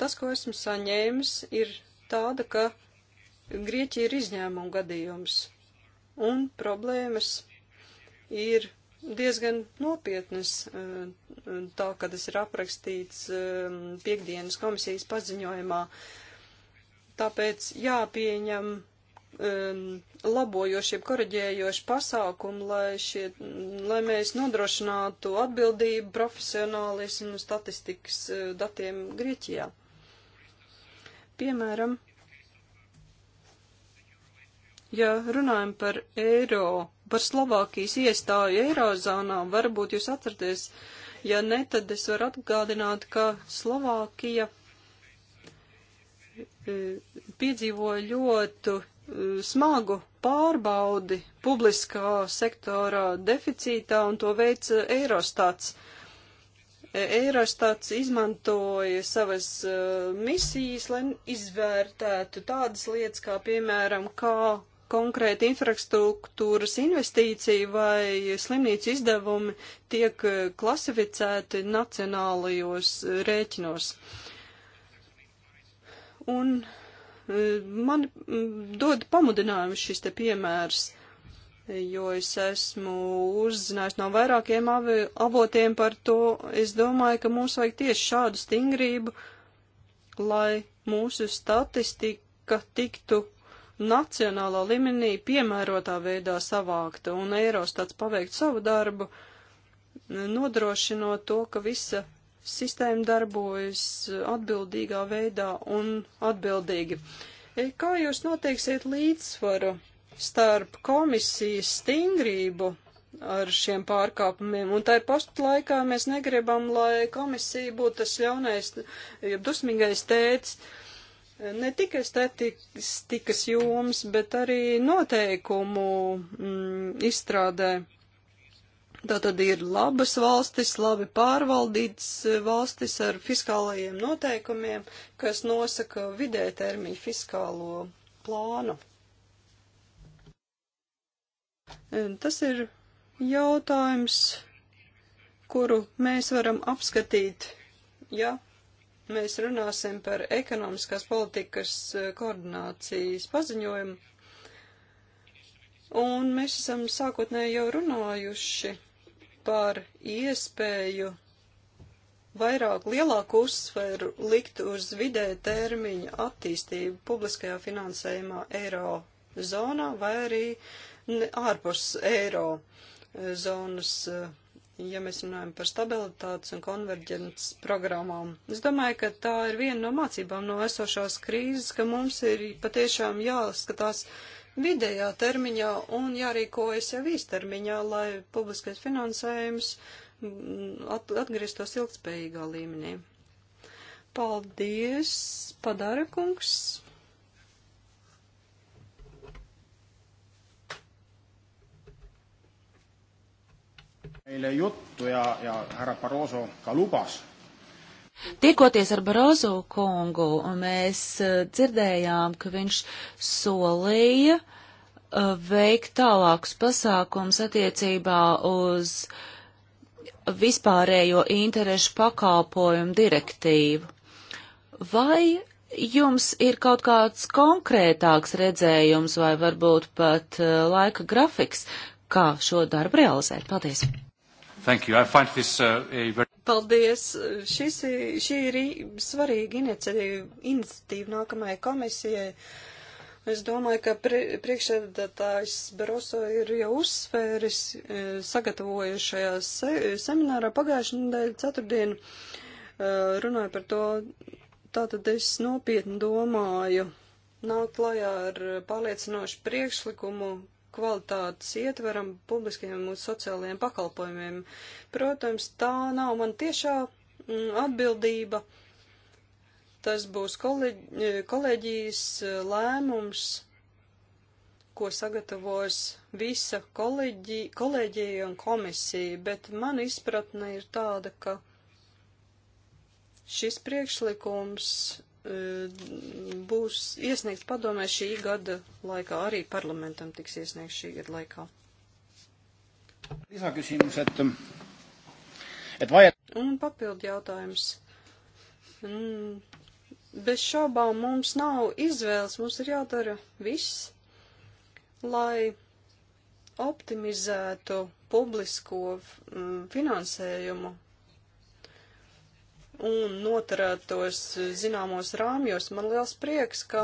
Tas, ko esmu saņēmis, ir tāda, ka Grieķija ir izņēmuma gadījums, un problēmas ir diezgan nopietnas, eh, tā kā tas ir aprakstīts eh, piekdienas komisijas paziņojumā. Tāpēc jāpieņem um, labojošie, koreģējoši pasākumi, lai, šie, lai mēs nodrošinātu atbildību profesionālismu statistikas uh, datiem Grieķijā. Piemēram, ja runājam par eiro, par Slovākijas iestāju eirozonā, varbūt jūs atcerties, ja ne, tad es varu atgādināt, ka Slovākija uh, piedzīvoja ļoti smagu pārbaudi publiskā sektorā deficītā un to veica Eirostats. Eirostats izmantoja savas uh, misijas, lai izvērtētu tādas lietas, kā piemēram, kā konkrēti infrastruktūras investīcija vai slimnīcu izdevumi tiek uh, klasificēti nacionālajos rēķinos. Un man mm, dod pamudinājumu šis te piemērs, jo es esmu uzzinājis no vairākiem avotiem par to. Es domāju, ka mums vajag tieši šādu stingrību, lai mūsu statistika tiktu nacionālā līmenī piemērotā veidā savākta un Eirostats paveikt savu darbu, nodrošinot to, ka visa sistēma darbojas atbildīgā veidā un atbildīgi. E, kā jūs noteiksiet līdzsvaru starp komisijas stingrību ar šiem pārkāpumiem. Un tai pašt laikā mēs negribam, lai komisija būtu tas ļaunais, ja dusmīgais tēts, ne tikai statistikas joms, bet arī noteikumu mm, izstrādē. Tātad ir labas valstis, labi pārvaldītas eh, valstis ar fiskālajiem noteikumiem, kas nosaka vidē termiņu fiskālo plānu. Eh, tas ir jautājums, kuru mēs varam apskatīt, ja mēs runāsim par ekonomiskās politikas eh, koordinācijas paziņojumu. Un mēs esam sākotnēji jau runājuši par iespēju vairāk lielāku uzsveru likt uz vidē termiņa attīstību publiskajā finansējumā eiro zonā vai arī ārpus eiro zonas, eh, ja mēs runājam par stabilitātes un konverģents programmām. Es domāju, ka tā ir viena no mācībām no esošās krīzes, ka mums ir patiešām jāskatās, uh, vidējā termiņā un jārīkojas jau īstermiņā, lai publiskais finansējums mm, atgrieztos ilgspējīgā līmenī. Paldies, padara kungs! meile juttu ja, ja härra Barroso ka lubas Tikoties ar Barozu kungu, mēs eh, dzirdējām, ka viņš solīja eh, veikt tālākus pasākums attiecībā uz vispārējo interešu pakalpojumu direktīvu. Vai jums ir kaut kāds konkrētāks redzējums vai varbūt pat eh, laika grafiks, kā šo darbu realizēt? Paldies! Thank you. I find this uh, a very Paldies! Šis, šī ir svarīga iniciatīva, iniciatīva nākamajai komisijai. Es domāju, ka priekšsēdētājs Baroso ir jau uzsvēris, e, sagatavojušajā se seminārā pagājušajā nedēļā ceturtdienu, e, runāju par to, tātad es nopietni domāju nākt klajā ar pārliecinošu priekšlikumu, kvalitātes ietveram publiskajiem un sociālajiem pakalpojumiem. Protams, tā nav man tiešā mm, atbildība. Tas būs kolēģi, e, kolēģijas e, lēmums, ko sagatavos visa kolēģi, kolēģija un komisija, bet man izpratne ir tāda, ka šis priekšlikums Eh, būs iesniegts padomē šī gada laikā, arī parlamentam tiks iesniegts šī gada laikā. Lisaküsimus, et, et vajad... Un papildu jautājums. Mm, bez šaubām mums nav izvēles, mums ir jādara viss, lai optimizētu publisko mm, finansējumu un noturētos zināmos rāmjos. Man liels prieks, ka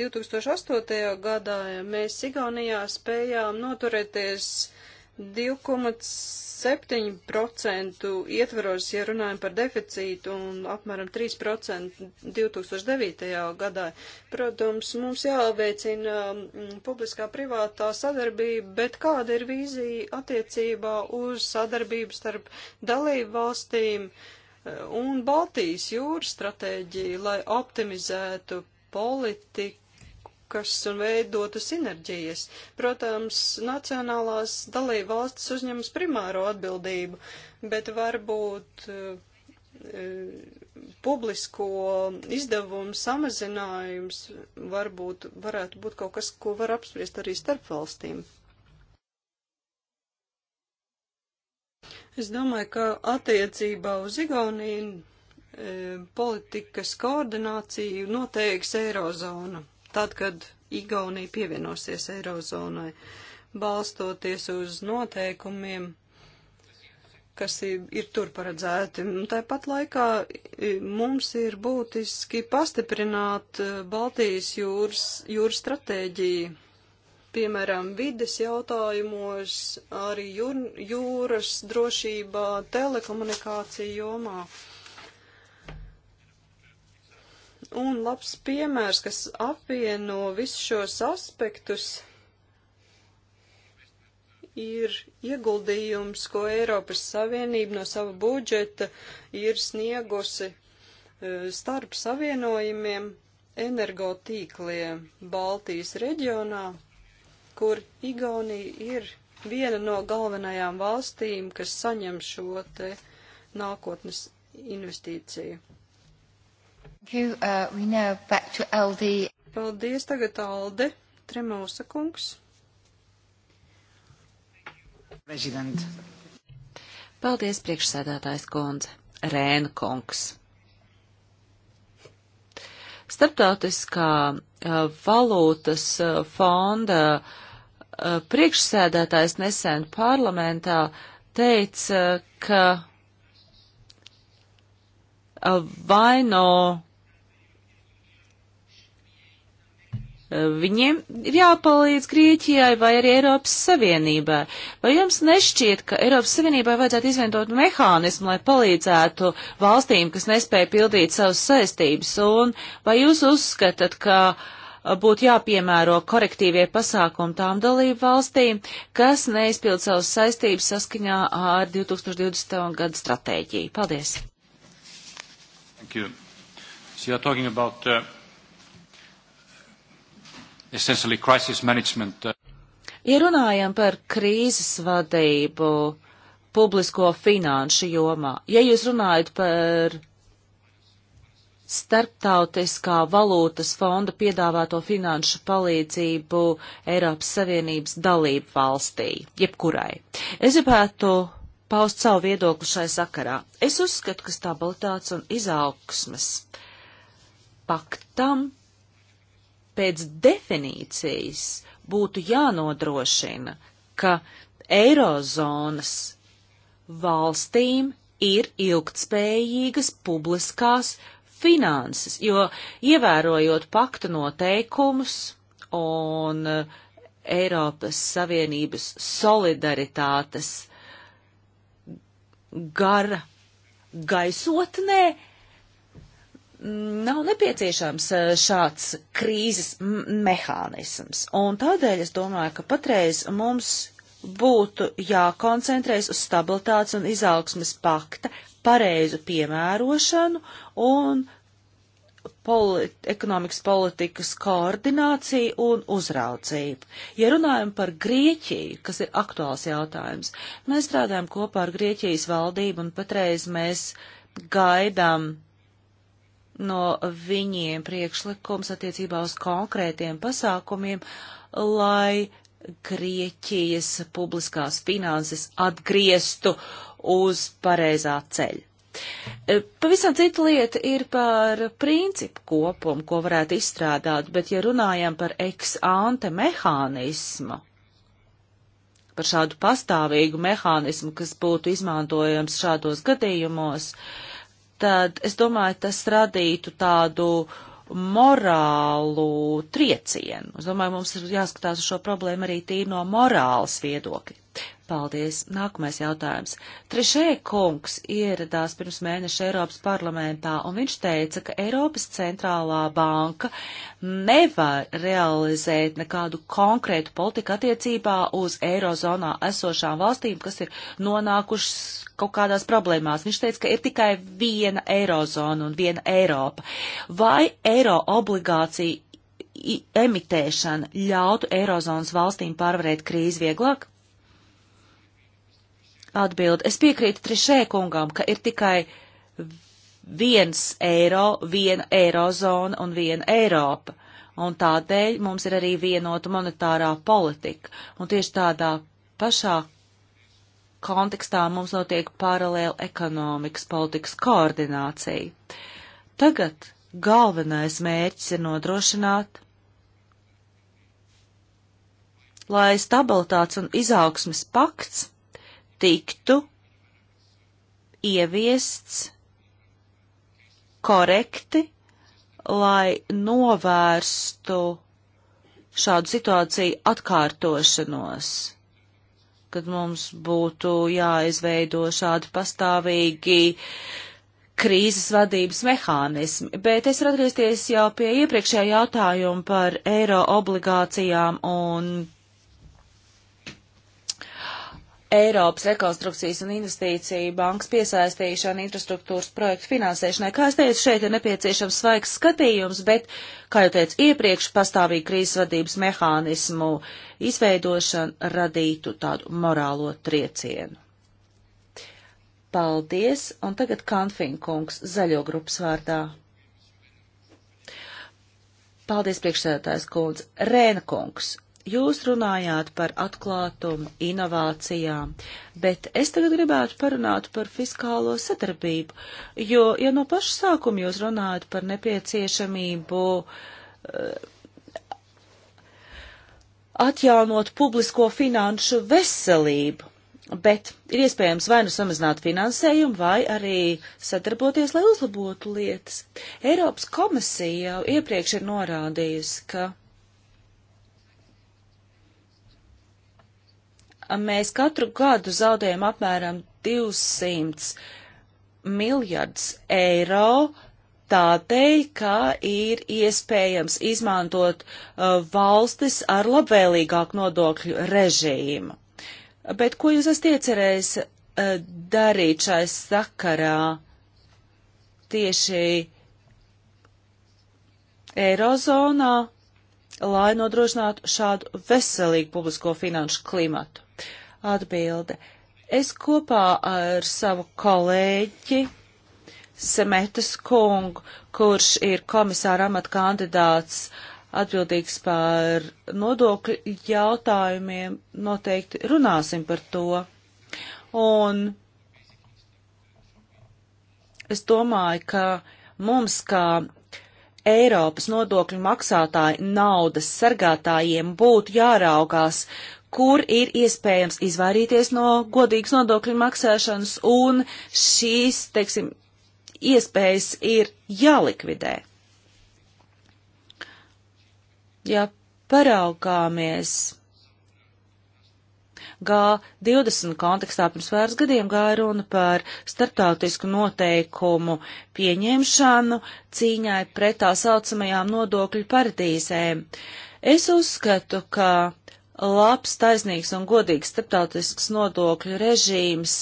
2008. gadā mēs Igaunijā spējām noturēties uh, 2,7% ietveros, ja runājam par deficītu, un apmēram 3% 2009. gadā. Protams, mums jāveicina mm, publiskā privātā sadarbība, bet kāda ir vīzija attiecībā uz sadarbību starp dalību valstīm eh, un Baltijas jūras stratēģiju, lai optimizētu politiku? sakas un veidotu sinerģijas. Protams, nacionālās dalība valsts uzņemas primāro atbildību, bet varbūt eh, publisko izdevumu samazinājums varbūt varētu būt kaut kas, ko var apspriest arī starp valstīm. Es domāju, ka attiecībā uz Igauniju e, politikas koordināciju noteiks Eirozona tad, kad Igaunija pievienosies Eirozonai, balstoties uz noteikumiem, kas ir, ir tur paredzēti. Tāpat laikā mums ir būtiski pastiprināt e, Baltijas jūras, jūras stratēģiju. Piemēram, vides jautājumos, arī jūr, jūras drošībā, telekomunikāciju jomā. Jo un labs piemērs, kas apvieno visus šos aspektus, ir ieguldījums, ko Eiropas Savienība no sava budžeta ir sniegusi e, starp savienojumiem energotīkliem Baltijas reģionā, kur Igaunija ir viena no galvenajām valstīm, kas saņem šo te nākotnes investīciju. You, uh, know, LD. Paldies, tagad Alde, Tremūsa kungs. Prezident. Paldies, priekšsēdētājs kundze, Rēna kungs. Starptautiskā uh, valūtas uh, fonda uh, priekšsēdētājs nesen parlamentā teica, ka vaino Viņiem ir jāpalīdz Grieķijai vai arī Eiropas Savienībai. Vai jums nešķiet, ka Eiropas Savienībai vajadzētu izventot mehānismu, lai palīdzētu valstīm, kas nespēja pildīt savas saistības? Un vai jūs uzskatāt, ka būtu jāpiemēro korektīvie pasākumi tām dalību valstīm, kas neizpild savas saistības saskaņā ar 2020. gada stratēģiju? Paldies! Thank you. So you're talking about uh, essentially crisis management. Uh, ja runājam par krīzes vadību publisko finanšu jomā, ja jūs runājat par starptautiskā valūtas fonda piedāvāto finanšu palīdzību Eiropas Savienības dalību valstī, jebkurai. Es gribētu paust savu viedokli šai sakarā. Es uzskatu, ka stabilitātes un izaugsmes paktam pēc definīcijas būtu jānodrošina, ka Eirozonas valstīm ir ilgtspējīgas publiskās finanses, jo ievērojot paktu noteikumus un eh, Eiropas Savienības solidaritātes gara gaisotnē, nav nepieciešams eh, šāds krīzes mehānisms. Un tādēļ es domāju, ka patreiz mums būtu jākoncentrējas uz stabilitātes un izaugsmes pakta pareizu piemērošanu un polit, ekonomikas politikas koordināciju un uzraudzību. Ja runājam par Grieķiju, kas ir aktuāls jautājums, mēs strādājam kopā ar Grieķijas valdību un patreiz mēs gaidām no viņiem priekšlikums attiecībā uz konkrētiem pasākumiem, lai Grieķijas publiskās finanses atgrieztu uz pareizā ceļa. E, pavisam cita lieta ir par principu kopumu, ko varētu izstrādāt, bet ja runājam par ex-ante mehānismu, par šādu pastāvīgu mehānismu, kas būtu izmantojams šādos gadījumos, uh, tad es domāju, tas radītu tādu morālu triecienu. Es domāju, mums ir jāskatās uz šo problēmu arī tīri no morāls viedokļa. Paldies. Nākamais jautājums. Trešē kungs ieradās pirms mēneša Eiropas parlamentā, un viņš teica, ka Eiropas centrālā banka nevar realizēt nekādu konkrētu politiku attiecībā uz eirozonā esošām valstīm, kas ir nonākušas kaut kādās problēmās. Viņš teica, ka ir tikai viena eirozona un viena Eiropa. Vai eiro obligācija emitēšana ļautu eirozonas valstīm pārvarēt krīzi vieglāk? Atbild. Es piekrītu Trišē kungam, ka ir tikai viens eiro, viena eirozona un viena Eiropa. Un tādēļ mums ir arī vienota monetārā politika. Un tieši tādā pašā kontekstā mums notiek paralēla ekonomikas politikas koordinācija. Tagad galvenais mērķis ir nodrošināt, lai stabilitātes un izaugsmes pakts tiktu ieviests korekti, lai novērstu šādu situāciju atkārtošanos, kad mums būtu jāizveido šādi pastāvīgi krīzes vadības mehānismi, bet es varu atgriezties jau pie iepriekšējā jautājuma par eiro obligācijām un Eiropas rekonstrukcijas un investīciju bankas piesaistīšanu infrastruktūras projektu finansēšanai. Kā es teicu, šeit ir nepieciešams svaigs skatījums, bet, kā jau teicu iepriekš, pastāvīgi krīzes vadības mehānismu izveidošana radītu tādu morālo triecienu. Paldies, un tagad Kanfinkungs zaļo grupas vārdā. Paldies, priekšsēdētājs kundze. Rēna kungs, Jūs runājāt par atklātumu, inovācijām, bet es tagad gribētu parunāt par fiskālo sadarbību, jo jau no paša sākuma jūs runājat par nepieciešamību eh, atjaunot publisko finanšu veselību bet ir iespējams vai nu samazināt finansējumu, vai arī sadarboties, lai uzlabotu lietas. Eiropas komisija jau iepriekš ir norādījusi, ka mēs katru gadu zaudējam apmēram 200 miljardus eiro tādēļ, ka ir iespējams izmantot uh, valstis ar labvēlīgāku nodokļu režīmu. Bet ko jūs esat iecerējis uh, darīt šai sakarā tieši Eirozonā, lai nodrošinātu šādu veselīgu publisko finanšu klimatu? Atbilde. Es kopā ar savu kolēģi Semetas kungu, kurš ir komisāra amata kandidāts atbildīgs par nodokļu jautājumiem, noteikti runāsim par to. Un es domāju, ka mums kā Eiropas nodokļu maksātāju naudas sargātājiem būtu jāraugās, kur ir iespējams izvairīties no godīgas nodokļu maksāšanas, un šīs, teiksim, iespējas ir jālikvidē. Ja paraugāmies G20 kontekstā pirms vairs gadiem gāja runa par starptautisku noteikumu pieņemšanu cīņai pret tā saucamajām nodokļu paradīzēm. Es uzskatu, ka labs, taisnīgs un godīgs starptautisks nodokļu režīms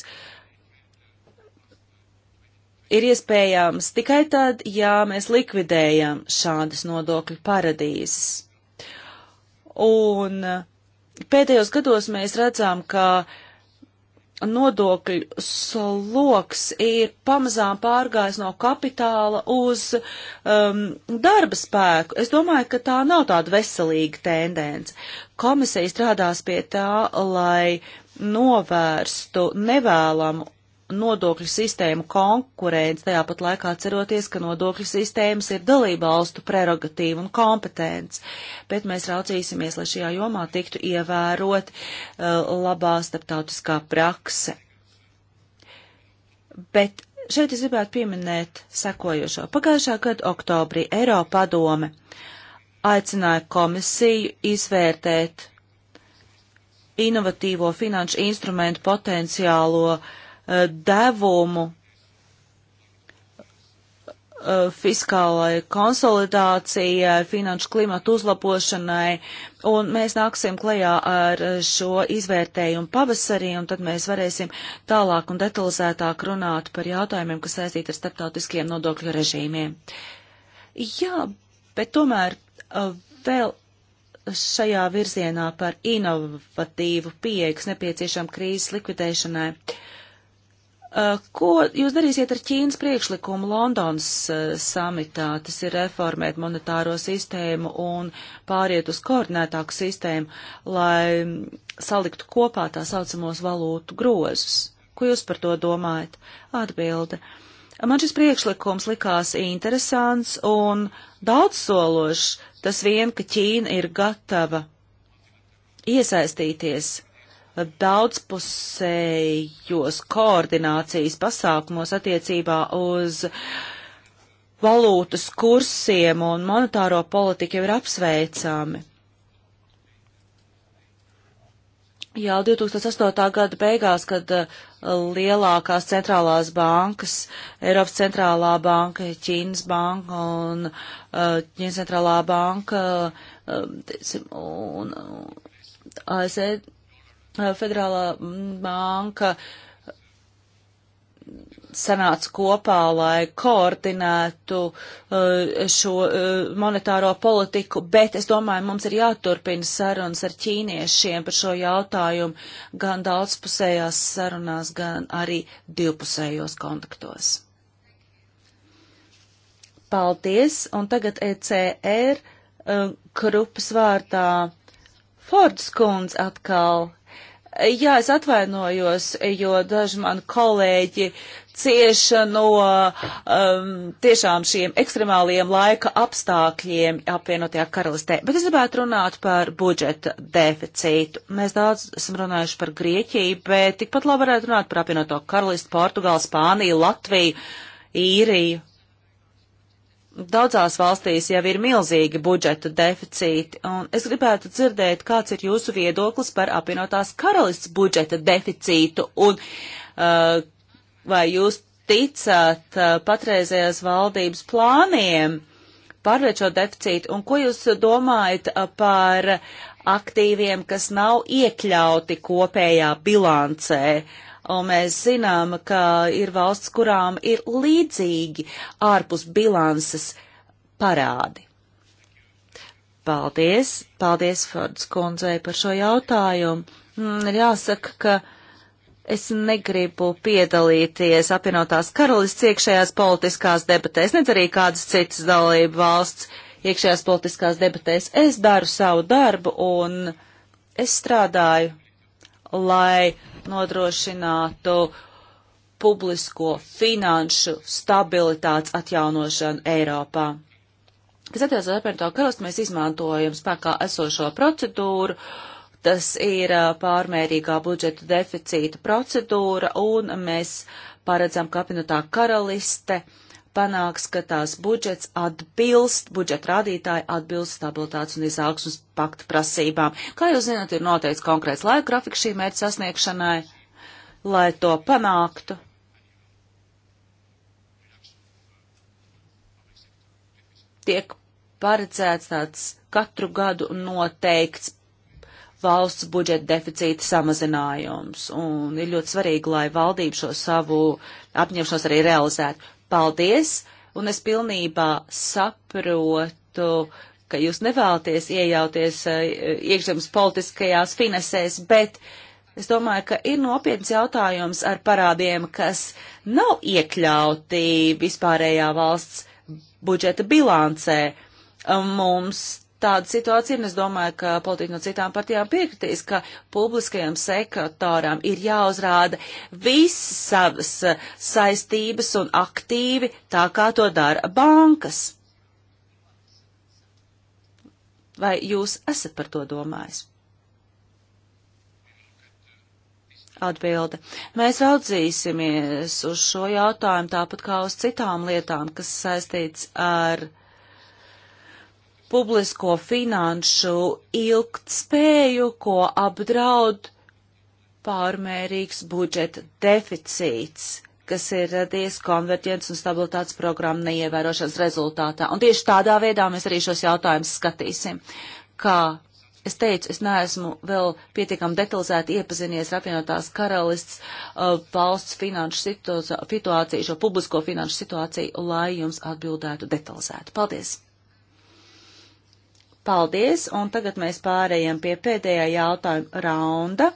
ir iespējams tikai tad, ja mēs likvidējam šādas nodokļu paradīzes. Un pēdējos gados mēs redzam, ka uh, nodokļu sloks ir pamazām pārgājis no kapitāla uz um, darba spēku. Es domāju, ka tā nav tāda veselīga tendence. Komisija strādās pie tā, lai novērstu nevēlamu nodokļu sistēmu konkurence, tajā pat laikā ceroties, ka nodokļu sistēmas ir dalība valstu prerogatīva un kompetence, bet mēs raucīsimies, lai šajā jomā tiktu ievērot uh, labā starptautiskā prakse. Bet šeit es gribētu pieminēt sekojošo. Pagājušā gada oktobrī Eiropa padome aicināja komisiju izvērtēt inovatīvo finanšu instrumentu potenciālo uh, devumu e, fiskālai konsolidācijai, finanšu klimatu uzlabošanai, un mēs nāksim klajā ar šo izvērtējumu pavasarī, un tad mēs varēsim tālāk un detalizētāk runāt par jautājumiem, kas saistīti ar starptautiskiem nodokļu režīmiem. Jā, bet tomēr e, vēl šajā virzienā par inovatīvu pieejas nepieciešam krīzes likvidēšanai. Uh, Eh, ko jūs darīsiet ar Ķīnas priekšlikumu Londonas eh, samitā? Tas ir reformēt monetāro sistēmu un pāriet uz koordinētāku sistēmu, lai mm, saliktu kopā tā saucamos valūtu grozus. Ko jūs par to domājat? Atbilde. Man šis priekšlikums likās interesants un daudzsološs, tas vien, ka Ķīna ir gatava iesaistīties daudzpusējos koordinācijas pasākumos attiecībā uz valūtas kursiem un monetāro politiku jau ir apsveicami. Jā, 2008. gada beigās, kad uh, lielākās centrālās bankas, Eiropas centrālā banka, Ķīnas banka un uh, Ķīnas centrālā banka uh, un ASV e Eh, Federālā banka sanāca kopā, lai koordinētu eh, šo eh, monetāro politiku, bet es domāju, mums ir jāturpina sarunas ar ķīniešiem par šo jautājumu gan daudzpusējās sarunās, gan arī divpusējos kontaktos. Paldies, un tagad ECR grupas vārdā Fords kundze atkal Jā, es atvainojos, jo daži mani kolēģi cieš no um, tiešām šiem ekstremāliem laika apstākļiem apvienotajā karalistē. Bet es gribētu runāt par budžeta deficītu. Mēs daudz esam runājuši par Grieķiju, bet tikpat labi varētu runāt par apvienoto karalistu, Portugālu, Spāniju, Latviju, Īriju. Daudzās valstīs jau ir milzīgi budžeta deficīti, un es gribētu dzirdēt, kāds ir jūsu viedoklis par apvienotās karalists budžeta deficītu, un uh, vai jūs ticat uh, patreizējās valdības plāniem pārvērt šo deficītu, un ko jūs domājat uh, par aktīviem, kas nav iekļauti kopējā bilancē? Uh, un mēs zinām, ka ir valsts, kurām ir līdzīgi ārpus bilanses parādi. Paldies, paldies Fords kundzei par šo jautājumu. Ir mm, jāsaka, ka es negribu piedalīties apvienotās karalists iekšējās politiskās debatēs, nedz arī kādas citas dalību valsts iekšējās politiskās debatēs. Es daru savu darbu un es strādāju, lai uh, nodrošinātu publisko finanšu stabilitātes atjaunošanu Eiropā. Kas attiecas uz apvienoto karalistu, mēs izmantojam spēkā esošo procedūru, tas ir pārmērīgā budžeta deficīta procedūra, un mēs paredzam, ka apvienotā karaliste uh, panāks, ka tās budžets atbilst, budžeta rādītāji atbilst stabilitātes un izaugsmas pakta prasībām. Kā jūs zināt, ir noteikts konkrēts laika grafiks šī mērķa sasniegšanai, lai to panāktu. Tiek paredzēts tāds katru gadu noteikts valsts budžeta deficīta samazinājums, un ir ļoti svarīgi, lai valdība šo savu apņemšanos arī realizētu. Paldies, un es pilnībā saprotu, ka jūs nevēlaties iejauties eh, iekšzemes politiskajās finansēs, bet es domāju, ka ir nopietns jautājums ar parādiem, kas nav iekļauti vispārējā valsts budžeta bilancē. Mums tāda situācija, un es domāju, ka politiķi no citām partijām piekritīs, ka publiskajam sektoram ir jāuzrāda visas savas eh, saistības un aktīvi, tā kā to dara bankas. Vai jūs esat par to domājis? Atbilde. Mēs raudzīsimies uz šo jautājumu tāpat kā uz citām lietām, kas saistīts ar uh, publisko finanšu ilgtspēju, ko apdraud pārmērīgs budžeta deficīts kas ir radies konverģents un stabilitātes programma neievērošanas rezultātā. Un tieši tādā veidā mēs arī šos jautājumus skatīsim. Kā es teicu, es neesmu vēl pietiekami detalizēti iepazinies ar apvienotās karalists uh, valsts finanšu situāciju, šo publisko finanšu situāciju, lai jums atbildētu detalizētu. Paldies! Paldies, un tagad mēs pārējām pie pēdējā jautājuma raunda.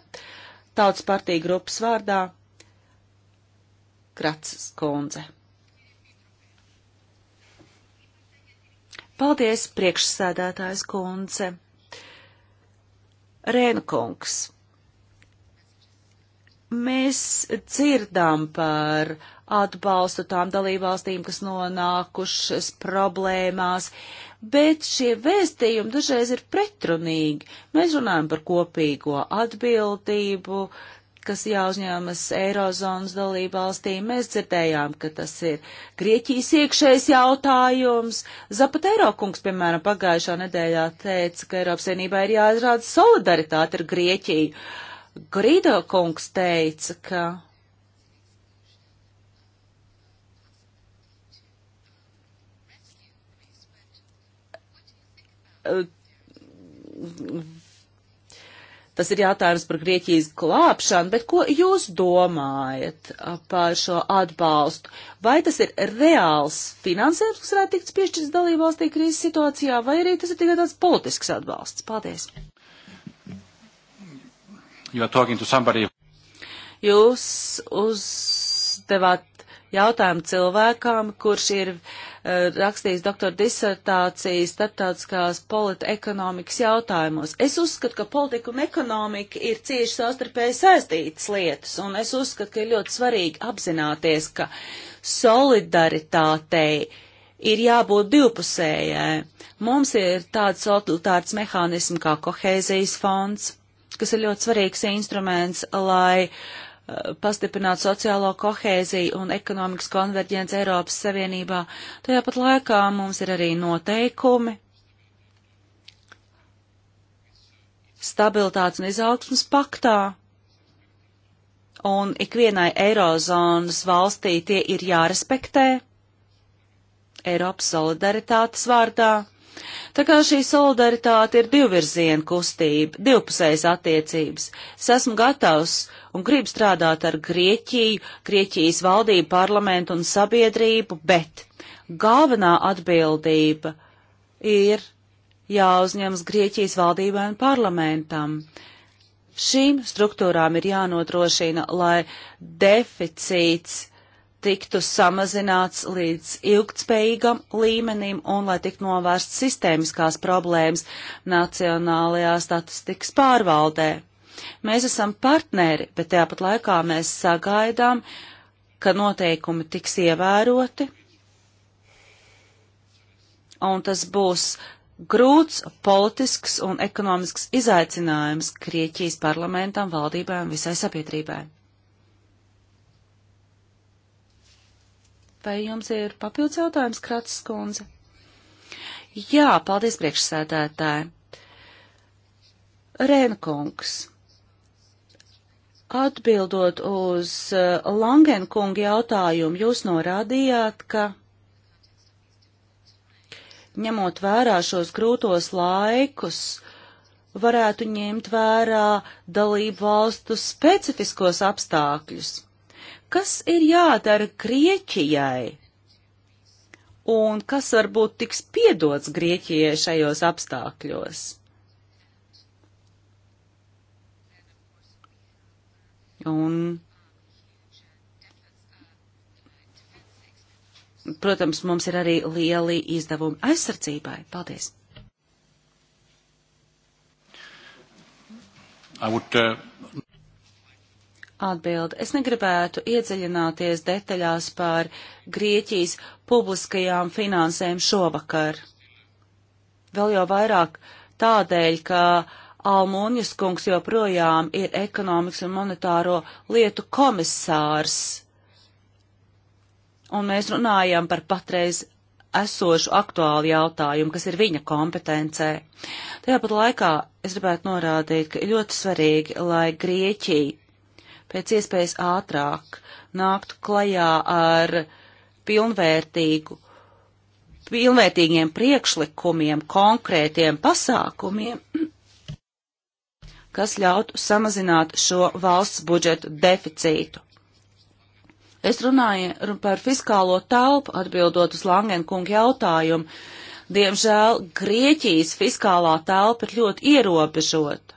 Tautas partija grupas vārdā Kratsas kundze. Paldies, priekšsēdētājs kundze. Rēnkungs. Mēs dzirdām par atbalstu tām dalībvalstīm, kas nonākušas problēmās, bet šie vēstījumi dažreiz ir pretrunīgi. Mēs runājam par kopīgo atbildību, kas jāuzņemas Eirozonas dalībvalstīm. Mēs dzirdējām, ka tas ir Grieķijas iekšējs jautājums. Zapatero kungs, piemēram, pagājušā nedēļā teica, ka Eiropas vienībā ir jāizrāda solidaritāte ar Grieķiju. Grido kungs teica, ka Eh, tas ir jautājums par Grieķijas glābšanu, bet ko jūs domājat eh, par šo atbalstu? Vai tas ir reāls finansējums, kas varētu tikt piešķirts dalībvalstī krīzes situācijā, vai arī tas ir tikai tāds politisks atbalsts? Paldies! Jūs uzdevāt jautājumu cilvēkam, kurš ir uh, Eh, rakstījis doktora disertāciju starptautiskās politekonomikas jautājumos. Es uzskatu, ka politika un ekonomika ir cieši saustarpēji saistītas lietas, un es uzskatu, ka ir ļoti svarīgi apzināties, ka solidaritātei ir jābūt divpusējai. Mums ir tāds solidaritātes mehānisms kā kohēzijas fonds, kas ir ļoti svarīgs instruments, lai uh, pastiprināt sociālo kohēziju un ekonomikas konverģents Eiropas Savienībā. Tajā pat laikā mums ir arī noteikumi stabilitātes un izaugsmas paktā. Un ikvienai Eirozonas valstī tie ir jārespektē Eiropas solidaritātes vārdā. Tā kā šī solidaritāte ir divvirziena kustība, divpusējas attiecības, es esmu gatavs un gribu strādāt ar Grieķiju, Grieķijas valdību, parlamentu un sabiedrību, bet galvenā atbildība ir jāuzņems Grieķijas valdībai un parlamentam. Šīm struktūrām ir jānodrošina, lai deficīts tiktu samazināts līdz ilgtspējīgam līmenim un lai tiktu novērst sistēmiskās problēmas Nacionālajā statistikas pārvaldē. Mēs esam partneri, bet tāpat laikā mēs sagaidām, ka noteikumi tiks ievēroti, un tas būs grūts politisks un ekonomisks izaicinājums Krieķijas parlamentam, valdībām, visai sabiedrībai. Vai jums ir papildus jautājums, Kratas kundze? Jā, paldies priekšsēdētāji. Rēnkungs. Atbildot uz uh, Langenkunga jautājumu, jūs norādījāt, ka ņemot vērā šos grūtos laikus, varētu ņemt vērā dalību valstu specifiskos apstākļus. Kas ir jādara Grieķijai? Un kas varbūt tiks piedots Grieķijai šajos apstākļos? Un, protams, mums ir arī lieli izdevumi aizsardzībai. Paldies! I would uh, Atbildi. Es negribētu iedziļināties detaļās par Grieķijas publiskajām finansēm šovakar. Vēl jau vairāk tādēļ, ka Almūņas kungs joprojām ir ekonomikas un monetāro lietu komisārs. Un mēs runājam par patreiz esošu aktuālu jautājumu, kas ir viņa kompetencē. Tajāpat laikā es gribētu norādīt, ka ļoti svarīgi, lai Grieķija pēc iespējas ātrāk nāktu klajā ar pilnvērtīgu, pilnvērtīgiem priekšlikumiem, konkrētiem pasākumiem, kas ļautu samazināt šo valsts budžetu deficītu. Es runāju par fiskālo telpu, atbildot uz Langenkunga jautājumu. Diemžēl Grieķijas fiskālā telpa ir ļoti ierobežota.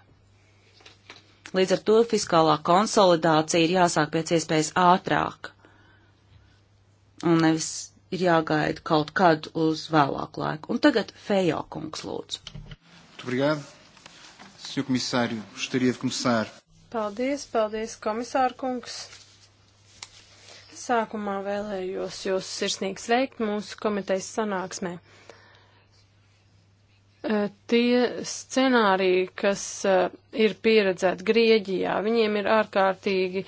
Līdz ar to fiskālā konsolidācija ir jāsāk pēc iespējas ātrāk. Un nevis ir jāgaida kaut kad uz vēlāku laiku. Un tagad Fejo kungs lūdzu. Obrigado. Sr. Comissário, gostaria de começar. Paldies, paldies, komisār kungs. Sākumā vēlējos jūs sirsnīgi sveikt mūsu komitejas sanāksmē tie scenāriji, kas ir pieredzēti Grieģijā, viņiem ir ārkārtīgi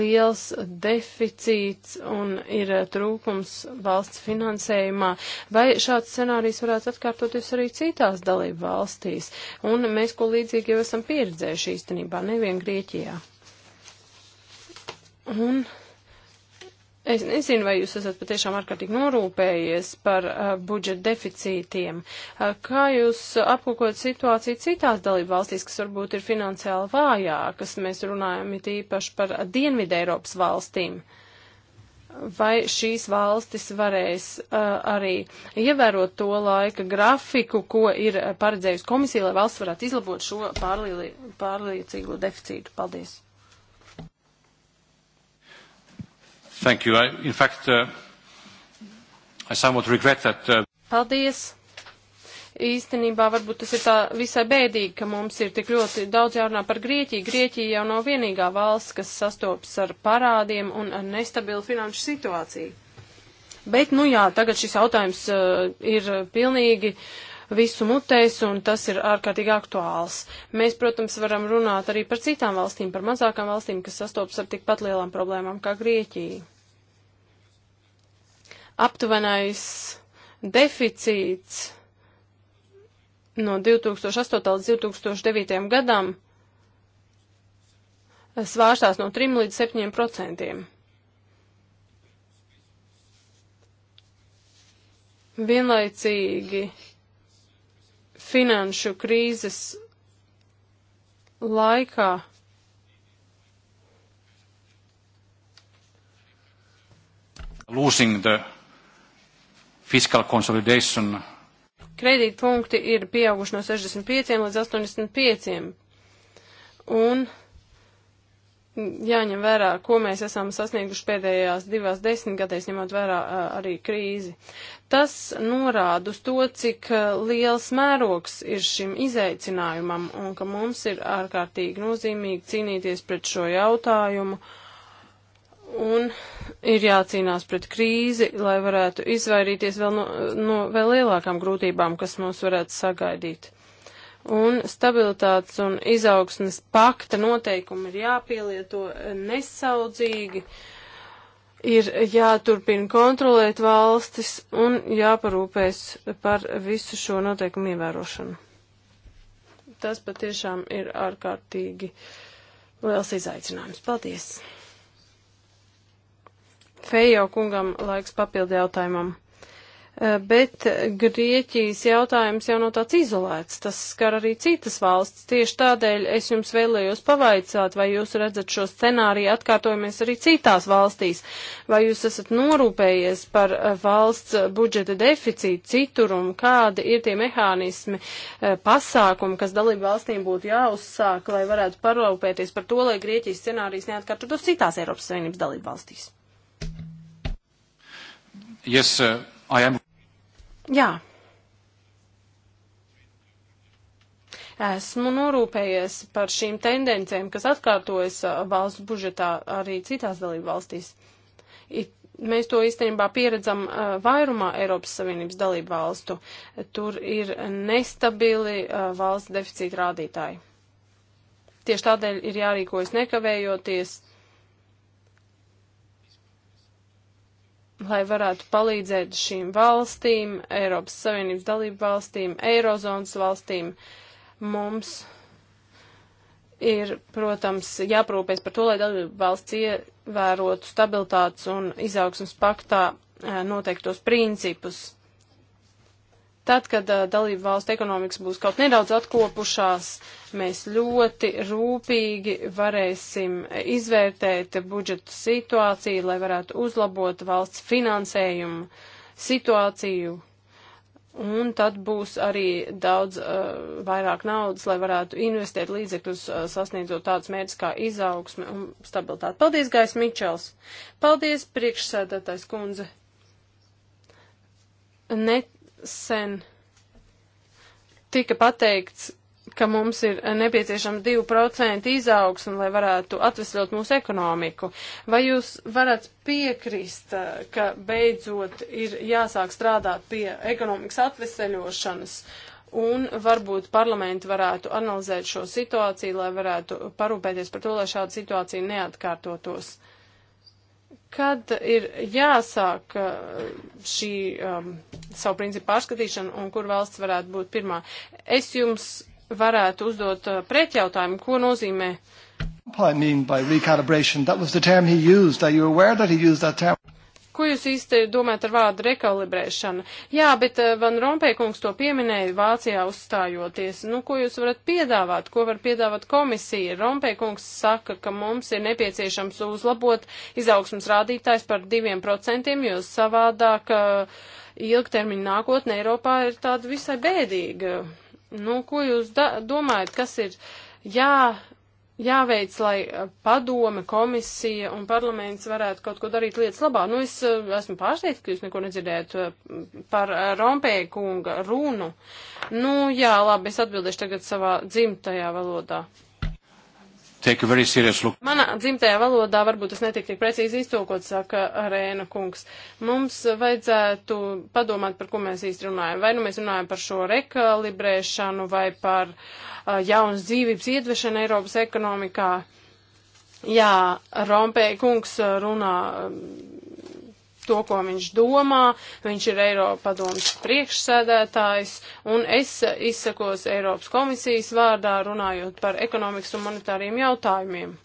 liels deficīts un ir trūkums valsts finansējumā. Vai šāds scenārijs varētu atkārtoties arī citās dalību valstīs? Un mēs ko līdzīgi jau esam pieredzējuši īstenībā, nevien Grieķijā. Un Es nezinu, vai jūs esat patiešām ārkārtīgi norūpējies par uh, budžeta deficītiem. Uh, kā jūs apkopot situāciju citās dalību valstīs, kas varbūt ir finansiāli vājākas? Mēs runājam it īpaši par Dienvidē Eiropas valstīm. Vai šīs valstis varēs uh, arī ievērot to laika grafiku, ko ir uh, paredzējusi komisija, lai valsts varētu izlabot šo pārliecīgo deficītu? Paldies! Thank you. I, in fact, uh, I somewhat regret that. Uh... Paldies. Īstenībā varbūt tas ir tā visai bēdīgi, ka mums ir tik ļoti daudz jārunā par Grieķiju. Grieķija jau nav vienīgā valsts, kas sastopas ar parādiem un ar nestabilu finanšu situāciju. Bet, nu jā, tagad šis jautājums uh, ir pilnīgi uh, visu mutēs, un tas ir ārkārtīgi aktuāls. Mēs, protams, varam runāt arī par citām valstīm, par mazākām valstīm, kas sastopas ar tikpat lielām problēmām kā Grieķija. Aptuvenais deficīts no 2008. līdz 2009. gadam svārstās no 3 līdz 7 procentiem. Vienlaicīgi finanšu krīzes laikā losing the fiscal consolidation. Kredītpunkti ir pieauguši no 65 līdz 85. Un jāņem vērā, ko mēs esam sasnieguši pēdējās divās desmitgadēs, ņemot vērā arī krīzi. Tas norāda uz to, cik liels mērogs ir šim izaicinājumam un ka mums ir ārkārtīgi nozīmīgi cīnīties pret šo jautājumu un ir jācīnās pret krīzi, lai varētu izvairīties vēl no, no vēl lielākām grūtībām, kas mūs varētu sagaidīt un stabilitātes un izaugsmes pakta noteikumi ir jāpielieto nesaudzīgi, ir jāturpina kontrolēt valstis un jāparūpēs par visu šo noteikumu ievērošanu. Tas patiešām ir ārkārtīgi liels izaicinājums. Paldies! Fejo kungam laiks papildi jautājumam. Eh, bet Grieķijas jautājums jau nav tāds izolēts, tas skar arī citas valsts. Tieši tādēļ es jums vēlējos pavaicāt, vai jūs redzat šo scenāriju atkārtojamies arī citās valstīs, vai jūs esat norūpējies par eh, valsts eh, budžeta deficītu citur un kādi ir tie mehānismi, pasākumi, kas dalību valstīm būtu jāuzsāk, lai varētu parūpēties par to, lai Grieķijas scenārijas neatkārtotos citās Eiropas Savienības dalību valstīs. Yes, uh, I am Jā. Esmu norūpējies par šīm tendencēm, kas atkārtojas uh, valsts budžetā arī citās dalību valstīs. It mēs to īstenībā pieredzam uh, vairumā Eiropas Savienības dalību valstu. Tur ir nestabili uh, valsts deficīta rādītāji. Tieši tādēļ ir jārīkojas nekavējoties lai varētu palīdzēt šīm valstīm, Eiropas Savienības dalību valstīm, Eirozonas valstīm. Mums ir, protams, jāprūpēs par to, lai dalību valsts ievērotu stabilitātes un izaugsmas paktā eh, noteiktos principus. Tad, kad uh, dalību valstu ekonomikas būs kaut nedaudz atkopušās, mēs ļoti rūpīgi varēsim izvērtēt budžeta situāciju, lai varētu uzlabot valsts finansējumu situāciju. Un tad būs arī daudz uh, vairāk naudas, lai varētu investēt līdzekļus, uh, sasniedzot tādus mērķus kā izaugsme un stabilitāte. Paldies, Gais Mičels! Paldies, priekšsēdētājs kundze! Ne, sen tika pateikts, ka mums ir nepieciešama 2% izaugsme, lai varētu atvesļot mūsu ekonomiku. Vai jūs varat piekrist, eh, ka beidzot ir jāsāk strādāt pie ekonomikas atveseļošanas? Un varbūt parlamenti varētu analizēt šo situāciju, lai varētu parūpēties par to, lai šāda situācija neatkārtotos. Uh, kad ir jāsāk uh, šī um, savu principu pārskatīšana un kur valsts varētu būt pirmā. Es jums varētu uzdot uh, pretjautājumu, ko nozīmē. I mean by recalibration. That was the term he used. Are you aware that he used that term? Ko jūs īsti domājat ar vārdu rekalibrēšana? Jā, bet eh, Van Rompēkungs to pieminēja Vācijā uzstājoties. Nu, ko jūs varat piedāvāt? Ko var piedāvāt komisija? Rompēkungs saka, ka mums ir nepieciešams uzlabot izaugsmas rādītājs par diviem procentiem, jo savādāk eh, ilgtermiņa nākotne Eiropā ir tāda visai bēdīga. Nu, ko jūs domājat, kas ir jā, jāveic, lai eh, padome, komisija un parlaments varētu kaut ko darīt lietas labā. Nu, es eh, esmu pārsteigts, ka jūs neko nedzirdējat eh, par Rompēja kunga runu. Nu, jā, labi, es atbildēšu tagad savā dzimtajā valodā. Manā dzimtajā valodā varbūt tas netiek tik precīzi iztūkot, saka Rēna kungs. Mums vajadzētu padomāt, par ko mēs īsti runājam. Vai nu mēs runājam par šo rekalibrēšanu vai par uh, jaunas dzīvības iedvešanu Eiropas ekonomikā. Jā, Rompē kungs uh, runā. Uh, to, ko viņš domā. Viņš ir Eiropadomas priekšsēdētājs, un es izsakos Eiropas komisijas vārdā, runājot par ekonomikas un monetāriem jautājumiem.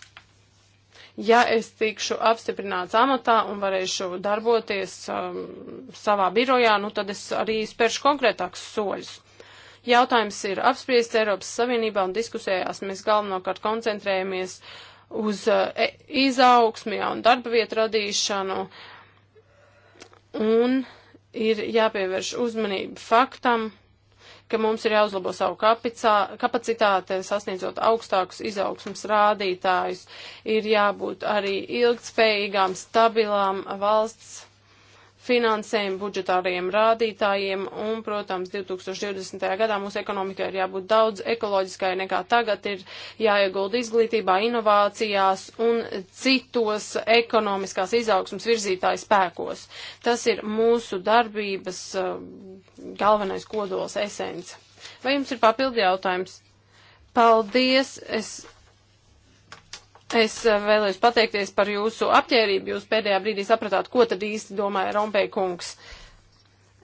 Ja es tikšu apstiprināts amatā un varēšu darboties um, savā birojā, nu tad es arī spēršu konkrētākus soļus. Jautājums ir apspriests Eiropas Savienībā un diskusējās. Mēs galvenokārt koncentrējamies uh, uz e, izaugsmi un darba vietu radīšanu, Un ir jāpievērš uzmanība faktam, ka mums ir jāuzlabo savu kapicā, kapacitāte, sasniedzot augstākus izaugsmus rādītājus, ir jābūt arī ilgtspējīgām, stabilām valsts finansējumu, budžetāriem rādītājiem un, protams, 2020. gadā mūsu ekonomikai ir jābūt daudz ekoloģiskai nekā tagad, ir jāiegulda izglītībā, inovācijās un citos ekonomiskās izaugsmas virzītāju spēkos. Tas ir mūsu darbības eh, galvenais kodols esence. Vai jums ir papildi jautājums? Paldies! Es Es eh, vēlējos pateikties par jūsu apģērību. Jūs pēdējā brīdī sapratāt, ko tad īsti domāja Rompēkungs. kungs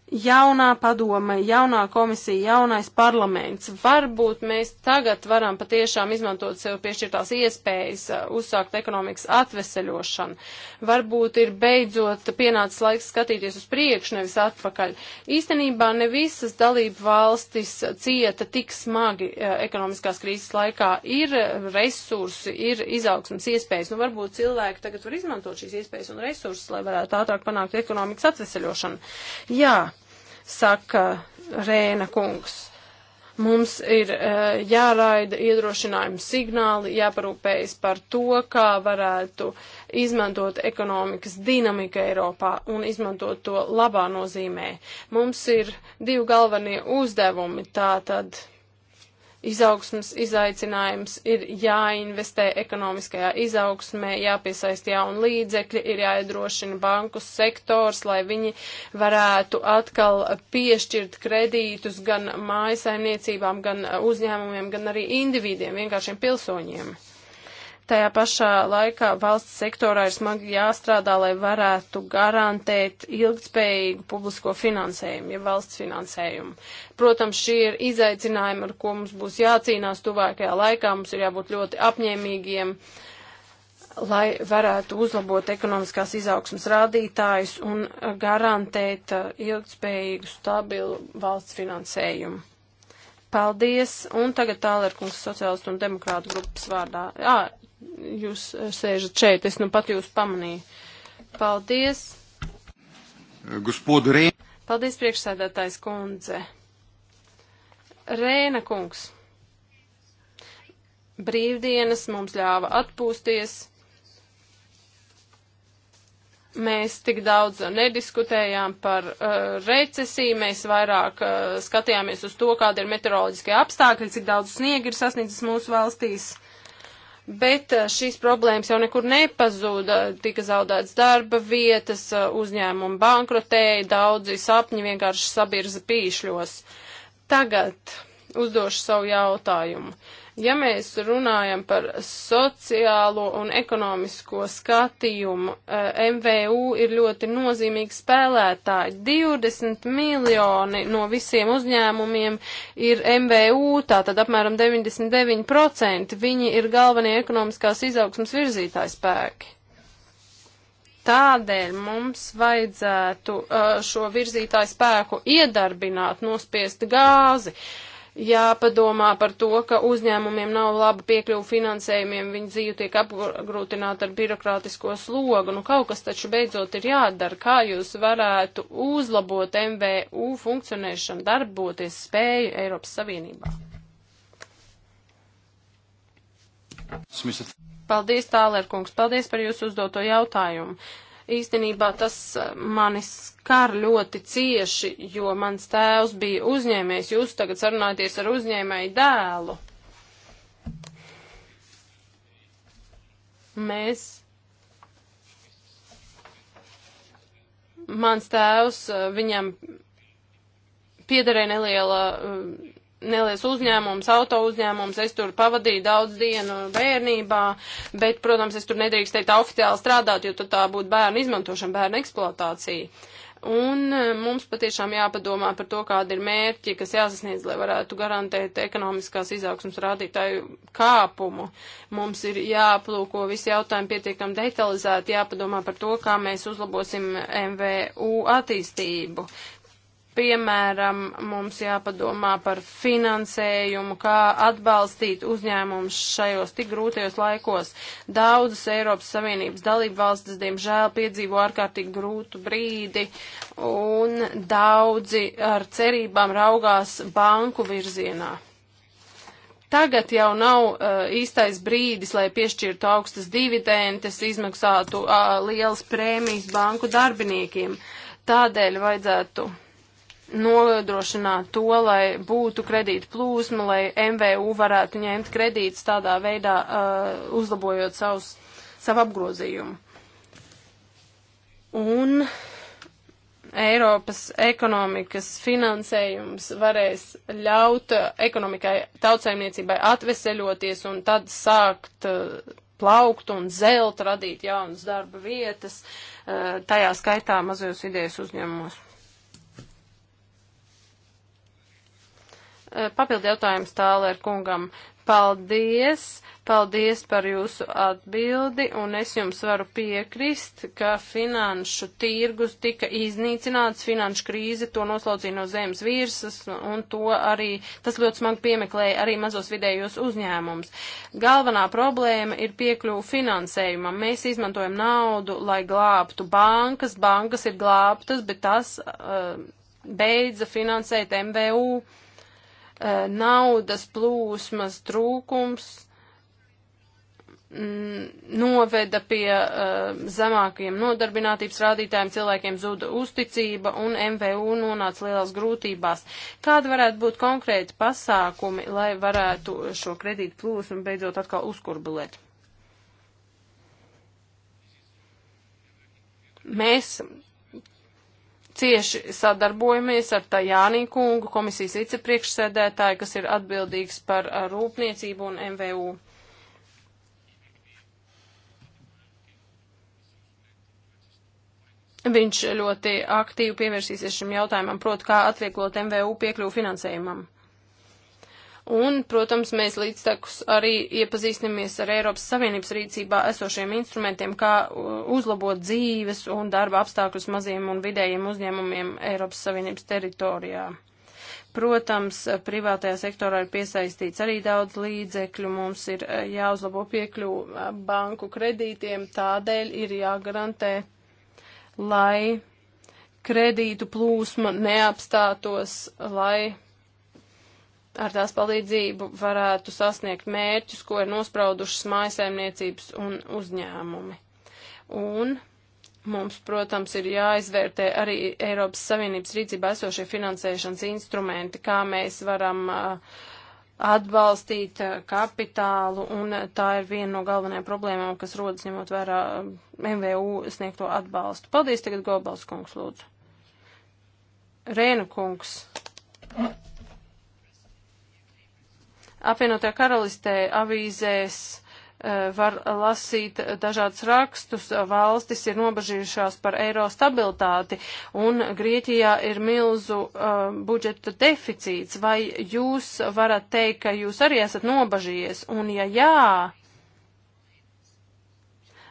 jaunā padome, jaunā komisija, jaunais parlaments. Varbūt mēs tagad varam patiešām izmantot sev piešķirtās iespējas uh, uzsākt ekonomikas atveseļošanu. Varbūt ir beidzot pienācis laiks skatīties uz priekšu, nevis atpakaļ. Īstenībā ne visas dalību valstis cieta tik smagi uh, ekonomiskās krīzes laikā. Ir resursi, ir izaugsmas iespējas. Nu, varbūt cilvēki tagad var izmantot šīs iespējas un resursus, lai varētu ātrāk panākt ekonomikas atveseļošanu. Jā saka Rēna kungs. Mums ir uh, jāraida iedrošinājuma signāli, jāparūpējas par to, kā varētu izmantot ekonomikas dinamiku Eiropā un izmantot to labā nozīmē. Mums ir divi galvenie uzdevumi. Tātad izaugsmas izaicinājums, ir jāinvestē ekonomiskajā izaugsmē, jāpiesaist jauni līdzekļi, ir jāiedrošina banku sektors, lai viņi varētu atkal piešķirt kredītus gan mājasaimniecībām, gan uzņēmumiem, gan arī individiem, vienkāršiem pilsoņiem. Tajā pašā laikā valsts sektorā ir smagi jāstrādā, lai varētu garantēt ilgspējīgu publisko finansējumu, ja valsts finansējumu. Protams, šie ir izaicinājumi, ar ko mums būs jācīnās tuvākajā laikā. Mums ir jābūt ļoti apņēmīgiem, lai varētu uzlabot ekonomiskās izaugsmas rādītājus un garantēt uh, ilgspējīgu, stabilu valsts finansējumu. Paldies, un tagad tālāk kungs sociālistu un demokrātu grupas vārdā. Jā, Jūs eh, sēžat šeit, es nu pat jūs pamanīju. Paldies. Gospodu Rēna. Paldies, priekšsēdētājs kundze. Rēna kungs. Brīvdienas mums ļāva atpūsties. Mēs tik daudz nediskutējām par uh, recesiju, mēs vairāk uh, skatījāmies uz to, kāda ir meteoroloģiskie apstākļi, cik daudz sniega ir sasniedzis mūsu valstīs. Uh, bet eh, šīs problēmas jau nekur nepazuda, eh, tika zaudēts darba vietas, eh, uzņēmumi bankrotēja, daudzi sapņi vienkārši sabirza pīšļos. Tagad uzdošu savu jautājumu. Uh, Ja mēs runājam par sociālo un ekonomisko skatījumu, eh, MVU ir ļoti nozīmīgi spēlētāji. 20 miljoni no visiem uzņēmumiem ir MVU, tātad apmēram 99%. Viņi ir galvenie ekonomiskās izaugsmas virzītāji spēki. Tādēļ mums vajadzētu eh, šo virzītāju spēku iedarbināt, nospiest gāzi. Uh, jāpadomā par to, ka uzņēmumiem nav laba piekļuva finansējumiem, viņu dzīve tiek apgrūtināta ar birokrātisko slogu. Nu, kaut kas taču beidzot ir jādara, kā jūs varētu uzlabot MVU funkcionēšanu, darboties spēju Eiropas Savienībā. Paldies, Tālērkungs, paldies par jūsu uzdoto jautājumu. Uh, īstenībā tas eh, mani skar ļoti cieši, jo mans tēvs bija uzņēmējs, jūs tagad sarunājaties ar uzņēmēju dēlu. Mēs. Mans tēvs, eh, viņam piederēja neliela uh, neliels uzņēmums, auto uzņēmums, es tur pavadīju daudz dienu bērnībā, bet, protams, es tur nedrīkst teikt oficiāli strādāt, jo tad tā būtu bērnu izmantošana, bērnu eksploatācija. Un e, mums patiešām jāpadomā par to, kāda ir mērķi, kas jāsasniedz, lai varētu garantēt ekonomiskās izaugsmas rādītāju kāpumu. Mums ir jāplūko visi jautājumi pietiekam detalizēti, jāpadomā par to, kā mēs uzlabosim MVU attīstību. Piemēram, mums jāpadomā par finansējumu, kā atbalstīt uzņēmumus šajos tik grūtajos laikos. Daudzas Eiropas Savienības dalību valstis, diemžēl, piedzīvo ārkārtīgi grūtu brīdi, un daudzi ar cerībām raugās banku virzienā. Tagad jau nav uh, īstais brīdis, lai piešķirtu augstas dividendes, izmaksātu uh, lielas prēmijas banku darbiniekiem. Tādēļ vajadzētu nodrošināt to, lai būtu kredīta plūsma, lai MVU varētu ņemt kredītus tādā veidā, uh, uzlabojot savus, savu apgrozījumu. Un Eiropas ekonomikas finansējums varēs ļaut ekonomikai tautsēmniecībai atveseļoties un tad sākt uh, plaukt un zelt, radīt jaunas darba vietas, uh, tajā skaitā mazajos idejas uzņēmumos. Eh, papildu jautājums tālēr kungam. Paldies! Paldies par jūsu atbildi, un es jums varu piekrist, ka finanšu tirgus tika iznīcināts, finanšu krīze to noslaucīja no zemes virsas, un to arī, tas ļoti smagi piemeklēja arī mazos vidējos uzņēmums. Galvenā problēma ir piekļuvu finansējumam. Mēs izmantojam naudu, lai glābtu bankas, bankas ir glābtas, bet tas uh, beidza finansēt MVU. Uh, Eh, naudas plūsmas trūkums mm, noveda pie uh, zemākajiem nodarbinātības rādītājiem, cilvēkiem zuda uzticība un MVU nonāca lielās grūtībās. Kāda varētu būt konkrēti pasākumi, lai varētu šo kredītu plūsmu beidzot atkal uzkurbulēt? Mēs cieši sadarbojamies ar Tajānī kungu, komisijas vicepriekšsēdētāju, kas ir atbildīgs par uh, rūpniecību un MVU. Viņš ļoti aktīvi pievērsīsies šim jautājumam, proti, kā atvieglot MVU piekļuvu finansējumam. Un, protams, mēs līdztekus arī iepazīstamies ar Eiropas Savienības rīcībā esošiem instrumentiem, kā uh, uzlabot dzīves un darba apstākļus maziem un vidējiem uzņēmumiem Eiropas Savienības teritorijā. Protams, privātajā sektorā ir piesaistīts arī daudz līdzekļu, mums ir uh, jāuzlabo piekļuvu uh, banku kredītiem, tādēļ ir jāgarantē, lai kredītu plūsma neapstātos, lai ar tās palīdzību varētu sasniegt mērķus, ko ir nospraudušas mājasēmniecības un uzņēmumi. Un mums, protams, ir jāizvērtē arī Eiropas Savienības rīcībā esošie finansēšanas instrumenti, kā mēs varam uh, atbalstīt uh, kapitālu, un uh, tā ir viena no galvenajām problēmām, kas rodas ņemot vērā MVU um, sniegto atbalstu. Paldies tagad Gobals kungs, lūdzu. Rēna kungs. Apvienotajā karalistē avīzēs e, var lasīt dažādus rakstus, valstis ir nobažījušās par eiro stabilitāti, un Grieķijā ir milzu uh, budžeta deficīts. Vai jūs varat teikt, ka jūs arī esat nobažījies? Un ja jā,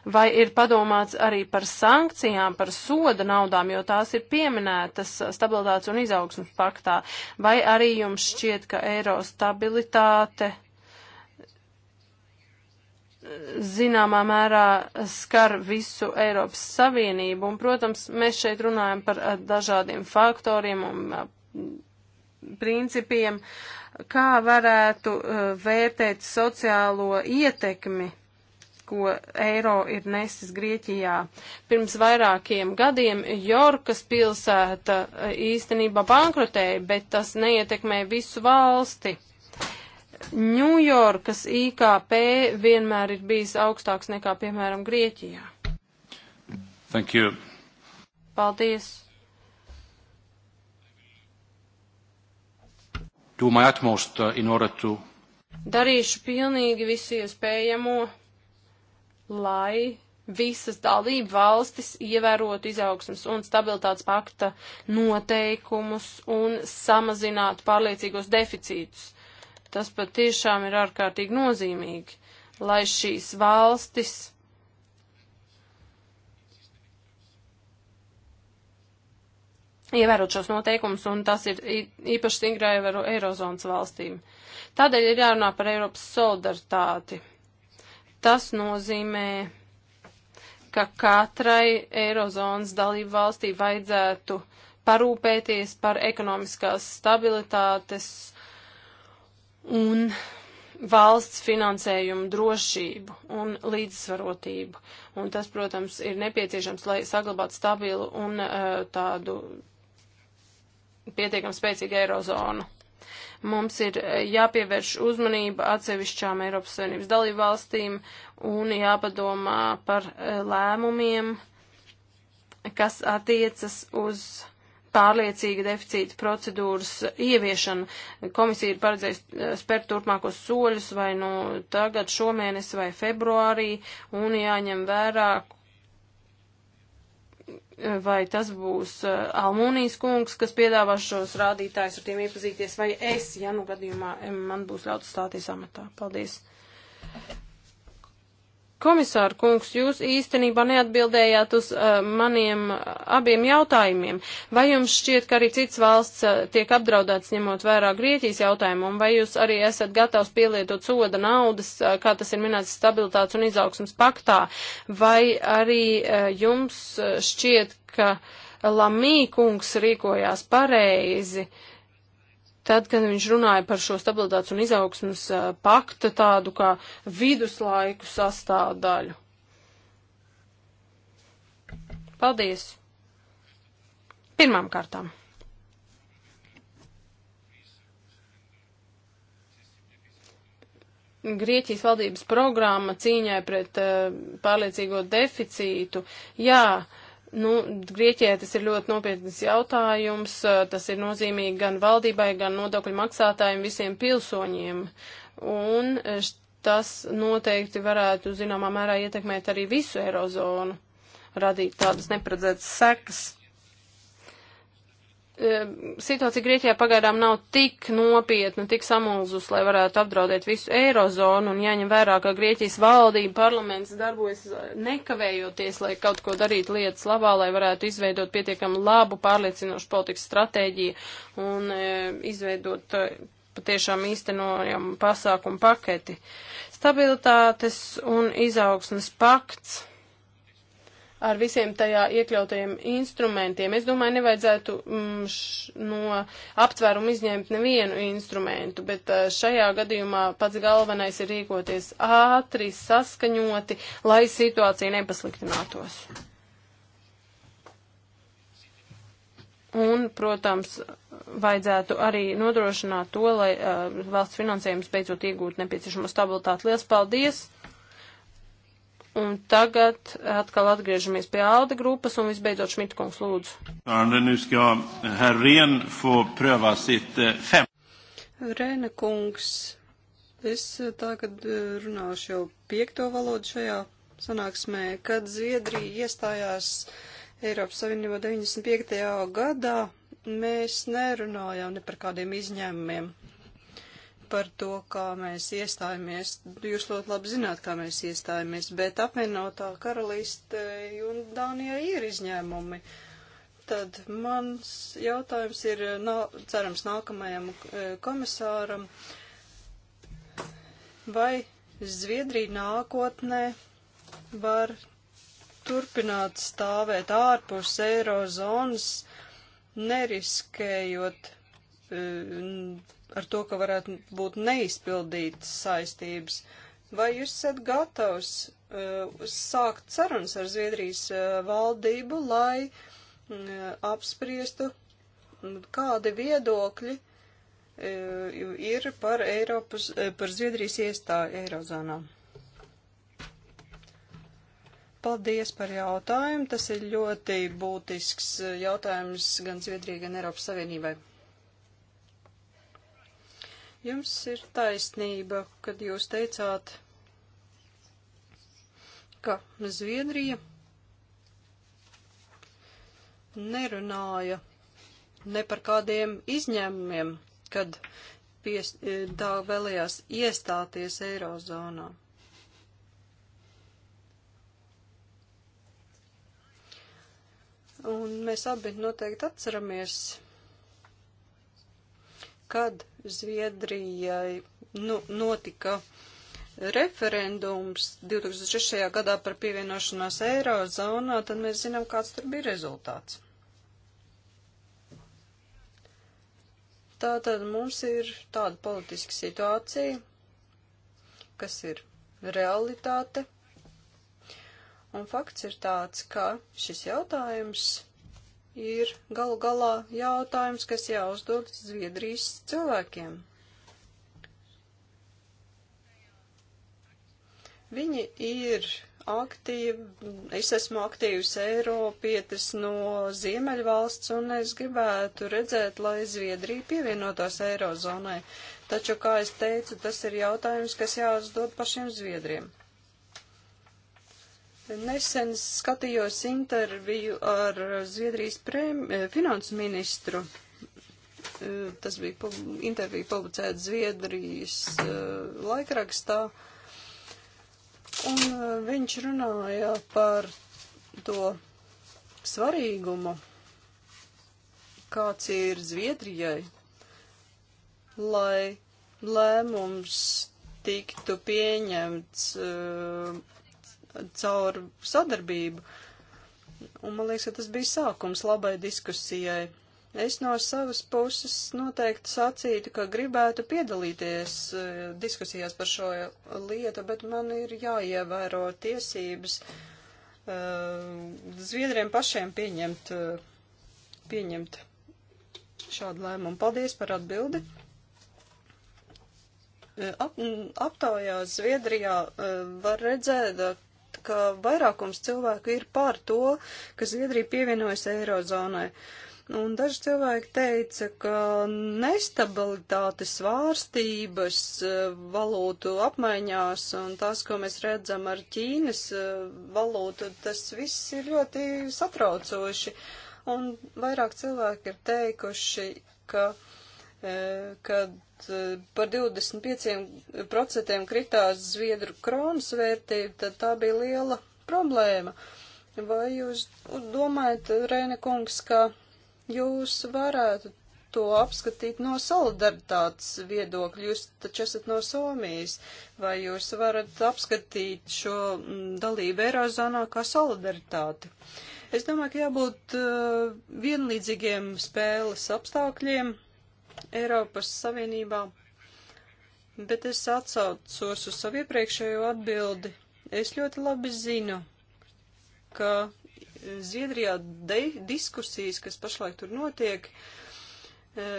Vai ir padomāts arī par sankcijām, par soda naudām, jo tās ir pieminētas stabilitātes un izaugsmas paktā? Vai arī jums šķiet, ka eiro stabilitāte zināmā mērā skar visu Eiropas Savienību. Un, protams, mēs šeit runājam par eh, dažādiem faktoriem un eh, principiem, kā varētu eh, vērtēt sociālo ietekmi ko eiro ir nesis Grieķijā. Pirms vairākiem gadiem Jorkas pilsēta e, īstenībā bankrotēja, bet tas neietekmē visu valsti. Ņujorkas IKP vienmēr ir bijis augstāks nekā, piemēram, Grieķijā. Thank you. Paldies. Do my utmost uh, in order to. Darīšu pilnīgi visu iespējamo. Ja lai visas dalību valstis ievērotu izaugsmas un stabilitātes pakta noteikumus un samazinātu pārliecīgos deficītus. Tas pat tiešām ir ārkārtīgi nozīmīgi, lai šīs valstis ievērot šos noteikumus, un tas ir īpaši stingrā ievēro Eirozonas valstīm. Tādēļ ir jārunā par Eiropas solidaritāti. Tas nozīmē, ka katrai Eirozonas dalību valstī vajadzētu parūpēties par ekonomiskās stabilitātes un valsts finansējumu drošību un līdzsvarotību. Un tas, protams, ir nepieciešams, lai saglabātu stabilu un uh, tādu pietiekami spēcīgu eirozonu. Mums ir e, jāpievērš uzmanība atsevišķām Eiropas Savienības dalībvalstīm un jāpadomā par e, lēmumiem, kas attiecas uz pārliecīga deficīta procedūras ieviešana. Komisija ir paredzējusi e, spērt turpmākos soļus vai nu tagad šomēnes vai februārī un jāņem vērā, vai tas būs uh, Almūnijas kungs, kas piedāvās šos rādītājus ar tiem iepazīties, vai es, ja nu gadījumā man būs ļauts stāties amatā. Paldies. Komisāra kungs, jūs īstenībā neatbildējāt uz uh, maniem uh, abiem jautājumiem. Vai jums šķiet, ka arī cits valsts uh, tiek apdraudēts ņemot vērā Grieķijas jautājumu, un vai jūs arī esat gatavs pielietot soda naudas, uh, kā tas ir minēts stabilitātes un izaugsmas paktā, vai arī uh, jums uh, šķiet, ka Lamī kungs rīkojās pareizi? Uh, Tad, kad viņš runāja par šo stabilitātes un izaugsmas pakta tādu kā viduslaiku sastāvdaļu. Paldies! Pirmām kārtām. Grieķijas valdības programma cīņai pret uh, pārliecīgo deficītu. Jā, uh, Nu, Grieķijai tas ir ļoti nopietnas jautājums, tas ir nozīmīgi gan valdībai, gan nodokļu maksātājiem, visiem pilsoņiem. Un tas noteikti varētu, zināmā mērā, ietekmēt arī visu eirozonu, radīt tādas neparedzētas sekas situācija Grieķijā pagaidām nav tik nopietna, tik samulzus, lai varētu apdraudēt visu eirozonu un jāņem vērā, ka Grieķijas valdība, parlaments darbojas eh, nekavējoties, lai kaut ko darītu lietas labā, lai varētu izveidot pietiekam labu pārliecinošu politikas stratēģiju un e, izveidot eh, patiešām īstenojamu pasākumu paketi. Stabilitātes un izaugsmes pakts ar visiem tajā iekļautajiem instrumentiem. Es domāju, nevajadzētu mm, š, no aptvērumu izņemt nevienu instrumentu, bet šajā gadījumā pats galvenais ir rīkoties ātri, saskaņoti, lai situācija nepasliktinātos. Un, protams, vajadzētu arī nodrošināt to, lai uh, valsts finansējums beidzot iegūtu nepieciešamo stabilitāti. Lielas paldies! Un tagad atkal atgriežamies pie Alde grupas un visbeidzot Šmitkungs lūdzu. Rēna nu eh, kungs, es tagad eh, runāšu jau piekto valodu šajā sanāksmē, kad Zviedrija iestājās Eiropas Savienībā 95. gadā, mēs nerunājām ne par kādiem izņēmumiem par to, kā mēs iestājāmies. Jūs ļoti labi zināt, kā mēs iestājāmies, bet apvienotā karaliste un Dānijā ir izņēmumi. Tad mans jautājums ir, nā, cerams, nākamajam e, komisāram, vai Zviedrija nākotnē var turpināt stāvēt ārpus eirozonas, neriskējot e, ar to, ka varētu būt neizpildītas saistības. Vai jūs esat gatavs uh, sākt sarunas ar Zviedrijas uh, valdību, lai mm, uh, apspriestu, mm, kādi viedokļi uh, ir par, Eiropas, uh, par Zviedrijas iestāju Eirozonā? Paldies par jautājumu. Tas ir ļoti būtisks uh, jautājums gan Zviedrijai, gan Eiropas Savienībai. Jums ir taisnība, kad jūs teicāt, ka Zviedrija nerunāja ne par kādiem izņēmumiem, kad pies, e, tā vēlējās iestāties Eirozonā. Un mēs abi noteikti atceramies kad Zviedrijai nu, notika referendums 2006. gadā par pievienošanos Eirozonā, tad mēs zinām, kāds tur bija rezultāts. Tātad mums ir tāda politiska situācija, kas ir realitāte, un fakts ir tāds, ka šis jautājums ir gal galā jautājums, kas jāuzdod Zviedrijas cilvēkiem. Viņi ir aktīvi, es esmu aktīvs Eiropietis no Ziemeļvalsts, un es gribētu redzēt, lai Zviedrija pievienotos Eirozonai. Taču, kā es teicu, tas ir jautājums, kas jāuzdod pašiem Zviedriem. Nesen skatījos interviju ar Zviedrijas prēm, eh, finansu ministru. Eh, tas bija pub intervija publicēta Zviedrijas eh, laikrakstā. Un viņš runāja par to svarīgumu, kāds ir Zviedrijai, lai lēmums tiktu pieņemts uh, caur sadarbību. Un man liekas, ka tas bija sākums labai diskusijai. Es no savas puses noteikti sacītu, ka gribētu piedalīties e, diskusijās par šo lietu, bet man ir jāievēro tiesības e, Zviedriem pašiem pieņemt, e, pieņemt šādu lēmumu. Paldies par atbildi. Ap, aptaujā Zviedrijā var redzēt, ka vairākums cilvēku ir pār to, ka Zviedrija pievienojas Eirozonai. Un daži cilvēki teica, ka nestabilitātes svārstības e, valūtu apmaiņās un tas, ko mēs redzam ar Ķīnas e, valūtu, tas viss ir ļoti satraucoši. Un vairāk cilvēki ir teikuši, ka uh, Eh, kad eh, par 25% kritās Zviedru kronas vērtība, tad tā bija liela problēma. Vai jūs domājat, Rēne kungs, ka jūs varētu to apskatīt no solidaritātes viedokļa. Jūs taču esat no Somijas. Vai jūs varat apskatīt šo mm, dalību Eirozonā kā solidaritāti? Es domāju, ka jābūt uh, vienlīdzīgiem spēles apstākļiem Eiropas Savienībā, bet es atsaucos uz savu iepriekšējo atbildi. Es ļoti labi zinu, ka Zviedrijā diskusijas, kas pašlaik tur notiek, e,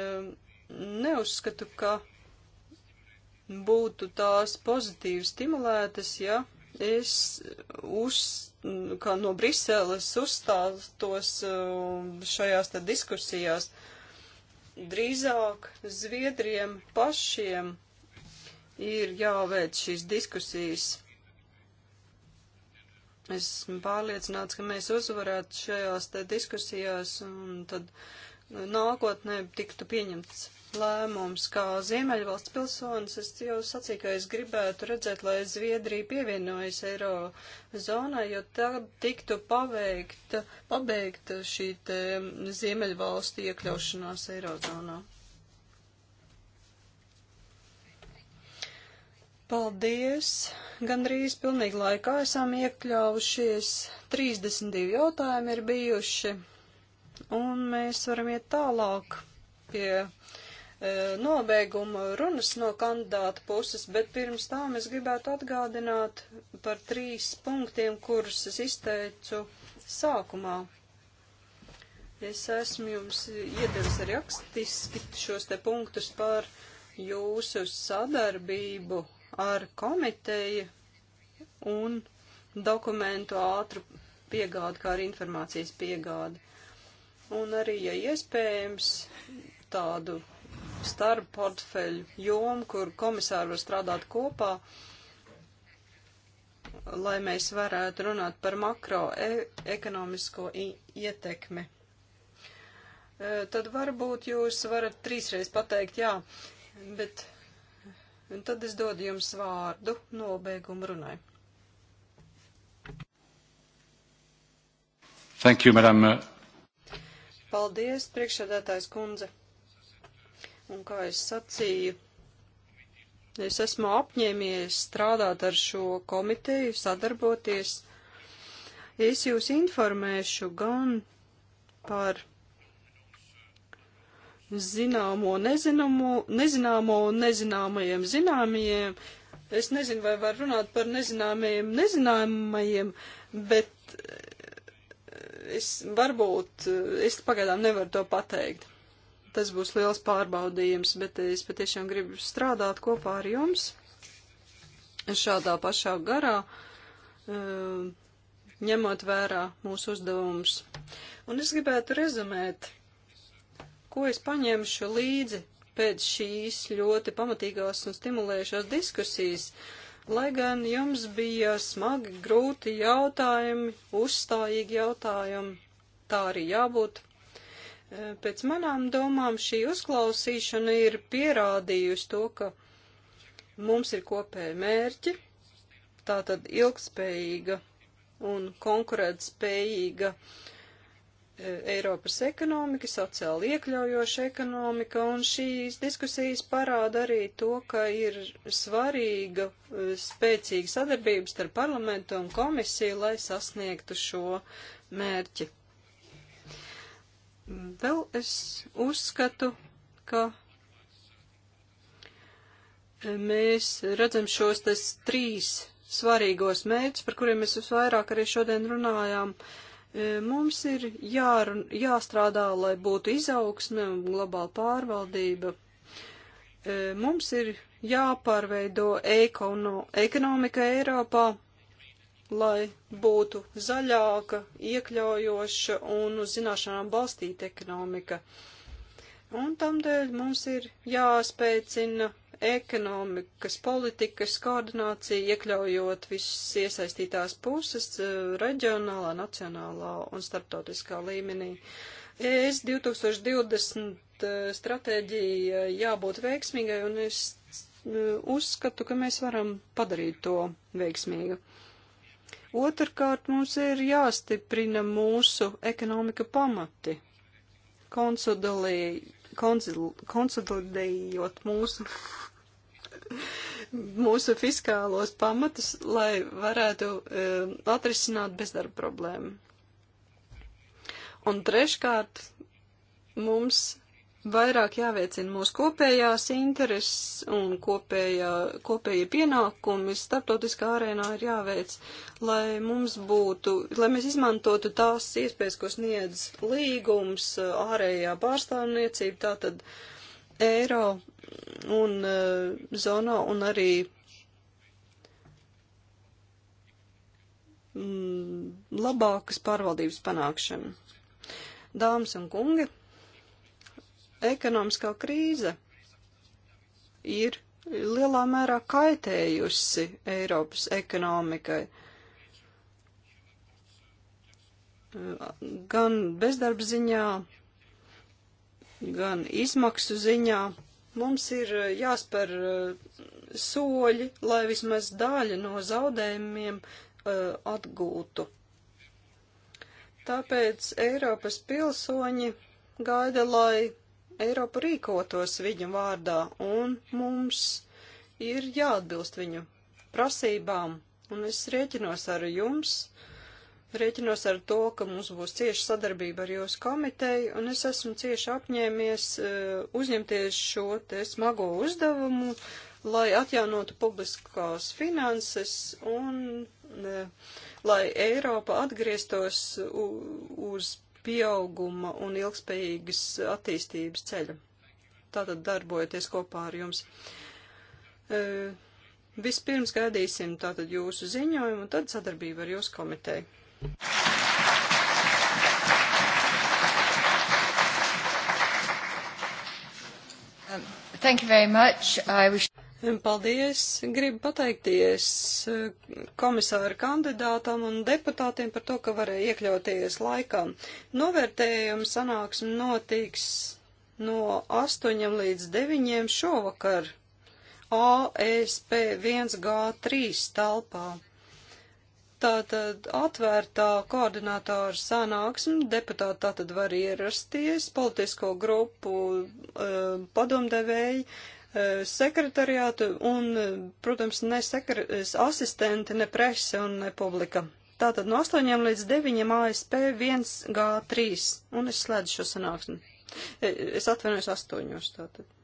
neuzskatu, ka būtu tās pozitīvi stimulētas, ja es uz, kā no Briseles uzstātos e, šajās te diskusijās. Uh, drīzāk Zviedriem pašiem ir jāveic šīs diskusijas. Esmu pārliecināts, ka mēs uzvarētu šajās te diskusijās un tad nākotnē tiktu pieņemts lēmums. Kā Ziemeļvalsts pilsonis es jau sacīju, ka es gribētu redzēt, lai Zviedrija pievienojas eiro zonai, jo tad tiktu paveikta, pabeigta šī te Ziemeļvalstu iekļaušanās eiro zonā. Paldies! Gandrīz pilnīgi laikā esam iekļaušies. 32 jautājumi ir bijuši. Un mēs varam iet tālāk pie uh, E, nobeigumu runas no kandidāta puses, bet pirms tām es gribētu atgādināt par trīs punktiem, kurus es izteicu sākumā. Es esmu jums iedevis rakstiski šos te punktus par jūsu sadarbību ar komiteju un dokumentu ātru piegādi, kā arī informācijas piegādi. Un arī, ja iespējams, tādu starp portfeļu jomu, kur komisāri var strādāt kopā, lai mēs varētu runāt par makroekonomisko e ietekmi. E tad varbūt jūs varat trīsreiz pateikt jā, bet tad es dodu jums vārdu nobeigumu runai. Thank you, madam. Paldies, priekšsēdētājs kundze. Un kā es sacīju, es esmu apņēmies strādāt ar šo komiteju, sadarboties. Es jūs informēšu gan par zināmo nezināmo, nezināmo un nezināmajiem zināmajiem. Es nezinu, vai var runāt par nezināmajiem nezināmajiem, bet es varbūt, es pagaidām nevaru to pateikt tas būs liels pārbaudījums, bet es patiešām gribu strādāt kopā ar jums šādā pašā garā, um, ņemot vērā mūsu uzdevumus. Un es gribētu rezumēt, ko es paņemšu līdzi pēc šīs ļoti pamatīgās un stimulējušās diskusijas. Lai gan jums bija smagi, grūti jautājumi, uzstājīgi jautājumi, tā arī jābūt. Pēc manām domām šī uzklausīšana ir pierādījusi to, ka mums ir kopēji mērķi, tātad ilgspējīga un konkurētspējīga e, Eiropas ekonomika, sociāli iekļaujoša ekonomika, un šīs diskusijas parāda arī to, ka ir svarīga e, spēcīga sadarbības starp parlamentu un komisiju, lai sasniegtu šo mērķi. Vēl es uzskatu, ka mēs redzam šos tas trīs svarīgos mērķus, par kuriem mēs visvairāk arī šodien runājām. E, mums ir jārun, jāstrādā, lai būtu izaugsme un globāla pārvaldība. E, mums ir jāpārveido ekono, ekonomika Eiropā, lai būtu zaļāka, iekļaujoša un uz zināšanām balstīta ekonomika. Un tamdēļ mums ir jāspēcina ekonomikas politikas koordinācija, iekļaujot visas iesaistītās puses eh, reģionālā, nacionālā un starptautiskā līmenī. ES 2020 eh, stratēģija jābūt veiksmīgai, un es eh, uzskatu, ka mēs varam padarīt to veiksmīgu. Otrkārt, mums ir jāstiprina mūsu ekonomika pamati, konsolidējot mūsu, mūsu fiskālos pamatus, lai varētu um, atrisināt bezdarba problēmu. Un treškārt, mums vairāk jāveicina mūsu kopējās intereses un kopējā, kopējie pienākumi starptautiskā arēnā ir jāveic, lai mums būtu, lai mēs izmantotu tās iespējas, ko sniedz līgums, ārējā pārstāvniecība, tātad eiro un uh, zonā un arī mm, labākas pārvaldības panākšana. Dāmas un kungi! ekonomiskā krīze ir lielā mērā kaitējusi Eiropas ekonomikai. Gan bezdarba ziņā, gan izmaksu ziņā mums ir jāspēr eh, soļi, lai vismaz daļa no zaudējumiem eh, atgūtu. Tāpēc Eiropas pilsoņi gaida, lai Eiropa rīkotos viņu vārdā, un mums ir jāatbilst viņu prasībām, un es rēķinos ar jums, rēķinos ar to, ka mums būs cieša sadarbība ar jūsu komiteju, un es esmu cieši apņēmies eh, uzņemties šo te smago uzdevumu, lai atjaunotu publiskās finanses un ne, eh, lai Eiropa atgrieztos uz pieauguma un ilgspējīgas attīstības ceļa. Tātad darbojoties kopā ar jums. E, vispirms gaidīsim tātad jūsu ziņojumu un tad sadarbību ar jūsu komiteju. Um, thank you very much. I wish... Paldies! Gribu pateikties eh, komisāra kandidātam un deputātiem par to, ka varēja iekļauties laikā. Novērtējuma sanāksme notiks no 8 līdz 9 šovakar ASP 1G3 telpā. Tātad atvērtā koordinātora sanāksme, deputāti tātad var ierasties, politisko grupu eh, padomdevēji Eh, sekretariātu un, eh, protams, ne sekre, asistenti, ne prese un ne publika. Tātad no 8 līdz 9 ASP 1G3 un es slēdzu šo sanāksmi. Eh, es atvainojos 8. Tātad.